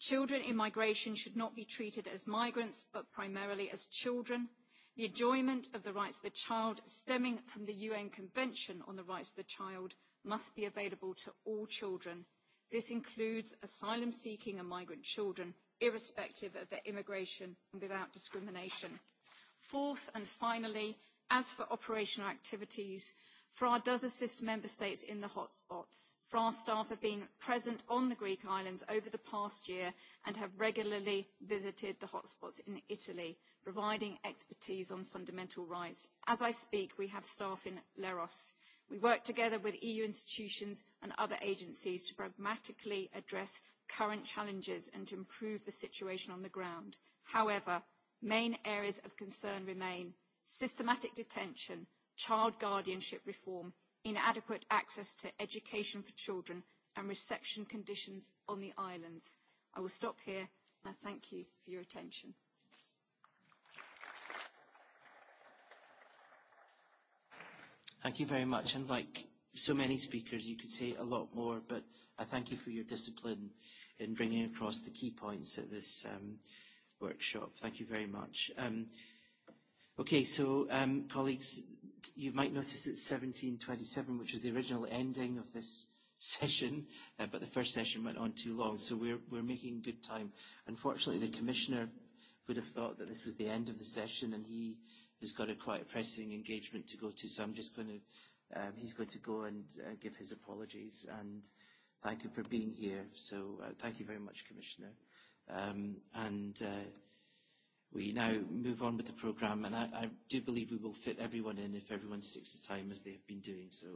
Children in migration should not be treated as migrants, but primarily as children. The enjoyment of the rights of the child stemming from the UN Convention on the Rights of the Child must be available to all children. This includes asylum seeking and migrant children, irrespective of their immigration and without discrimination. Fourth and finally, as for operational activities, FRA does assist member states in the hotspots. FRA staff have been present on the Greek islands over the past year and have regularly visited the hotspots in Italy, providing expertise on fundamental rights. As I speak, we have staff in Leros. We work together with EU institutions and other agencies to pragmatically address current challenges and to improve the situation on the ground. However, main areas of concern remain systematic detention, child guardianship reform, inadequate access to education for children and reception conditions on the islands. I will stop here and I thank you for your attention. Thank you very much. And like so many speakers, you could say a lot more, but I thank you for your discipline in bringing across the key points at this um, workshop. Thank you very much. Um, okay, so um, colleagues, you might notice that 1727, which was the original ending of this session, uh, but the first session went on too long, so we're, we're making good time. Unfortunately, the Commissioner would have thought that this was the end of the session, and he has got a quite a pressing engagement to go to, so I'm just going to, um, he's going to go and uh, give his apologies, and thank you for being here. So uh, thank you very much, Commissioner. Um, and uh, we now move on with the programme, and I, I do believe we will fit everyone in if everyone sticks to time as they have been doing. So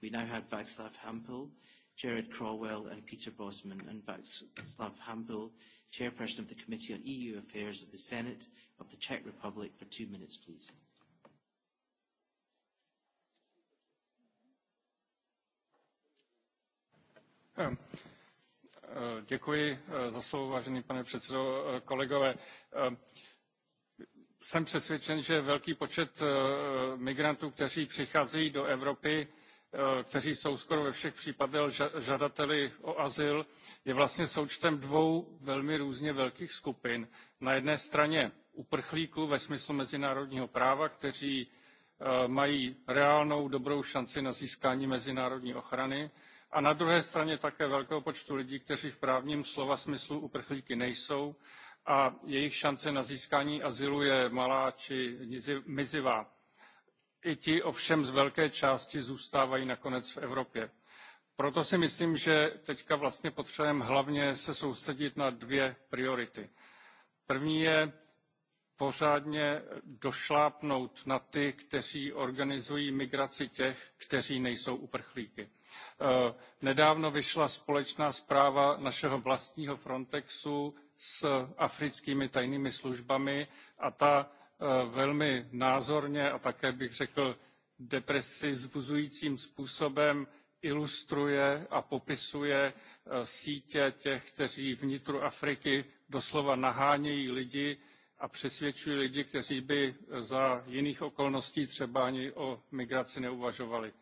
we now have Václav Hampel, Jared Crawwell and Peter Bosman, and Václav Hampel, Chairperson of the Committee on EU Affairs of the Senate of the Czech Republic, for two minutes, please. Um. Děkuji eh, za slovo, vážený pane předsedo, eh, kolegové ehm, jsem přesvědčen, že velký počet eh, migrantů, kteří přicházejí do Evropy, eh, kteří jsou skoro ve všech případech žadateli o azyl, je vlastně součtem dvou velmi různě velkých skupin. Na jedné straně uprchlíků ve smyslu mezinárodního práva, kteří eh, mají reálnou dobrou šanci na získání mezinárodní ochrany a na druhé straně také velkého počtu lidí, kteří v právním slova smyslu uprchlíky nejsou a jejich šance na získání azylu je malá či mizivá. I ti ovšem z velké části zůstávají nakonec v Evropě. Proto si myslím, že teďka vlastně potřebujeme hlavně se soustředit na dvě priority. První je pořádně došlápnout na ty, kteří organizují migraci těch, kteří nejsou uprchlíky. E, nedávno vyšla společná zpráva našeho vlastního Frontexu s africkými tajnými službami a ta e, velmi názorně a také bych řekl depresi vzbuzujícím způsobem ilustruje a popisuje e, sítě těch, kteří vnitru Afriky doslova nahánějí lidi a přesvědčují lidi, kteří by za jiných okolností třeba ani o migraci neuvažovali. E,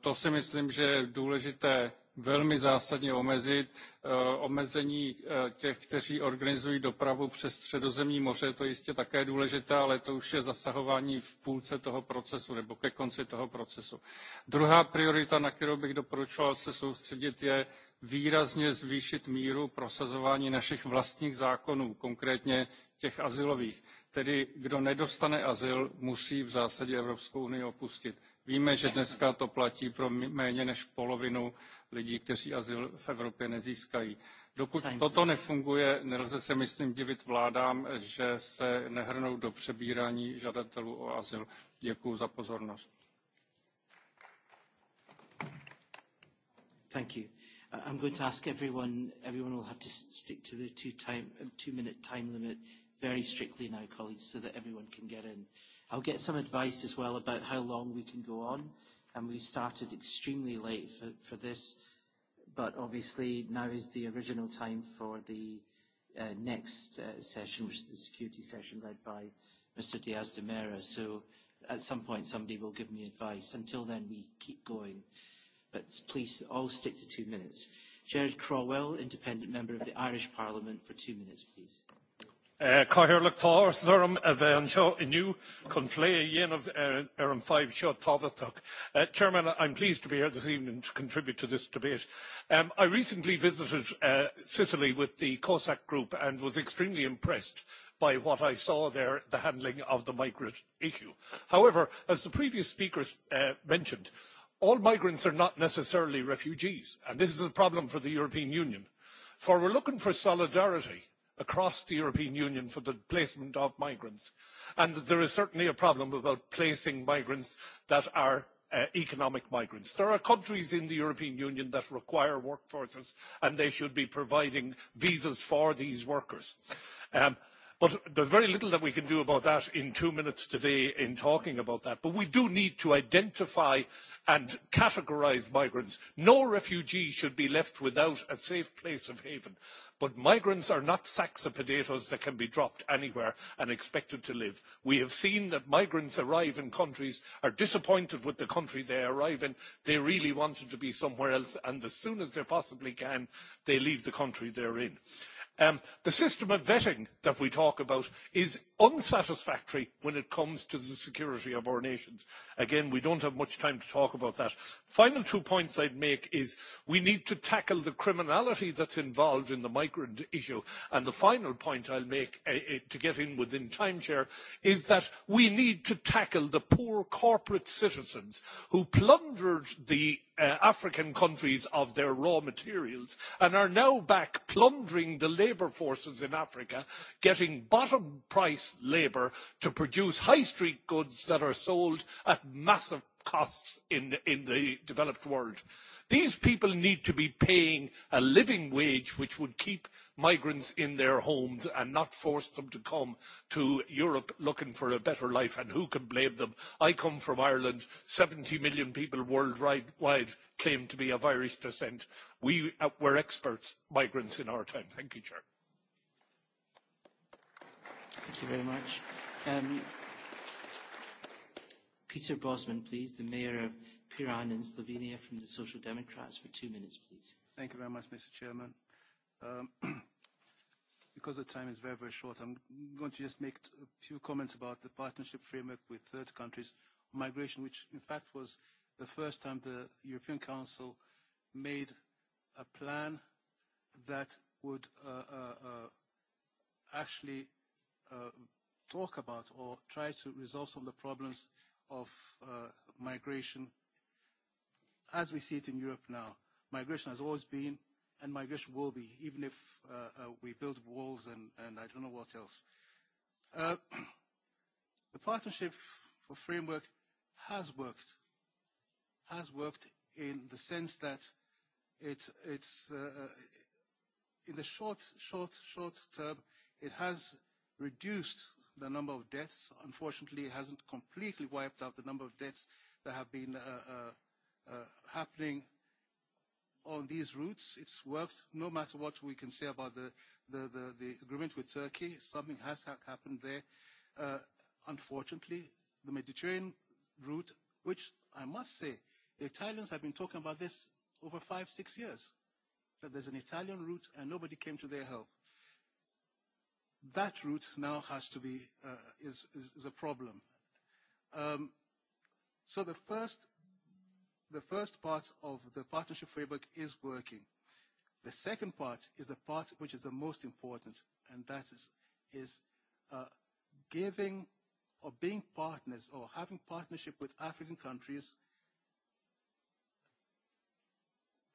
to si myslím, že je důležité velmi zásadně omezit. Eh, omezení eh, těch, kteří organizují dopravu přes středozemní moře, to je jistě také důležité, ale to už je zasahování v půlce toho procesu nebo ke konci toho procesu. Druhá priorita, na kterou bych doporučoval se soustředit, je výrazně zvýšit míru prosazování našich vlastních zákonů, konkrétně těch asilových. Tedy kdo nedostane azyl, musí v zásadě Evropskou unii opustit. Víme, že dneska to platí pro méně než polovinu lidí, kteří azyl v Evropě nezískají. Dokud toto nefunguje, nelze se, myslím, divit vládám, že se nehrnou do přebírání žadatelů o azyl. Děkuji za pozornost. Thank you. Uh, I'm going to ask everyone, everyone will have to stick to their two-minute time, two time uh, limit very strictly now, colleagues, so that everyone can get in. I'll get some advice as well about how long we can go on, and we started extremely late for, for this, but obviously now is the original time for the uh, next uh, session, which is the security session led by Mr. Diaz de Mera. So at some point, somebody will give me advice. Until then, we keep going. But please all stick to two minutes. Gerard Crowell, Independent Member of the Irish Parliament, for two minutes, please. Uh, Eh, Caithfir le táras orm a bheith anseo inniu chun phlé a dhéanamh ar an fhadhb seo tábhachtach. Eh, Chairman, I'm pleased to be here this evening to contribute to this debate. Um, I recently visited uh, Sicily with the COSAC group and was extremely impressed by what I saw there, the handling of the migrant issue. However, as the previous speakers uh, mentioned, all migrants are not necessarily refugees, and this is a problem for the European Union. For we're looking for solidarity across the european union for the placement of migrants and there is certainly a problem about placing migrants that are uh, economic migrants. there are countries in the european union that require workforces and they should be providing visas for these workers. Um, But there's very little that we can do about that in two minutes today in talking about that. But we do need to identify and categorise migrants. No refugee should be left without a safe place of haven. But migrants are not sacks of potatoes that can be dropped anywhere and expected to live. We have seen that migrants arrive in countries, are disappointed with the country they arrive in. They really wanted to be somewhere else, and as soon as they possibly can, they leave the country they're in. Um, the system of vetting that we talk about is unsatisfactory when it comes to the security of our nations. Again, we don't have much time to talk about that, final two points i'd make is we need to tackle the criminality that's involved in the migrant issue and the final point i'll make eh, eh, to get in within time is that we need to tackle the poor corporate citizens who plundered the eh, african countries of their raw materials and are now back plundering the labour forces in africa getting bottom price labour to produce high street goods that are sold at massive costs in, in the developed world. These people need to be paying a living wage which would keep migrants in their homes and not force them to come to Europe looking for a better life. And who can blame them? I come from Ireland. 70 million people worldwide claim to be of Irish descent. We uh, were experts, migrants in our time. Thank you, Chair. Thank you very much. Um, Peter Bosman, please, the Mayor of Piran in Slovenia from the Social Democrats for two minutes, please. Thank you very much, Mr. Chairman. Um, because the time is very, very short, I'm going to just make a few comments about the partnership framework with third countries, migration, which in fact was the first time the European Council made a plan that would uh, uh, uh, actually uh, talk about or try to resolve some of the problems of uh, migration as we see it in Europe now. Migration has always been, and migration will be, even if uh, uh, we build walls and, and I don't know what else. Uh, the Partnership for Framework has worked, has worked in the sense that it, it's, uh, uh in the short, short, short term, it has reduced the number of deaths. Unfortunately, it hasn't completely wiped out the number of deaths that have been uh, uh, uh, happening on these routes. It's worked no matter what we can say about the, the, the, the agreement with Turkey. Something has ha- happened there. Uh, unfortunately, the Mediterranean route, which I must say, the Italians have been talking about this over five, six years, that there's an Italian route and nobody came to their help that route now has to be uh, is, is, is a problem. Um, so the first the first part of the partnership framework is working. The second part is the part which is the most important, and that is is uh, giving or being partners or having partnership with African countries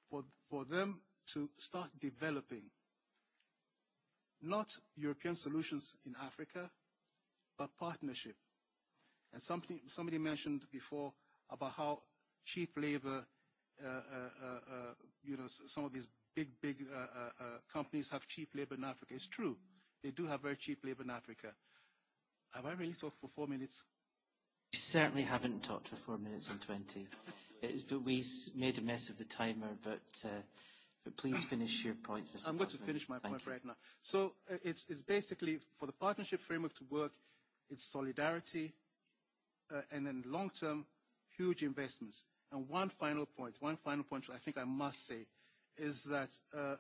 for for them to start developing not European solutions in Africa, but partnership. And somebody, somebody mentioned before about how cheap labor, uh, uh, uh, uh you know, some of these big, big uh, uh, uh, companies have cheap labor in Africa. It's true. They do have very cheap labor in Africa. Have I really talked for four minutes? You certainly haven't talked for four minutes and 20. it's, but we made a mess of the timer, but uh, But please finish your points, Mr. I'm Bosman. going to finish my Thank point you. right now. So uh, it's, it's basically for the partnership framework to work, it's solidarity uh, and then long-term huge investments. And one final point, one final point I think I must say is that, uh,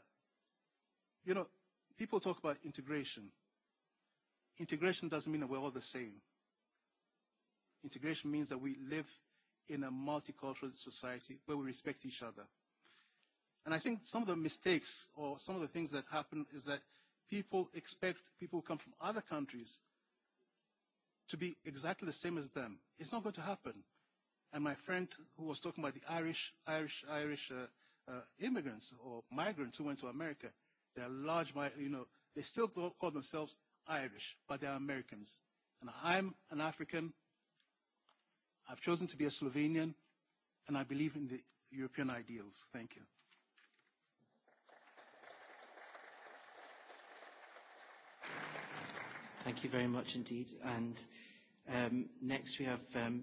you know, people talk about integration. Integration doesn't mean that we're all the same. Integration means that we live in a multicultural society where we respect each other. And I think some of the mistakes or some of the things that happen is that people expect people who come from other countries to be exactly the same as them. It's not going to happen. And my friend who was talking about the Irish, Irish, Irish uh, uh, immigrants or migrants who went to America, they are large, you know, they still call themselves Irish, but they are Americans. And I'm an African. I've chosen to be a Slovenian, and I believe in the European ideals. Thank you. Thank you very much indeed. And um, next we have um,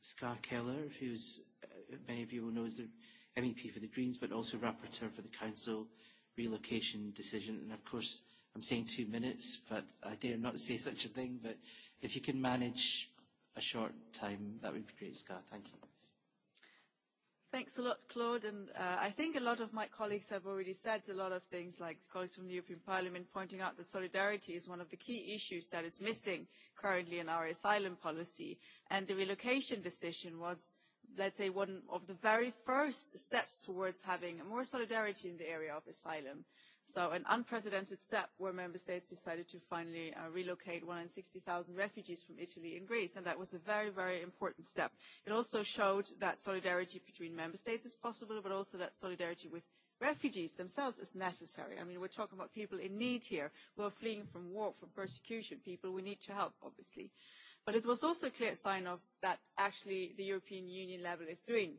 Ska Keller, who's, uh, many of you will know, is the MEP for the Greens, but also rapporteur for the Council relocation decision. And of course, I'm saying two minutes, but I dare not say such a thing. But if you can manage a short time, that would be great, Ska. Thank you. Thanks a lot, Claude. And uh, I think a lot of my colleagues have already said a lot of things, like colleagues from the European Parliament pointing out that solidarity is one of the key issues that is missing currently in our asylum policy. And the relocation decision was let's say, one of the very first steps towards having more solidarity in the area of asylum. So an unprecedented step where member states decided to finally uh, relocate 160,000 refugees from Italy and Greece, and that was a very, very important step. It also showed that solidarity between member states is possible, but also that solidarity with refugees themselves is necessary. I mean, we're talking about people in need here who are fleeing from war, from persecution, people we need to help, obviously. Uh, but it was also a clear sign of that actually the European Union level is doing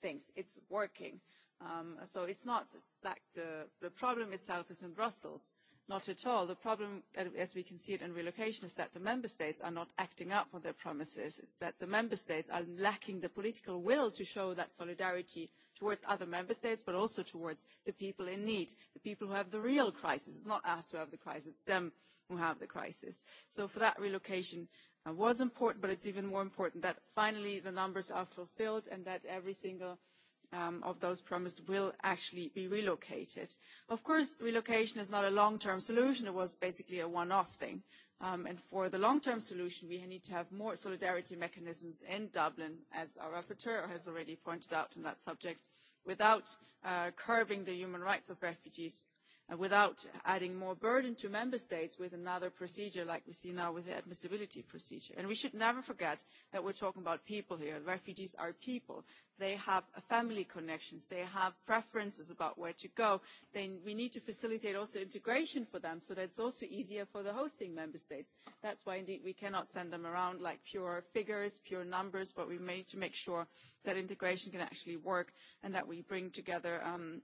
things. It's working. Um, so it's not like the, the problem itself is in Brussels. Not at all. The problem, uh, as we can see it in relocation, is that the member states are not acting up on their promises. It's that the member states are lacking the political will to show that solidarity towards other member states, but also towards the people in need, the people who have the real crisis. It's not us who have the crisis, it's them who have the crisis. So for that relocation and was important, but it's even more important that finally the numbers are fulfilled and that every single um, of those promised will actually be relocated. Of course, relocation is not a long-term solution. It was basically a one-off thing. Um, and for the long-term solution, we need to have more solidarity mechanisms in Dublin, as our rapporteur has already pointed out on that subject, without uh, curbing the human rights of refugees Uh, without adding more burden to member states with another procedure like we see now with the admissibility procedure. And we should never forget that we're talking about people here. Refugees are people. They have family connections. They have preferences about where to go. They, we need to facilitate also integration for them so that it's also easier for the hosting member states. That's why indeed we cannot send them around like pure figures, pure numbers, but we need to make sure that integration can actually work and that we bring together um,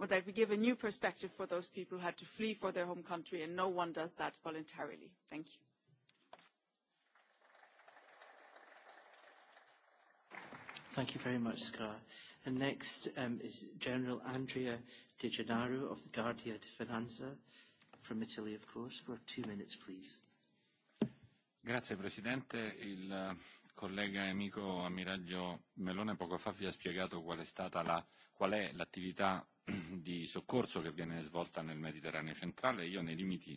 or that we give a new perspective for those people who had to flee for their home country, and no one does that voluntarily. Thank you. Thank you very much, Scar. And next um, is General Andrea De Gennaro of the Guardia di Finanza, from Italy, of course, for two minutes, please. Grazie, Presidente. Il eh, collega e amico ammiraglio Melone poco fa vi ha spiegato qual è stata la, qual è l'attività di soccorso che viene svolta nel Mediterraneo centrale. Io, nei limiti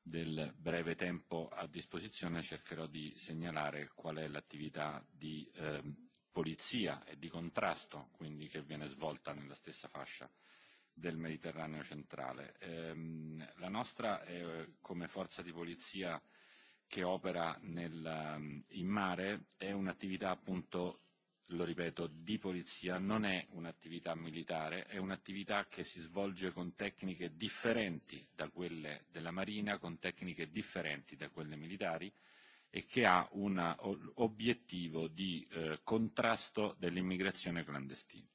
del breve tempo a disposizione, cercherò di segnalare qual è l'attività di eh, polizia e di contrasto quindi, che viene svolta nella stessa fascia del Mediterraneo centrale. Ehm, la nostra è come forza di polizia che opera nel, ehm, in mare è un'attività appunto lo ripeto, di polizia non è un'attività militare, è un'attività che si svolge con tecniche differenti da quelle della Marina, con tecniche differenti da quelle militari e che ha un obiettivo di eh, contrasto dell'immigrazione clandestina.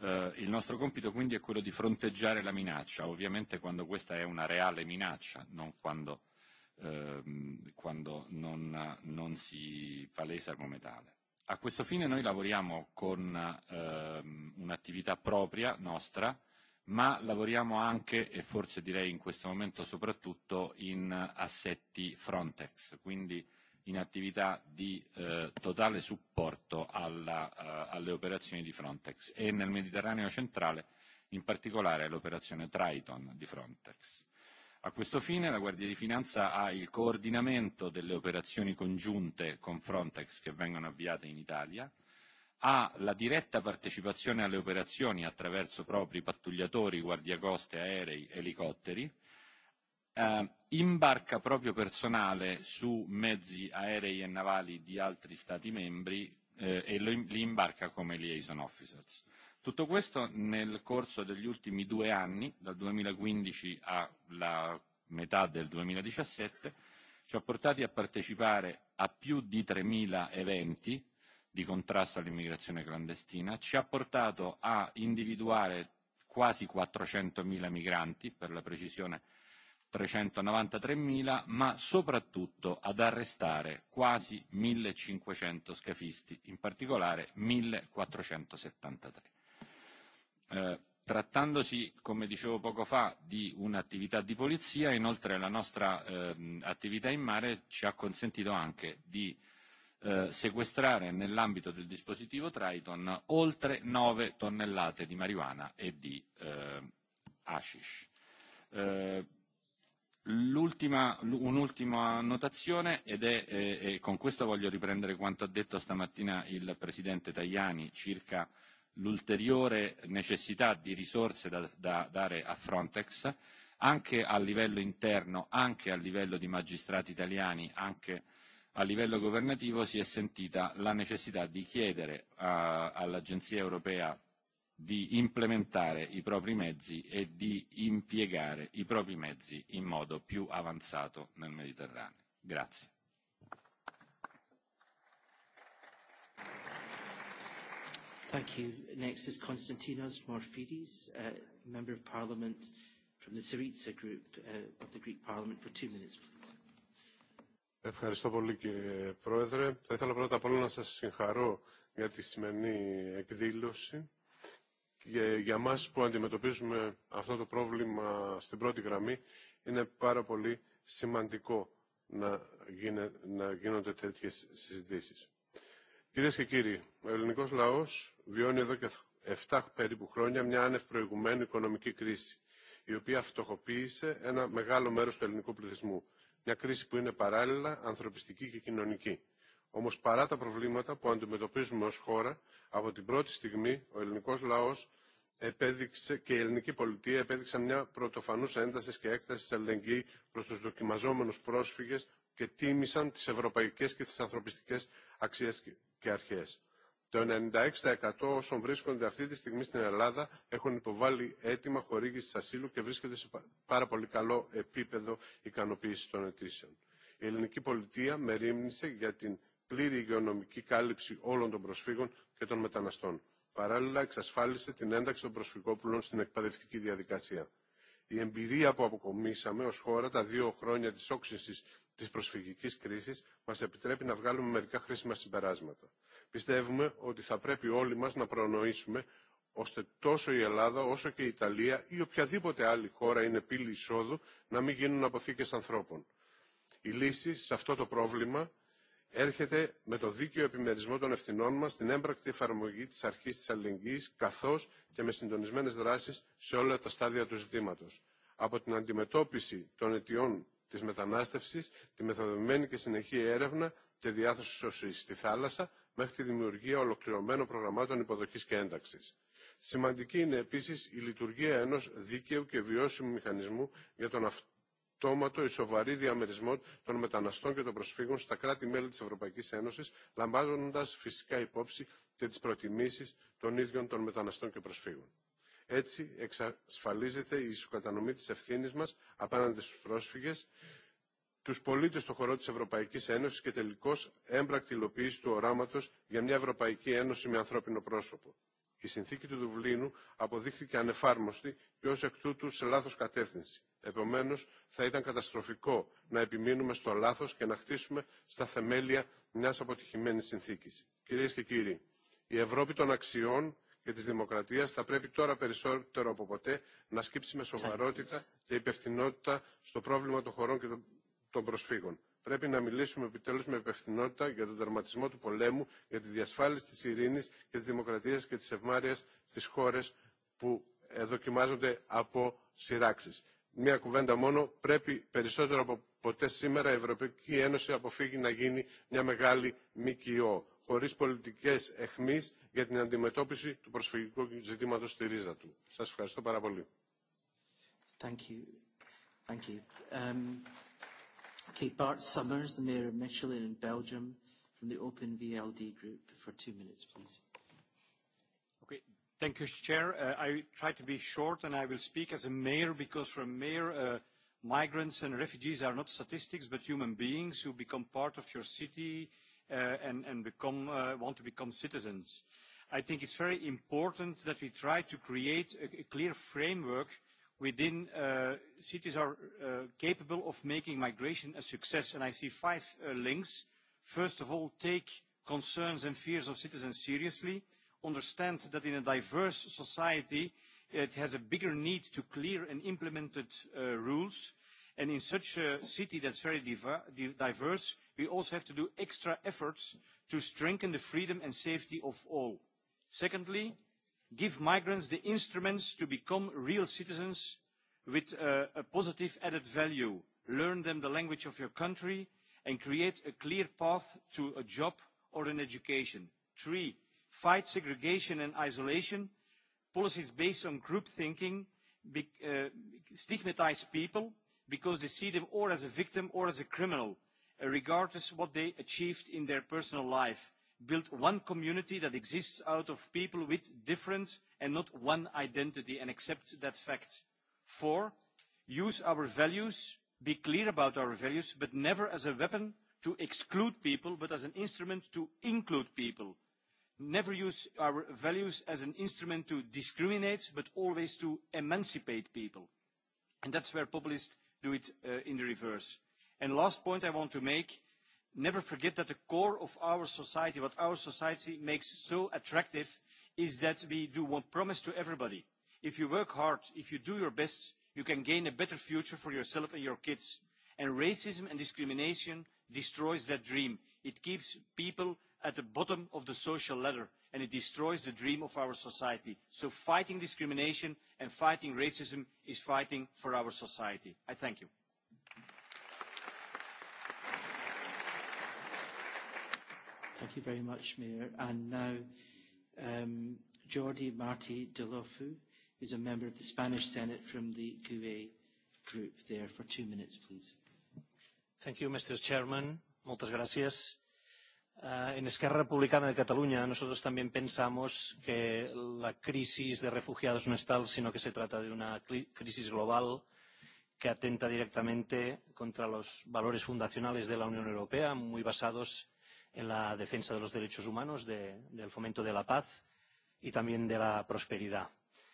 Eh, il nostro compito quindi è quello di fronteggiare la minaccia, ovviamente quando questa è una reale minaccia, non quando, ehm, quando non, non si palesa come tale A questo fine noi lavoriamo con ehm, un'attività propria, nostra, ma lavoriamo anche, e forse direi in questo momento soprattutto, in assetti Frontex, quindi in attività di eh, totale supporto alla, eh, alle operazioni di Frontex e nel Mediterraneo centrale in particolare all'operazione Triton di Frontex. A questo fine la Guardia di Finanza ha il coordinamento delle operazioni congiunte con Frontex che vengono avviate in Italia, ha la diretta partecipazione alle operazioni attraverso propri pattugliatori, guardiacoste, aerei, elicotteri, eh, imbarca proprio personale su mezzi aerei e navali di altri Stati membri eh, e lo, li imbarca come liaison officers. Tutto questo nel corso degli ultimi due anni, dal 2015 alla metà del 2017, ci ha portati a partecipare a più di 3.000 eventi di contrasto all'immigrazione clandestina, ci ha portato a individuare quasi 400.000 migranti, per la precisione 393.000, ma soprattutto ad arrestare quasi 1.500 scafisti, in particolare 1.473. Eh, trattandosi, come dicevo poco fa, di un'attività di polizia, inoltre la nostra eh, attività in mare ci ha consentito anche di eh, sequestrare nell'ambito del dispositivo Triton oltre 9 tonnellate di marijuana e di eh, hashish. Eh, L'ultima, un'ultima notazione ed è, eh, e con questo voglio riprendere quanto ha detto stamattina il Presidente Tajani circa eh, l'ulteriore necessità di risorse da, da dare a Frontex, anche a livello interno, anche a livello di magistrati italiani, anche a livello governativo si è sentita la necessità di chiedere a, all'Agenzia europea di implementare i propri mezzi e di impiegare i propri mezzi in modo più avanzato nel Mediterraneo. Grazie. Thank you. Next is Konstantinos Morfidis, uh, Member of Parliament from the Syriza Group uh, of the Greek Parliament for two minutes, please. Ευχαριστώ πολύ κύριε Πρόεδρε. Θα ήθελα πρώτα απ' όλα να σας συγχαρώ για τη σημερινή εκδήλωση. Και για μας που αντιμετωπίζουμε αυτό το πρόβλημα στην πρώτη γραμμή είναι πάρα πολύ σημαντικό να, γίνε, να γίνονται τέτοιες συζητήσεις. Κυρίες και κύριοι, ο ελληνικός λαός βιώνει εδώ και 7 περίπου χρόνια μια άνευ προηγουμένη οικονομική κρίση, η οποία φτωχοποίησε ένα μεγάλο μέρος του ελληνικού πληθυσμού. Μια κρίση που είναι παράλληλα ανθρωπιστική και κοινωνική. Όμω παρά τα προβλήματα που αντιμετωπίζουμε ω χώρα, από την πρώτη στιγμή ο ελληνικό λαό επέδειξε και η ελληνική πολιτεία επέδειξαν μια πρωτοφανού ένταση και έκταση αλληλεγγύη προ του δοκιμαζόμενου πρόσφυγε και τίμησαν τι ευρωπαϊκέ και τι ανθρωπιστικέ αξίε και αρχές. Το 96% όσων βρίσκονται αυτή τη στιγμή στην Ελλάδα έχουν υποβάλει αίτημα χορήγηση ασύλου και βρίσκεται σε πάρα πολύ καλό επίπεδο ικανοποίηση των αιτήσεων. Η ελληνική πολιτεία μερίμνησε για την πλήρη υγειονομική κάλυψη όλων των προσφύγων και των μεταναστών. Παράλληλα, εξασφάλισε την ένταξη των προσφυγόπουλων στην εκπαιδευτική διαδικασία. Η εμπειρία που αποκομίσαμε ως χώρα τα δύο χρόνια της όξυνσης της προσφυγικής κρίσης μας επιτρέπει να βγάλουμε μερικά χρήσιμα συμπεράσματα. Πιστεύουμε ότι θα πρέπει όλοι μας να προνοήσουμε ώστε τόσο η Ελλάδα όσο και η Ιταλία ή οποιαδήποτε άλλη χώρα είναι πύλη εισόδου να μην γίνουν αποθήκες ανθρώπων. Η λύση σε αυτό το πρόβλημα έρχεται με το δίκαιο επιμερισμό των ευθυνών μας στην έμπρακτη εφαρμογή της αρχής της αλληλεγγύης καθώς και με συντονισμένες δράσεις σε όλα τα στάδια του ζητήματος. Από την αντιμετώπιση των αιτιών της μετανάστευσης, τη μεθοδευμένη και συνεχή έρευνα και διάθεση σωσής στη θάλασσα μέχρι τη δημιουργία ολοκληρωμένων προγραμμάτων υποδοχής και ένταξης. Σημαντική είναι επίσης η λειτουργία ενός δίκαιου και βιώσιμου μηχανισμού για τον αυτόματο ή σοβαρή διαμερισμό των μεταναστών και των προσφύγων στα κράτη-μέλη της Ευρωπαϊκής Ένωσης, λαμβάνοντας φυσικά υπόψη και τις προτιμήσεις των ίδιων των μεταναστών και προσφύγων. Έτσι εξασφαλίζεται η ισοκατανομή της ευθύνης μας απέναντι στους πρόσφυγες, τους πολίτες στον χώρο της Ευρωπαϊκής Ένωσης και τελικώς έμπρακτη υλοποίηση του οράματος για μια Ευρωπαϊκή Ένωση με ανθρώπινο πρόσωπο. Η συνθήκη του Δουβλίνου αποδείχθηκε ανεφάρμοστη και ως εκ τούτου σε λάθος κατεύθυνση. Επομένως, θα ήταν καταστροφικό να επιμείνουμε στο λάθος και να χτίσουμε στα θεμέλια μιας αποτυχημένης συνθήκης. Κυρίες και κύριοι, η Ευρώπη των αξιών και της δημοκρατίας θα πρέπει τώρα περισσότερο από ποτέ να σκύψει με σοβαρότητα και υπευθυνότητα στο πρόβλημα των χωρών και των προσφύγων. Πρέπει να μιλήσουμε επιτέλους με υπευθυνότητα για τον τερματισμό του πολέμου, για τη διασφάλιση της ειρήνης και της δημοκρατίας και της ευμάρειας στις χώρες που δοκιμάζονται από σειράξεις. Μία κουβέντα μόνο, πρέπει περισσότερο από ποτέ σήμερα η Ευρωπαϊκή Ένωση αποφύγει να γίνει μια μεγάλη ΜΚΟ χωρίς πολιτικές εχμής για την αντιμετώπιση του προσφυγικού ζητήματος στη ρίζα του. Σας ευχαριστώ πάρα πολύ. Thank you. Thank you. Um, okay, Bart Summers, the Mayor of Michelin in Belgium, from the Open VLD Group, for two minutes, please. Okay, thank you, Chair. Uh, I try to be short, and I will speak as a mayor because, for a mayor, uh, migrants and refugees are not statistics but human beings who become part of your city, uh, and, and become, uh, want to become citizens. I think it's very important that we try to create a, a clear framework within uh, cities are uh, capable of making migration a success. And I see five uh, links. First of all, take concerns and fears of citizens seriously. Understand that in a diverse society, it has a bigger need to clear and implemented uh, rules. And in such a city that's very diver diverse, we also have to do extra efforts to strengthen the freedom and safety of all. Secondly, give migrants the instruments to become real citizens with uh, a positive added value. Learn them the language of your country and create a clear path to a job or an education. Three, fight segregation and isolation. Policies based on group thinking be, uh, stigmatize people because they see them or as a victim or as a criminal regardless what they achieved in their personal life. Build one community that exists out of people with different and not one identity and accept that fact. Four, use our values, be clear about our values, but never as a weapon to exclude people, but as an instrument to include people. Never use our values as an instrument to discriminate, but always to emancipate people. And that's where populists do it uh, in the reverse. And last point I want to make, never forget that the core of our society, what our society makes so attractive, is that we do one promise to everybody. If you work hard, if you do your best, you can gain a better future for yourself and your kids. And racism and discrimination destroys that dream. It keeps people at the bottom of the social ladder and it destroys the dream of our society. So fighting discrimination and fighting racism is fighting for our society. I thank you. Thank you very much, Mayor. And now, um, Jordi Marti Delofu, who's a member of the Spanish Senate from the GUE group there for two minutes, please. Thank you, Mr. Chairman. Muchas gracias. Uh, en Esquerra Republicana de Cataluña nosotros también pensamos que la crisis de refugiados no es tal, sino que se trata de una crisis global que atenta directamente contra los valores fundacionales de la Unión Europea, muy basados en la defensa de los derechos humanos, de, del fomento de la paz y también de la prosperidad.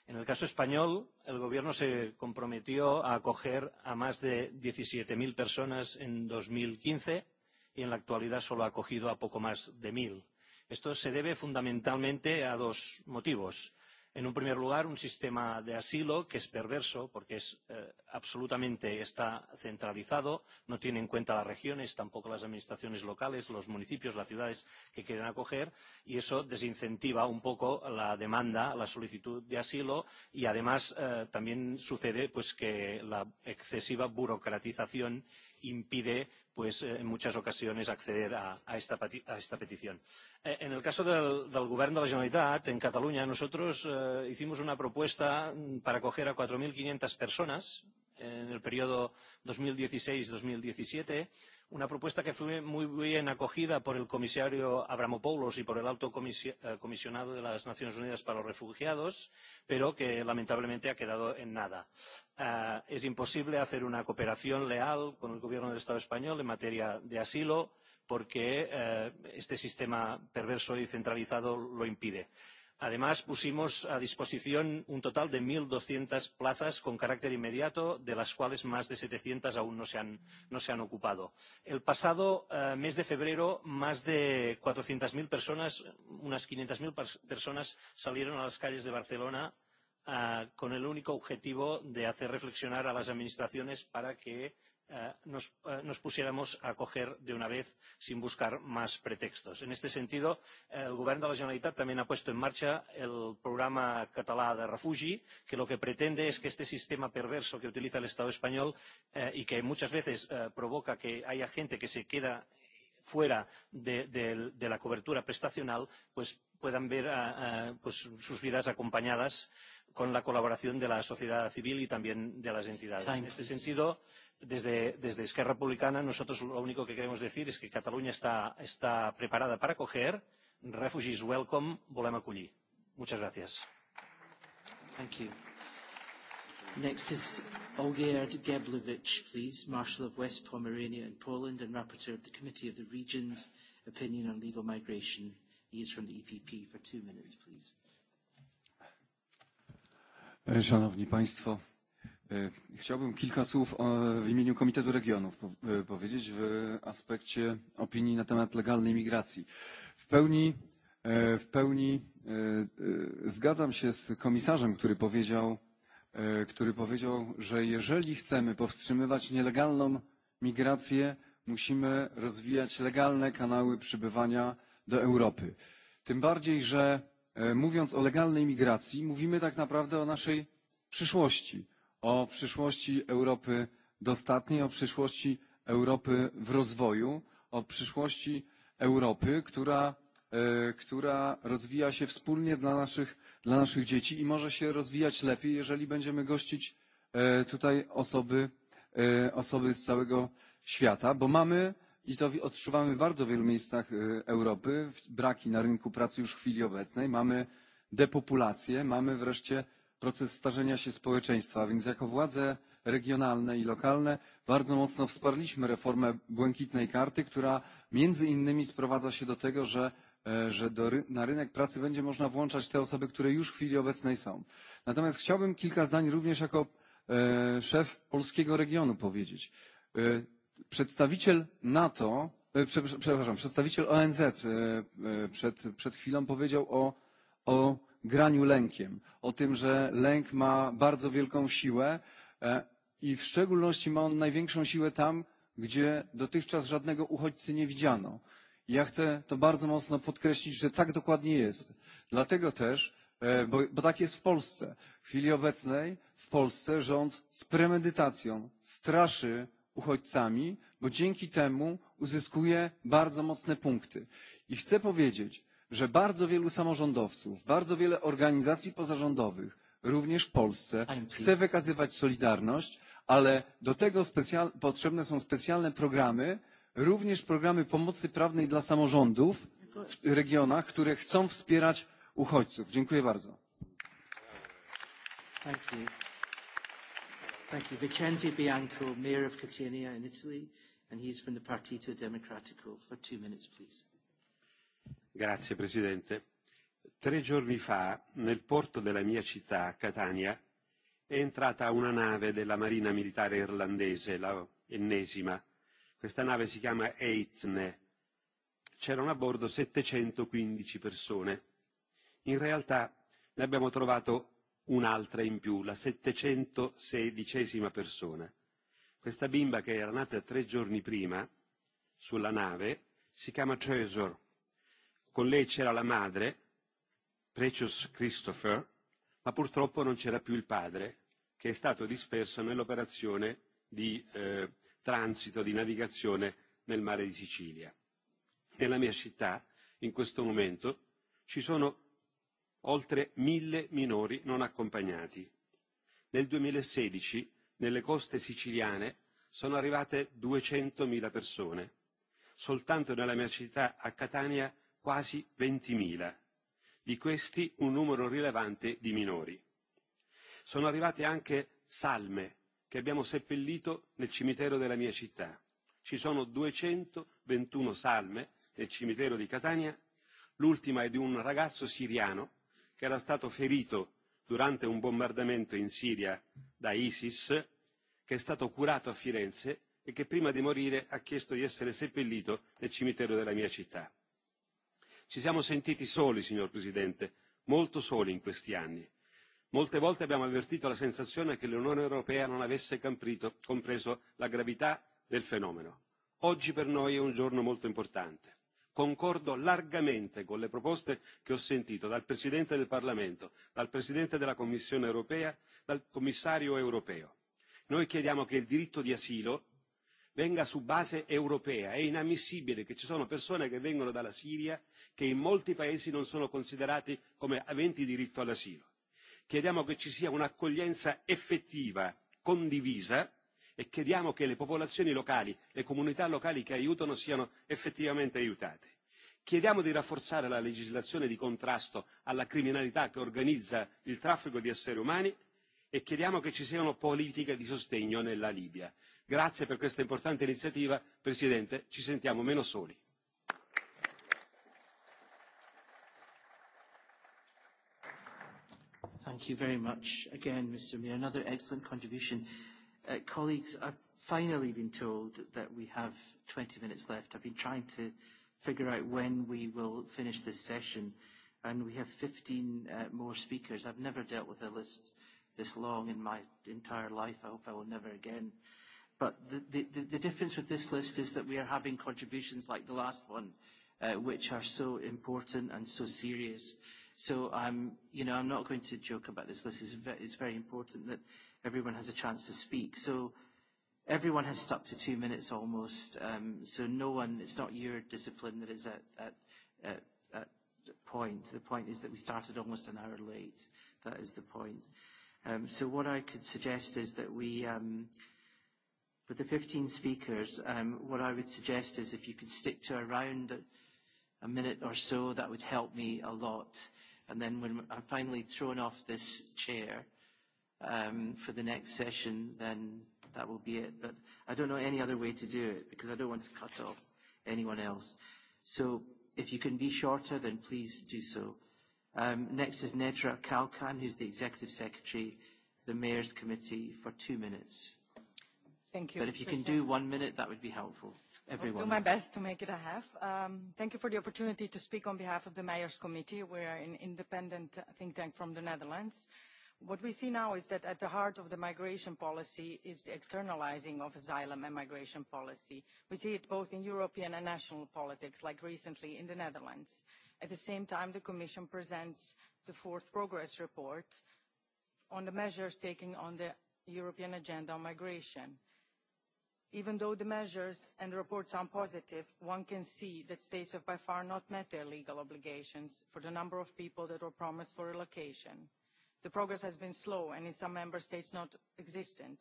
En el caso español, el Gobierno se comprometió a acoger a más de 17.000 personas en 2015 y en la actualidad solo ha acogido a poco más de 1.000. Esto se debe fundamentalmente a dos motivos. En un primer lugar, un sistema de asilo que es perverso porque es eh, absolutamente está centralizado, no tiene en cuenta las regiones, tampoco las administraciones locales, los municipios, las ciudades que quieren acoger y eso desincentiva un poco la demanda, la solicitud de asilo y además eh, también sucede pues que la excesiva burocratización impide pues, eh, en muchas ocasiones acceder a, a, esta, a esta petición. Eh, en el caso del, del Govern de la Generalitat, en Cataluña, nosotros eh, hicimos una propuesta mm, para acoger a 4.500 personas en el periodo 2016-2017, una propuesta que fue muy bien acogida por el comisario Abramopoulos y por el alto comisi eh, comisionado de las Naciones Unidas para los Refugiados, pero que lamentablemente ha quedado en nada. Uh, es imposible hacer una cooperación leal con el gobierno del Estado español en materia de asilo porque eh, este sistema perverso y centralizado lo impide. Además, pusimos a disposición un total de 1.200 plazas con carácter inmediato, de las cuales más de 700 aún no se han, no se han ocupado. El pasado eh, mes de febrero, más de 400.000 personas, unas 500.000 pers personas salieron a las calles de Barcelona eh, con el único objetivo de hacer reflexionar a las administraciones para que eh, nos, eh, nos pusiéramos a acoger de una vez sin buscar más pretextos. En este sentido, eh, el Govern de la Generalitat también ha puesto en marcha el programa catalá de refugi, que lo que pretende es que este sistema perverso que utiliza el Estado español eh, y que muchas veces eh, provoca que haya gente que se queda fuera de, de, de la cobertura prestacional, pues puedan ver uh, uh, pues sus vidas acompañadas uh, con la colaboración de la sociedad civil y también de las entidades. Time, en este sentido, desde, desde Esquerra Republicana, nosotros lo único que queremos decir es que Cataluña está, está preparada para acoger. Refugees welcome, volem acollir. Muchas gracias. Thank you. Next is Olgerd Geblevich, please, Marshal of West Pomerania in Poland and Rapporteur of the Committee of the Regions Opinion on Legal Migration. He is from the EPP for two minutes, please. E, Szanowni Państwo, e, Chciałbym kilka słów w imieniu Komitetu Regionów e, powiedzieć w aspekcie opinii na temat legalnej migracji. W pełni, w pełni zgadzam się z komisarzem, który powiedział, który powiedział, że jeżeli chcemy powstrzymywać nielegalną migrację, musimy rozwijać legalne kanały przybywania do Europy. Tym bardziej, że E, mówiąc o legalnej migracji, mówimy tak naprawdę o naszej przyszłości, o przyszłości Europy dostatniej, o przyszłości Europy w rozwoju, o przyszłości Europy, która, e, która rozwija się wspólnie dla naszych, dla naszych dzieci i może się rozwijać lepiej, jeżeli będziemy gościć e, tutaj osoby, osoby z całego świata, bo mamy I to odczuwamy w bardzo wielu miejscach Europy. Braki na rynku pracy już w chwili obecnej. Mamy depopulację, mamy wreszcie proces starzenia się społeczeństwa, więc jako władze regionalne i lokalne bardzo mocno wsparliśmy reformę błękitnej karty, która między innymi sprowadza się do tego, że e, że do, na rynek pracy będzie można włączać te osoby, które już w chwili obecnej są. Natomiast chciałbym kilka zdań również jako e, szef polskiego regionu powiedzieć. E, Przedstawiciel NATO, e, przepraszam, przedstawiciel ONZ e, e, przed, przed chwilą powiedział o, o graniu lękiem, o tym, że lęk ma bardzo wielką siłę i w szczególności ma on największą siłę tam, gdzie dotychczas żadnego uchodźcy nie widziano. Ja chcę to bardzo mocno podkreślić, że tak dokładnie jest. Dlatego też, bo, bo tak jest w Polsce. W chwili obecnej w Polsce rząd z premedytacją straszy uchodźcami, bo dzięki temu uzyskuje bardzo mocne punkty. I chcę powiedzieć, że bardzo wielu samorządowców, bardzo wiele organizacji pozarządowych, również w Polsce, chce wykazywać solidarność, ale do tego specjal, potrzebne są specjalne programy, również programy pomocy prawnej dla samorządów w regionach, które chcą wspierać uchodźców. Dziękuję bardzo. Thank you. Thank you. Vincenzo Bianco, Mayor of Catania in Italy, and he's from the Partito Democratico. For two minutes, please. Grazie, Presidente. Tre giorni fa, nel porto della mia città, Catania, è entrata una nave della Marina Militare Irlandese, la ennesima. Questa nave si chiama Eitne. C'erano a bordo 715 persone. In realtà ne abbiamo trovato un'altra in più, la 716esima persona. Questa bimba che era nata tre giorni prima sulla nave si chiama Cesar. Con lei c'era la madre, Precious Christopher, ma purtroppo non c'era più il padre, che è stato disperso nell'operazione di eh, transito, di navigazione nel mare di Sicilia. Nella mia città, in questo momento, ci sono oltre mille minori non accompagnati. Nel 2016 nelle coste siciliane sono arrivate 200.000 persone, soltanto nella mia città a Catania quasi 20.000, di questi un numero rilevante di minori. Sono arrivate anche salme che abbiamo seppellito nel cimitero della mia città. Ci sono 221 salme nel cimitero di Catania, l'ultima è di un ragazzo siriano che era stato ferito durante un bombardamento in Siria da ISIS, che è stato curato a Firenze e che prima di morire ha chiesto di essere seppellito nel cimitero della mia città. Ci siamo sentiti soli, signor Presidente, molto soli in questi anni. Molte volte abbiamo avvertito la sensazione che l'Unione Europea non avesse comprito, compreso la gravità del fenomeno. Oggi per noi è un giorno molto importante concordo largamente con le proposte che ho sentito dal presidente del parlamento dal presidente della commissione europea dal commissario europeo. noi chiediamo che il diritto di asilo venga su base europea è inammissibile che ci sono persone che vengono dalla siria che in molti paesi non sono considerati come aventi diritto all'asilo. chiediamo che ci sia un'accoglienza effettiva condivisa e chiediamo che le popolazioni locali, le comunità locali che aiutano siano effettivamente aiutate. Chiediamo di rafforzare la legislazione di contrasto alla criminalità che organizza il traffico di esseri umani e chiediamo che ci siano politiche di sostegno nella Libia. Grazie per questa importante iniziativa, Presidente, ci sentiamo meno soli. Thank you very much again, Mr. Mayor. Another excellent contribution. Uh, colleagues, I've finally been told that we have 20 minutes left. I've been trying to figure out when we will finish this session, and we have 15 uh, more speakers. I've never dealt with a list this long in my entire life. I hope I will never again. But the, the, the difference with this list is that we are having contributions like the last one, uh, which are so important and so serious. So I'm, you know, I'm not going to joke about this list. It's, ve- it's very important that everyone has a chance to speak. So everyone has stuck to two minutes almost. Um, so no one, it's not your discipline that is at, at, at, at point. The point is that we started almost an hour late. That is the point. Um, so what I could suggest is that we, um, with the 15 speakers, um, what I would suggest is if you could stick to around a, a minute or so, that would help me a lot. And then when I'm finally thrown off this chair, um, for the next session, then that will be it. But I don't know any other way to do it because I don't want to cut off anyone else. So if you can be shorter, then please do so. Um, next is Nedra Kalkan, who's the Executive Secretary, the Mayor's Committee, for two minutes. Thank you. But if you can do one minute, that would be helpful. Everyone. I'll do my best to make it a half. Um, thank you for the opportunity to speak on behalf of the Mayor's Committee. We are an independent think tank from the Netherlands. Uh, What we see now is that at the heart of the migration policy is the externalizing of asylum and migration policy. We see it both in European and national politics, like recently in the Netherlands. At the same time, the Commission presents the fourth progress report on the measures taken on the European agenda on migration. Even though the measures and the report sound positive, one can see that states have by far not met their legal obligations for the number of people that were promised for relocation the progress has been slow and in some member states not existent.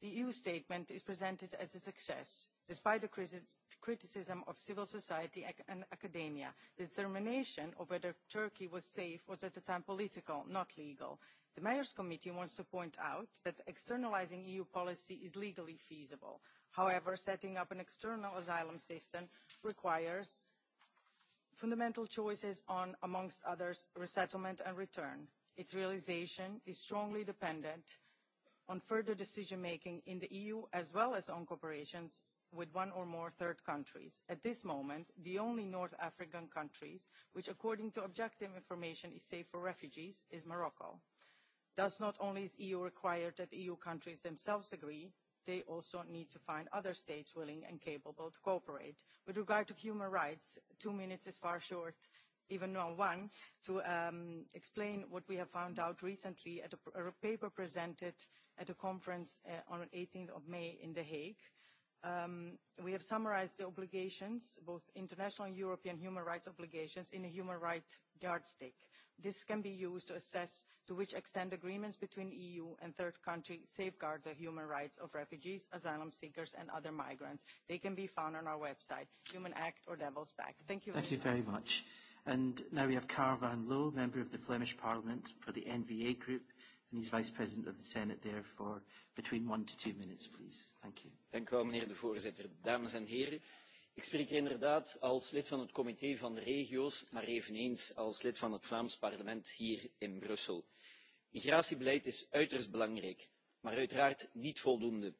the eu statement is presented as a success despite the criticism of civil society and academia. the determination of whether turkey was safe was at the time political not legal. the mayor's committee wants to point out that externalising eu policy is legally feasible. however setting up an external asylum system requires fundamental choices on amongst others resettlement and return its realization is strongly dependent on further decision making in the eu as well as on cooperation with one or more third countries at this moment the only north african country which according to objective information is safe for refugees is morocco. thus not only is the eu required that eu countries themselves agree they also need to find other states willing and capable to cooperate. with regard to human rights two minutes is far short even on one, to um, explain what we have found out recently at a, a paper presented at a conference uh, on 18th of May in The Hague. Um, we have summarized the obligations, both international and European human rights obligations, in a human rights yardstick. This can be used to assess to which extent agreements between EU and third country safeguard the human rights of refugees, asylum seekers and other migrants. They can be found on our website, Human Act or Devil's Back. Thank you very Thank much. you very much. And now we have Carl Van Loo, member of the Flemish Parliament for the NVA group, and he's vice president of the Senate there for between one to two minutes, please. Thank you. Dank u wel, meneer de voorzitter. Dames en heren, ik spreek inderdaad als lid van het comité van de regio's, maar eveneens als lid van het Vlaams parlement hier in Brussel. Migratiebeleid is uiterst belangrijk, maar uiteraard niet voldoende.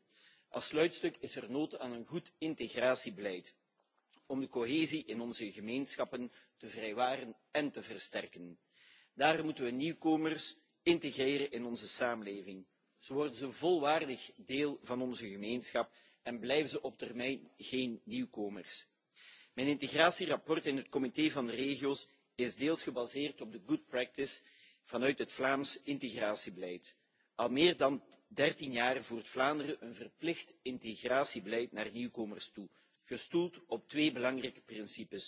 Als sluitstuk is er nood aan een goed integratiebeleid om de cohesie in onze gemeenschappen te vrijwaren en te versterken. daar moeten we nieuwkomers integreren in onze samenleving. zo worden ze volwaardig deel van onze gemeenschap en blijven ze op termijn geen nieuwkomers. mijn integratieverslag in het comité van de regio's is deels gebaseerd op de good practice vanuit het vlaams integratiebeleid. al meer dan dertien jaar voert vlaanderen een verplicht integratiebeleid naar nieuwkomers toe gestoeld op twee belangrijke principes.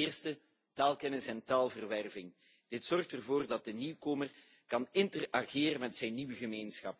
Eerste, taalkennis en taalverwerving. Dit zorgt ervoor dat de nieuwkomer kan interageren met zijn nieuwe gemeenschap.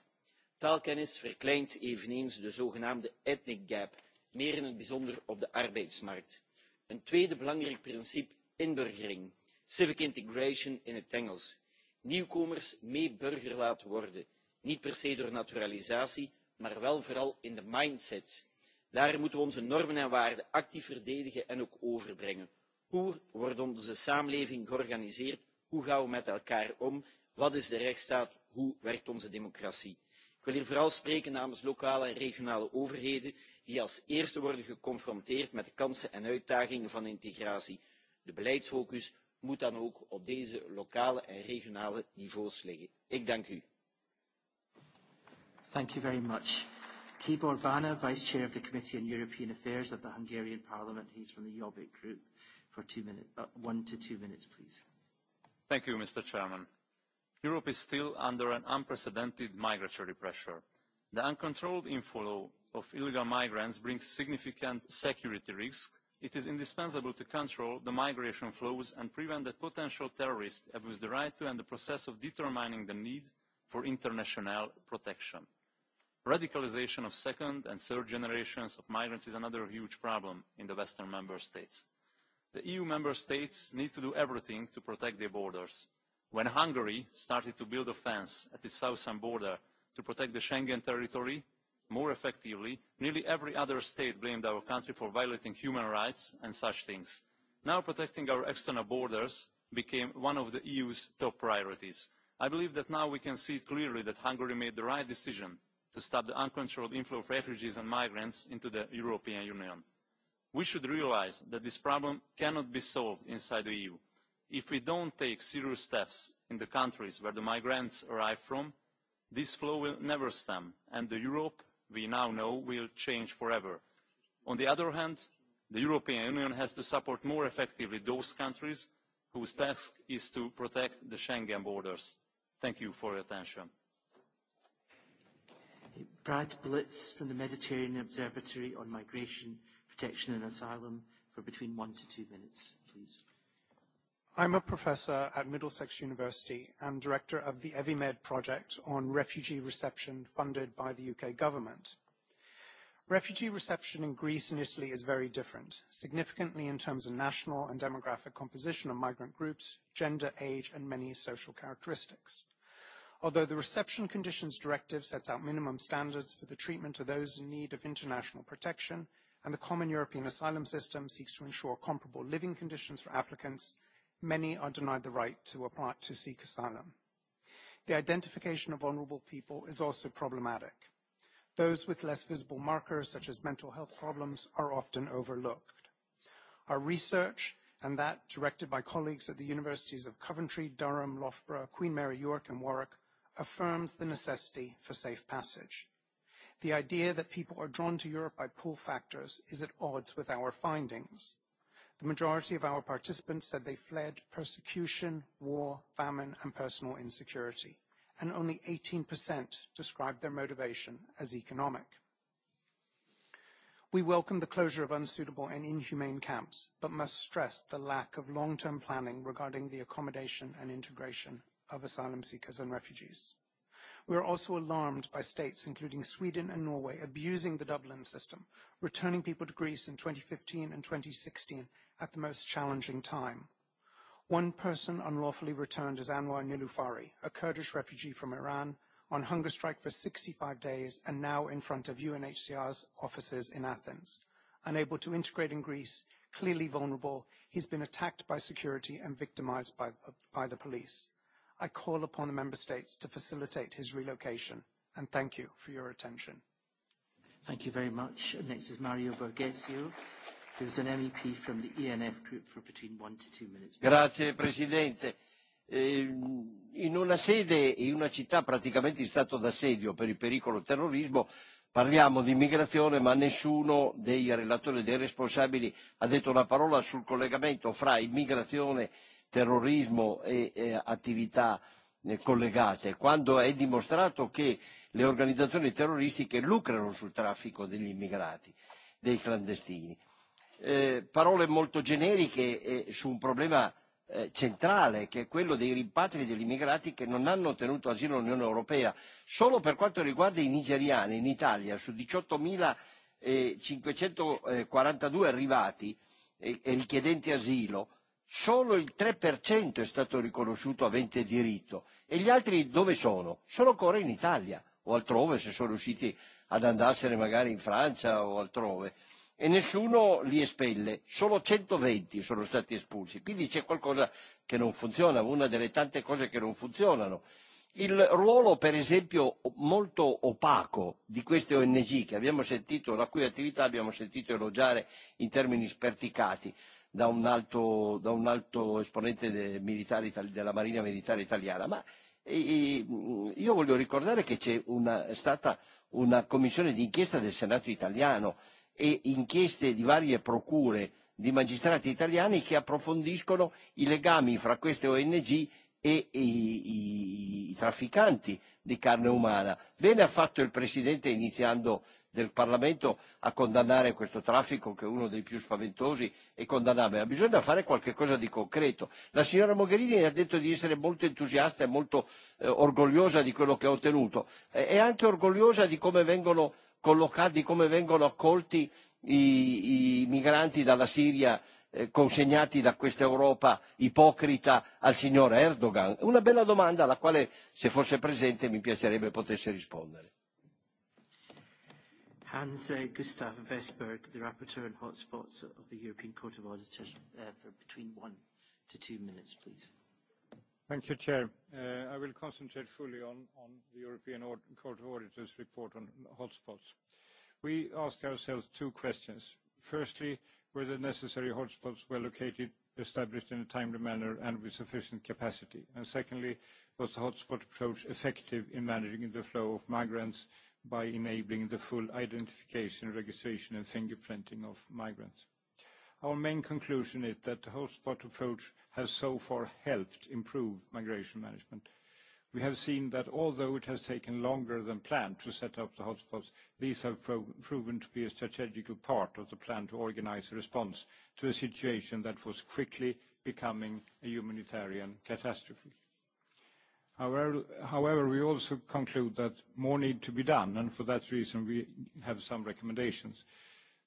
Taalkennis verkleint eveneens de zogenaamde ethnic gap, meer in het bijzonder op de arbeidsmarkt. Een tweede belangrijk principe, inburgering, civic integration in het Engels. Nieuwkomers mee burger laten worden, niet per se door naturalisatie, maar wel vooral in de mindset daar moeten we onze normen en waarden actief verdedigen en ook overbrengen. hoe wordt onze samenleving georganiseerd? hoe gaan we met elkaar om? wat is de rechtsstaat? hoe werkt onze democratie? ik wil hier vooral spreken namens lokale en regionale overheden die als eerste worden geconfronteerd met de kansen en uitdagingen van integratie. de beleidsfocus moet dan ook op deze lokale en regionale niveaus liggen. ik dank u. Thank you very much. Tibor Bana, Vice Chair of the Committee on European Affairs of the Hungarian Parliament. He's from the Jobbik Group for two minute, uh, one to two minutes, please. Thank you, Mr. Chairman. Europe is still under an unprecedented migratory pressure. The uncontrolled inflow of illegal migrants brings significant security risks. It is indispensable to control the migration flows and prevent that potential terrorists abuse the right to and the process of determining the need for international protection. Radicalization of second and third generations of migrants is another huge problem in the Western member states. The EU member states need to do everything to protect their borders. When Hungary started to build a fence at its southern border to protect the Schengen territory more effectively, nearly every other state blamed our country for violating human rights and such things. Now protecting our external borders became one of the EU's top priorities. I believe that now we can see clearly that Hungary made the right decision to stop the uncontrolled inflow of refugees and migrants into the European Union. We should realize that this problem cannot be solved inside the EU. If we don't take serious steps in the countries where the migrants arrive from, this flow will never stem, and the Europe we now know will change forever. On the other hand, the European Union has to support more effectively those countries whose task is to protect the Schengen borders. Thank you for your attention. Brad Blitz from the Mediterranean Observatory on Migration, Protection and Asylum for between one to two minutes, please. I'm a professor at Middlesex University and director of the EVIMED project on refugee reception funded by the UK government. Refugee reception in Greece and Italy is very different, significantly in terms of national and demographic composition of migrant groups, gender, age, and many social characteristics. Although the Reception Conditions Directive sets out minimum standards for the treatment of those in need of international protection, and the Common European Asylum System seeks to ensure comparable living conditions for applicants, many are denied the right to apply to seek asylum. The identification of vulnerable people is also problematic. Those with less visible markers, such as mental health problems, are often overlooked. Our research and that directed by colleagues at the universities of Coventry, Durham, Loughborough, Queen Mary, York and Warwick affirms the necessity for safe passage. The idea that people are drawn to Europe by pull factors is at odds with our findings. The majority of our participants said they fled persecution, war, famine, and personal insecurity, and only 18% described their motivation as economic. We welcome the closure of unsuitable and inhumane camps, but must stress the lack of long-term planning regarding the accommodation and integration of asylum seekers and refugees. We are also alarmed by states, including Sweden and Norway, abusing the Dublin system, returning people to Greece in 2015 and 2016 at the most challenging time. One person unlawfully returned is Anwar Nilufari, a Kurdish refugee from Iran, on hunger strike for 65 days and now in front of UNHCR's offices in Athens. Unable to integrate in Greece, clearly vulnerable, he's been attacked by security and victimized by, by the police. I call upon the member states to facilitate his relocation, and thank you for your attention. Thank you very much. Next is Mario Borghezio, who's an MEP from the ENF group for between one to two minutes. Grazie, Presidente. Eh, in una sede, in una città praticamente in stato d'assedio per il pericolo terrorismo, parliamo di immigrazione, ma nessuno dei relatori e dei responsabili ha detto una parola sul collegamento fra immigrazione e terrorismo e eh, attività eh, collegate, quando è dimostrato che le organizzazioni terroristiche lucrano sul traffico degli immigrati, dei clandestini. Eh, parole molto generiche eh, su un problema eh, centrale che è quello dei rimpatri degli immigrati che non hanno ottenuto asilo nell'Unione Europea. Solo per quanto riguarda i nigeriani in Italia su 18.542 arrivati eh, e richiedenti asilo solo il 3% è stato riconosciuto avente diritto e gli altri dove sono? Sono ancora in Italia o altrove se sono riusciti ad andarsene magari in Francia o altrove e nessuno li espelle, solo 120 sono stati espulsi, quindi c'è qualcosa che non funziona, una delle tante cose che non funzionano. Il ruolo, per esempio, molto opaco di queste ONG, che abbiamo sentito, la cui attività abbiamo sentito elogiare in termini sperticati, da un alto, da un alto esponente de, militare, della Marina Militare Italiana, ma e, e, io voglio ricordare che c'è una, è stata una commissione d'inchiesta del Senato italiano e inchieste di varie procure di magistrati italiani che approfondiscono i legami fra queste ONG e i, i, i trafficanti di carne umana. Bene ha fatto il Presidente iniziando del Parlamento a condannare questo traffico che è uno dei più spaventosi e condannabile. Bisogna fare qualcosa di concreto. La signora Mogherini ha detto di essere molto entusiasta e molto eh, orgogliosa di quello che ha ottenuto. E, è e anche orgogliosa di come vengono collocati, di come vengono accolti i, i migranti dalla Siria eh, consegnati da questa Europa ipocrita al signor Erdogan? Una bella domanda alla quale, se fosse presente, mi piacerebbe potesse rispondere. Hans uh, Gustav Vesberg, the Rapporteur on Hotspots of the European Court of Auditors, uh, for between one to two minutes, please. Thank you, Chair. Uh, I will concentrate fully on, on the European Aud Court of Auditors report on hotspots. We ask ourselves two questions. Firstly, where the necessary hotspots were located, established in a timely manner, and with sufficient capacity? And secondly, was the hotspot approach effective in managing the flow of migrants by enabling the full identification, registration, and fingerprinting of migrants? Our main conclusion is that the hotspot approach has so far helped improve migration management We have seen that although it has taken longer than planned to set up the hotspots, these have pro proven to be a strategical part of the plan to organize a response to a situation that was quickly becoming a humanitarian catastrophe. However, however, we also conclude that more need to be done, and for that reason, we have some recommendations.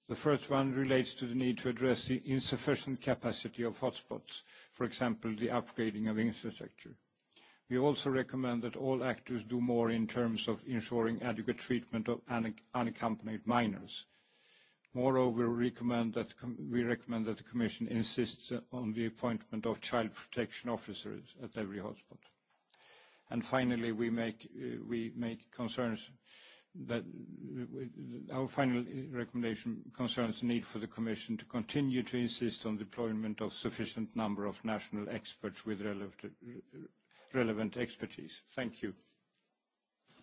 The first one relates to the need to address the insufficient capacity of hotspots, for example, the upgrading of infrastructure. We also recommend that all actors do more in terms of ensuring adequate treatment of unaccompanied minors. Moreover, we recommend that the Commission insists on the appointment of child protection officers at every hotspot. And finally, we make, uh, we make concerns that uh, our final recommendation concerns the need for the Commission to continue to insist on deployment of sufficient number of national experts with relevant, relevant expertise. Thank you.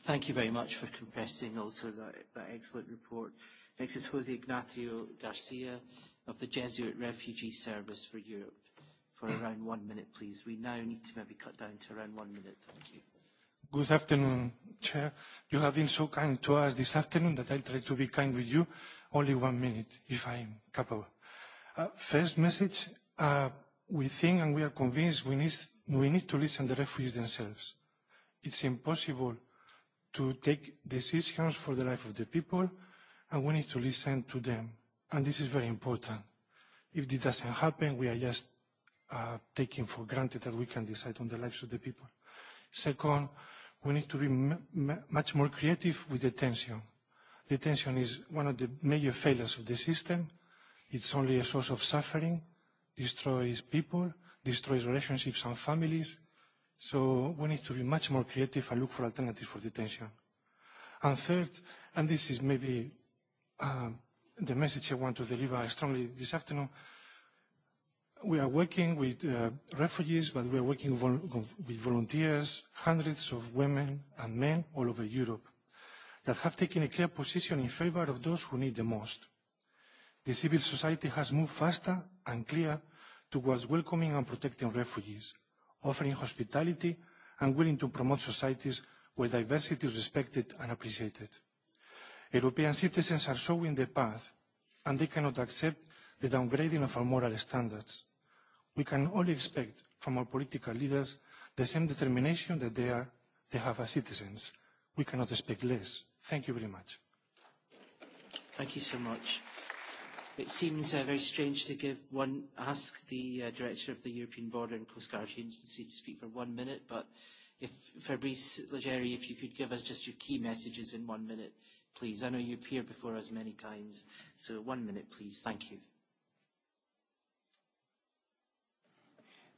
Thank you very much for compressing also that, that excellent report. Next is Jose Ignacio Garcia of the Jesuit Refugee Service for Europe. For around one minute, please. We now need to maybe cut down to around one minute. Thank you. Good afternoon, Chair. You have been so kind to us this afternoon that I'll try to be kind with you. Only one minute, if I'm capable. Uh, first message, uh, we think and we are convinced we need we need to listen to the refugees themselves. It's impossible to take decisions for the life of the people, and we need to listen to them. And this is very important. If this doesn't happen, we are just uh, taking for granted that we can decide on the lives of the people. Second, we need to be m- m- much more creative with detention. Detention is one of the major failures of the system. It's only a source of suffering, destroys people, destroys relationships and families. So we need to be much more creative and look for alternatives for detention. And third, and this is maybe uh, the message I want to deliver strongly this afternoon, we are working with uh, refugees, but we are working vol- with volunteers, hundreds of women and men all over Europe that have taken a clear position in favor of those who need the most. The civil society has moved faster and clear towards welcoming and protecting refugees, offering hospitality and willing to promote societies where diversity is respected and appreciated. European citizens are showing the path and they cannot accept the downgrading of our moral standards. We can only expect from our political leaders the same determination that they, are, they have as citizens. We cannot expect less. Thank you very much. Thank you so much. It seems uh, very strange to give one, ask the uh, Director of the European Border and Coast Guard Agency to speak for one minute, but if Fabrice Leggeri, if you could give us just your key messages in one minute, please. I know you appear before us many times, so one minute, please. Thank you.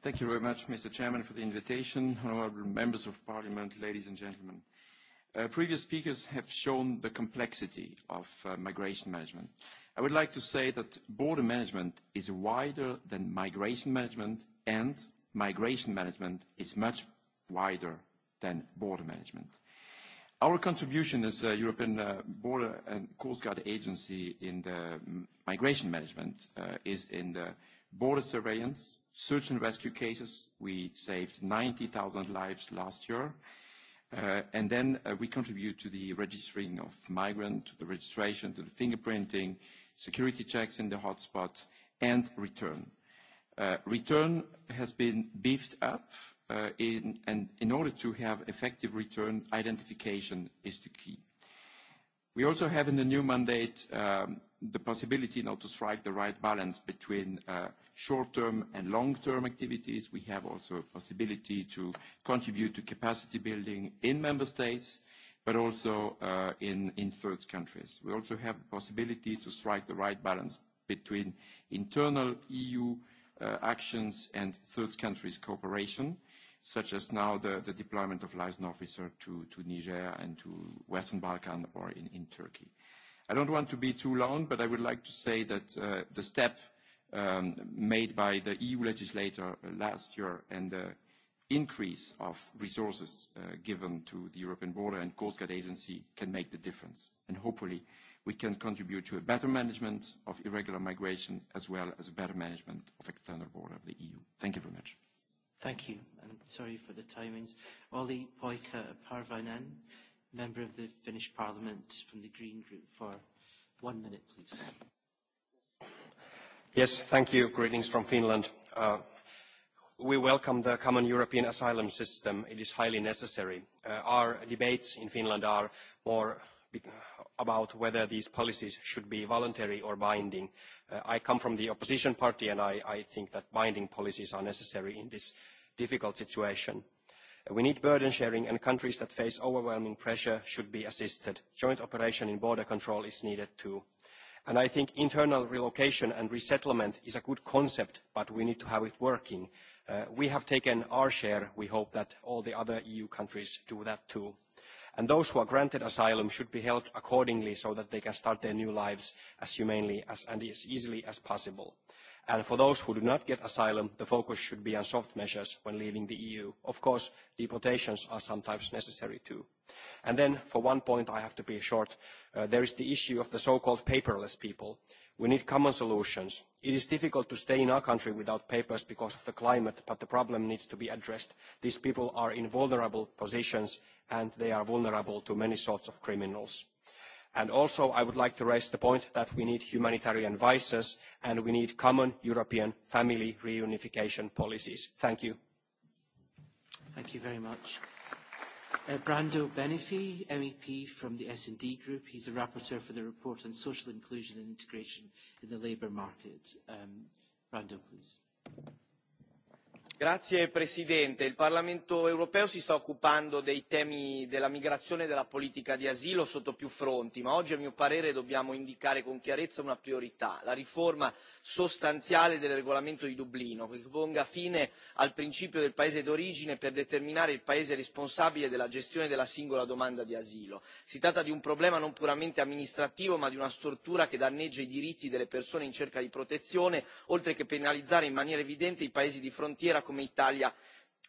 Thank you very much, Mr. Chairman, for the invitation. Honorable members of parliament, ladies and gentlemen. Uh, previous speakers have shown the complexity of uh, migration management. Uh, I would like to say that border management is wider than migration management, and migration management is much wider than border management. Our contribution as a European uh, Border and Coast Guard Agency in the mm, migration management uh, is in the border surveillance, search and rescue cases. We saved 90,000 lives last year. Uh, and then uh, we contribute to the registering of migrant, to the registration, to the fingerprinting, security checks in the hotspot, and return. Uh, return has been beefed up, uh, in, and in order to have effective return, identification is the key. We also have in the new mandate um, the possibility now to strike the right balance between uh, short-term and long-term activities. We have also a possibility to contribute to capacity building in member states, but also uh, in, in third countries. We also have the possibility to strike the right balance between internal EU uh, actions and third countries cooperation, such as now the, the deployment of liaison officer to, to Niger and to Western Balkan or in, in Turkey. I don't want to be too long, but I would like to say that uh, the step um, made by the EU legislator uh, last year and the increase of resources uh, given to the European Border and Coast Guard Agency can make the difference. And hopefully, we can contribute to a better management of irregular migration as well as a better management of external border of the EU. Thank you very much. Thank you, and sorry for the timings. Olli Poika Parvainen, member of the Finnish Parliament from the Green Group for one minute, please. Yes, thank you. Greetings from Finland. Uh, we welcome the common European asylum system. It is highly necessary. Uh, our debates in Finland are more about whether these policies should be voluntary or binding. Uh, I come from the opposition party and I, I think that binding policies are necessary in this difficult situation. Uh, we need burden sharing and countries that face overwhelming pressure should be assisted. Joint operation in border control is needed too. And I think internal relocation and resettlement is a good concept, but we need to have it working. Uh, we have taken our share. We hope that all the other EU countries do that too. And those who are granted asylum should be held accordingly so that they can start their new lives as humanely as, and as easily as possible. And for those who do not get asylum, the focus should be on soft measures when leaving the EU. Of course, deportations are sometimes necessary too. And then, for one point I have to be short, uh, there is the issue of the so-called paperless people. Uh, We need common solutions. It is difficult to stay in our country without papers because of the climate, but the problem needs to be addressed. These people are in vulnerable positions and they are vulnerable to many sorts of criminals. And also, I would like to raise the point that we need humanitarian visas and we need common European family reunification policies. Thank you. Thank you very much. Uh, Brando Benefi, MEP from the S&D Group. He's a rapporteur for the report on social inclusion and integration in the labour market. Um, Brando, please. Thank you signor presidente onorevoli colleghi il parlamento europeo si sta occupando dei temi della migrazione e della politica di asilo sotto più fronti ma oggi a mio parere dobbiamo indicare con chiarezza una priorità la riforma sostanziale del regolamento di dublino che ponga fine al principio del paese d'origine per determinare il paese responsabile della gestione della singola domanda di asilo. si tratta di un problema non puramente amministrativo ma di una stortura che danneggia i diritti delle persone in cerca di protezione oltre che penalizzare in maniera evidente i paesi di frontiera come italia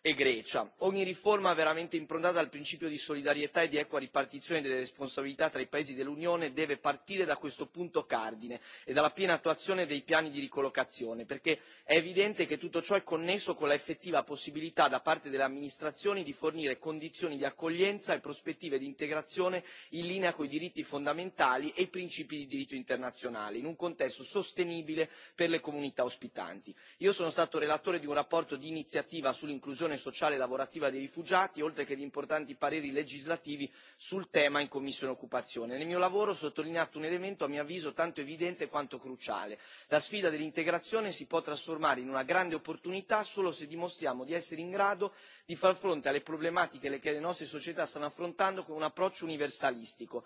e grecia ogni riforma veramente improntata al principio di solidarietà e di equa ripartizione delle responsabilità tra i paesi dell'unione deve partire da questo punto cardine e dalla piena attuazione dei piani di ricollocazione perché è evidente che tutto ciò è connesso con l'effettiva possibilità da parte delle amministrazioni di fornire condizioni di accoglienza e prospettive di integrazione in linea con i diritti fondamentali e i principi di diritto internazionale in un contesto sostenibile per le comunità ospitanti. io sono stato relatore di una relazione d'iniziativa sull'inclusione inclusione sociale e lavorativa dei rifugiati oltre che di importanti pareri legislativi sul tema in commissione occupazione. nel mio lavoro ho sottolineato un elemento a mio avviso tanto evidente quanto cruciale la sfida dell'integrazione si può trasformare in una grande opportunità solo se dimostriamo di essere in grado di far fronte alle problematiche che le nostre società stanno affrontando con un approccio universalistico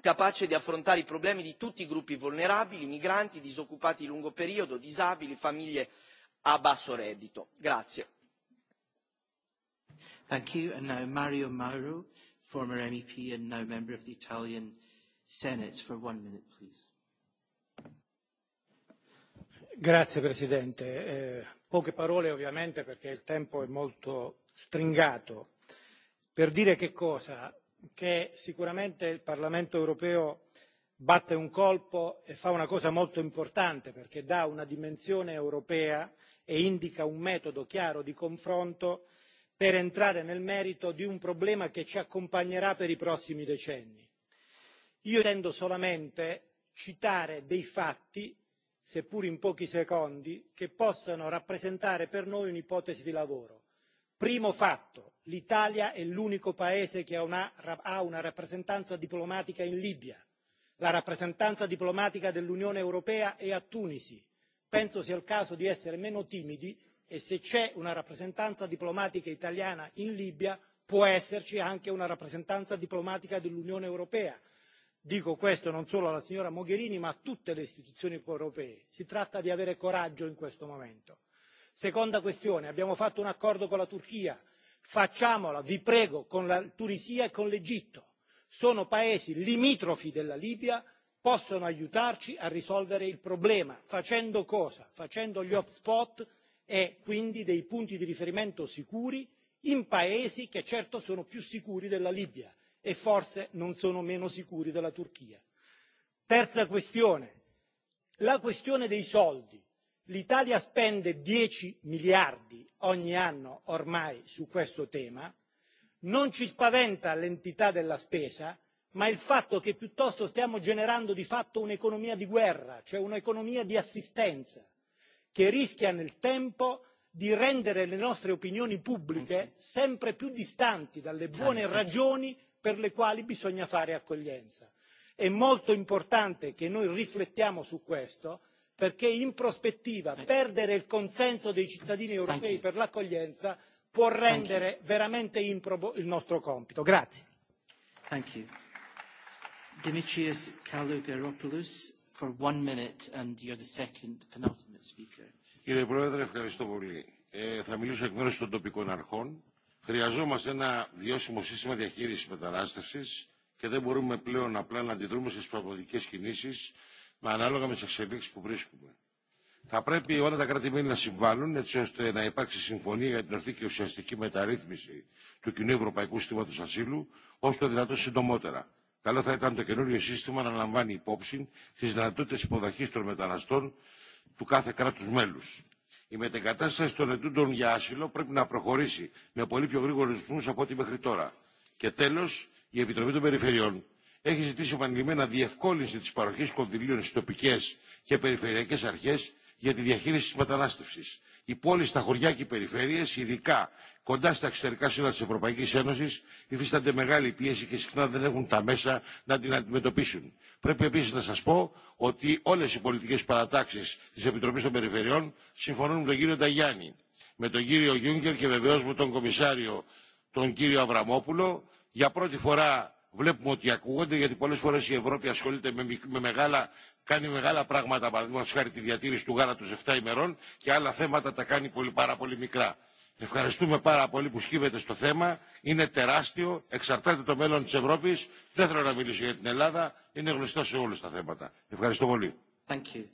capace di affrontare i problemi di tutti i gruppi vulnerabili migranti disoccupati di lungo periodo disabili famiglie a basso reddito. Thank you. And now Mario Mauro, former MEP and now member of the Italian Senate, for one minute, please. Grazie Presidente. Eh, poche parole ovviamente perché il tempo è molto stringato. Per dire che cosa? Che sicuramente il Parlamento europeo batte un colpo e fa una cosa molto importante perché dà una dimensione europea e indica un metodo chiaro di confronto per entrare nel merito di un problema che ci accompagnerà per i prossimi decenni. io intendo solamente citare dei fatti seppur in pochi secondi che possano rappresentare per noi un'ipotesi di lavoro. primo fatto l'italia è l'unico paese che ha una, ha una rappresentanza diplomatica in libia la rappresentanza diplomatica dell'unione europea è a tunisi penso sia il caso di essere meno timidi e se c'è una rappresentanza diplomatica italiana in libia può esserci anche una rappresentanza diplomatica dell'unione europea dico questo non solo alla signora mogherini ma a tutte le istituzioni europee si tratta di avere coraggio in questo momento. seconda questione abbiamo fatto un accordo con la turchia facciamolo vi prego con la tunisia e con l'egitto sono paesi limitrofi della libia possono aiutarci a risolvere il problema facendo cosa? facendo gli hotspot e quindi dei punti di riferimento sicuri in paesi che certo sono più sicuri della libia e forse non sono meno sicuri della turchia. terza questione la questione dei soldi l'italia spende dieci miliardi ogni anno ormai su questo tema non ci spaventa l'entità della spesa ma il fatto che piuttosto stiamo generando di fatto un'economia di guerra cioè un'economia di assistenza che rischia nel tempo di rendere le nostre opinioni pubbliche mm-hmm. sempre più distanti dalle buone ragioni per le quali bisogna fare accoglienza. è molto importante che noi riflettiamo su questo perché in prospettiva eh. perdere il consenso dei cittadini europei per l'accoglienza può rendere veramente improbo il nostro compito. Grazie. Thank you. Dimitrios Kalogeropoulos for one minute and you're the second penultimate speaker. Κύριε Πρόεδρε, ευχαριστώ πολύ. Ε, θα μιλήσω εκ μέρους των τοπικών αρχών. Χρειαζόμαστε ένα βιώσιμο σύστημα διαχείρισης μετανάστευσης και δεν μπορούμε πλέον απλά να αντιδρούμε στις πραγματικές κινήσεις με ανάλογα με τις εξελίξεις που βρίσκουμε. Θα πρέπει όλα τα κράτη-μέλη να συμβάλλουν έτσι ώστε να υπάρξει συμφωνία για την ορθή και ουσιαστική μεταρρύθμιση του κοινού ευρωπαϊκού συστήματος ασύλου όσο το δυνατόν συντομότερα. Καλό θα ήταν το καινούριο σύστημα να λαμβάνει υπόψη τις δυνατότητες υποδοχής των μεταναστών του κάθε κράτους μέλους. Η μετεγκατάσταση των ετούντων για άσυλο πρέπει να προχωρήσει με πολύ πιο γρήγορους ρυθμούς από ό,τι μέχρι τώρα. Και τέλος, η Επιτροπή των Περιφερειών έχει ζητήσει επανειλημμένα διευκόλυνση της παροχής κονδυλίων στις τοπικές και περιφερειακές αρχές για τη διαχείριση της μετανάστευσης. Οι πόλεις, τα χωριά και οι περιφέρειες, ειδικά κοντά στα εξωτερικά σύνορα της Ευρωπαϊκής Ένωσης, υφίστανται μεγάλη πίεση και συχνά δεν έχουν τα μέσα να την αντιμετωπίσουν. Πρέπει επίσης να σας πω ότι όλες οι πολιτικές παρατάξεις της Επιτροπής των Περιφερειών συμφωνούν με τον κύριο Νταγιάννη, με τον κύριο Γιούγκερ και βεβαίως με τον Κομισάριο τον κύριο Αβραμόπουλο. Για πρώτη φορά βλέπουμε ότι ακούγονται, γιατί πολλές φορές η Ευρώπη ασχολείται με, με μεγάλα κάνει μεγάλα πράγματα, παραδείγματο χάρη τη διατήρηση του γάλα τους 7 ημερών και άλλα θέματα τα κάνει πολύ, πάρα πολύ μικρά. Ευχαριστούμε πάρα πολύ που σκύβεται στο θέμα. Είναι τεράστιο, εξαρτάται το μέλλον της Ευρώπης. Δεν θέλω να μιλήσω για την Ελλάδα, είναι γνωστό σε όλους τα θέματα. Ευχαριστώ πολύ. Thank you.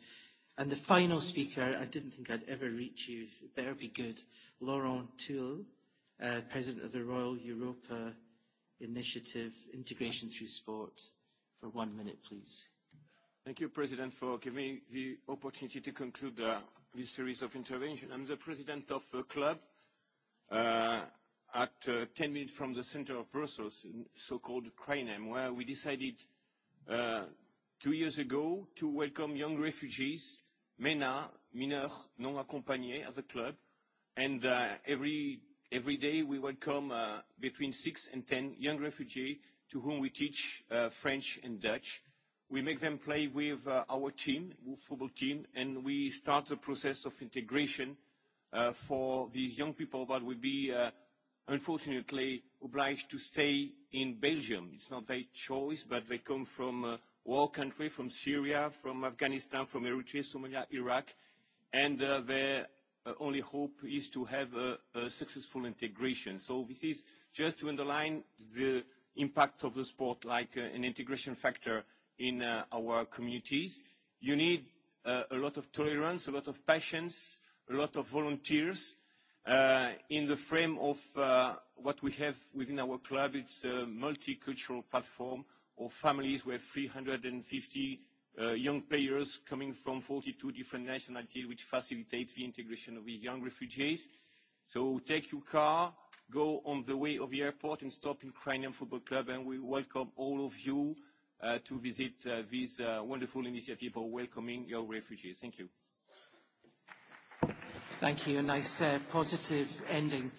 And the final speaker, I didn't think I'd ever reach you, it better be good, Laurent Toul, uh, President of the Royal Europa Initiative, Integration Through Sport, for one minute, please. Thank you, President, for giving me the opportunity to conclude uh, this series of interventions. I'm the president of a club uh, at uh, 10 minutes from the center of Brussels, so-called Crainem, where we decided uh, two years ago to welcome young refugees, MENA, mineurs non accompagnés, at the club. And uh, every, every day we welcome uh, between six and 10 young refugees to whom we teach uh, French and Dutch We make them play with uh, our team, with football team, and we start the process of integration uh, for these young people that will be, uh, unfortunately, obliged to stay in Belgium. It's not their choice, but they come from uh, war country, from Syria, from Afghanistan, from Eritrea, Somalia, Iraq, and uh, their uh, only hope is to have a, a successful integration. So this is just to underline the impact of the sport like uh, an integration factor in uh, our communities. You need uh, a lot of tolerance, a lot of patience, a lot of volunteers. Uh, in the frame of uh, what we have within our club, it's a multicultural platform of families with 350 uh, young players coming from 42 different nationalities, which facilitates the integration of the young refugees. So take your car, go on the way of the airport and stop in Ukrainian Football Club, and we welcome all of you uh, to visit uh, this uh, wonderful initiative for welcoming your refugees. Thank you. Thank you. A nice uh, positive ending.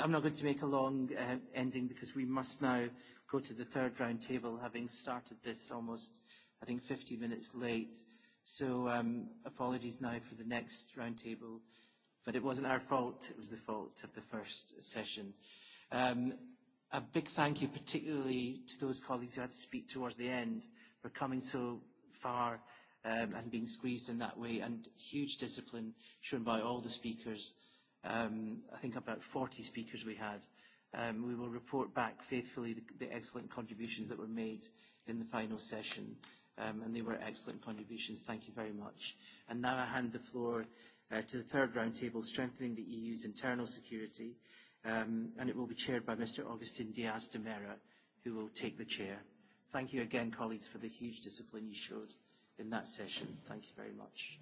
I'm not going to make a long uh, ending because we must now go to the third round table, having started this almost, I think, 50 minutes late. So um, apologies now for the next round table, but it wasn't our fault. It was the fault of the first session. Um, a big thank you particularly to those colleagues who had to speak towards the end for coming so far um, and being squeezed in that way and huge discipline shown by all the speakers. Um, I think about 40 speakers we had. Um, we will report back faithfully the, the excellent contributions that were made in the final session um, and they were excellent contributions. Thank you very much. And now I hand the floor uh, to the third roundtable, strengthening the EU's internal security, uh, um, and it will be chaired by Mr. Augustin Diaz de Mera, who will take the chair. Thank you again, colleagues, for the huge discipline you showed in that session. Thank you very much.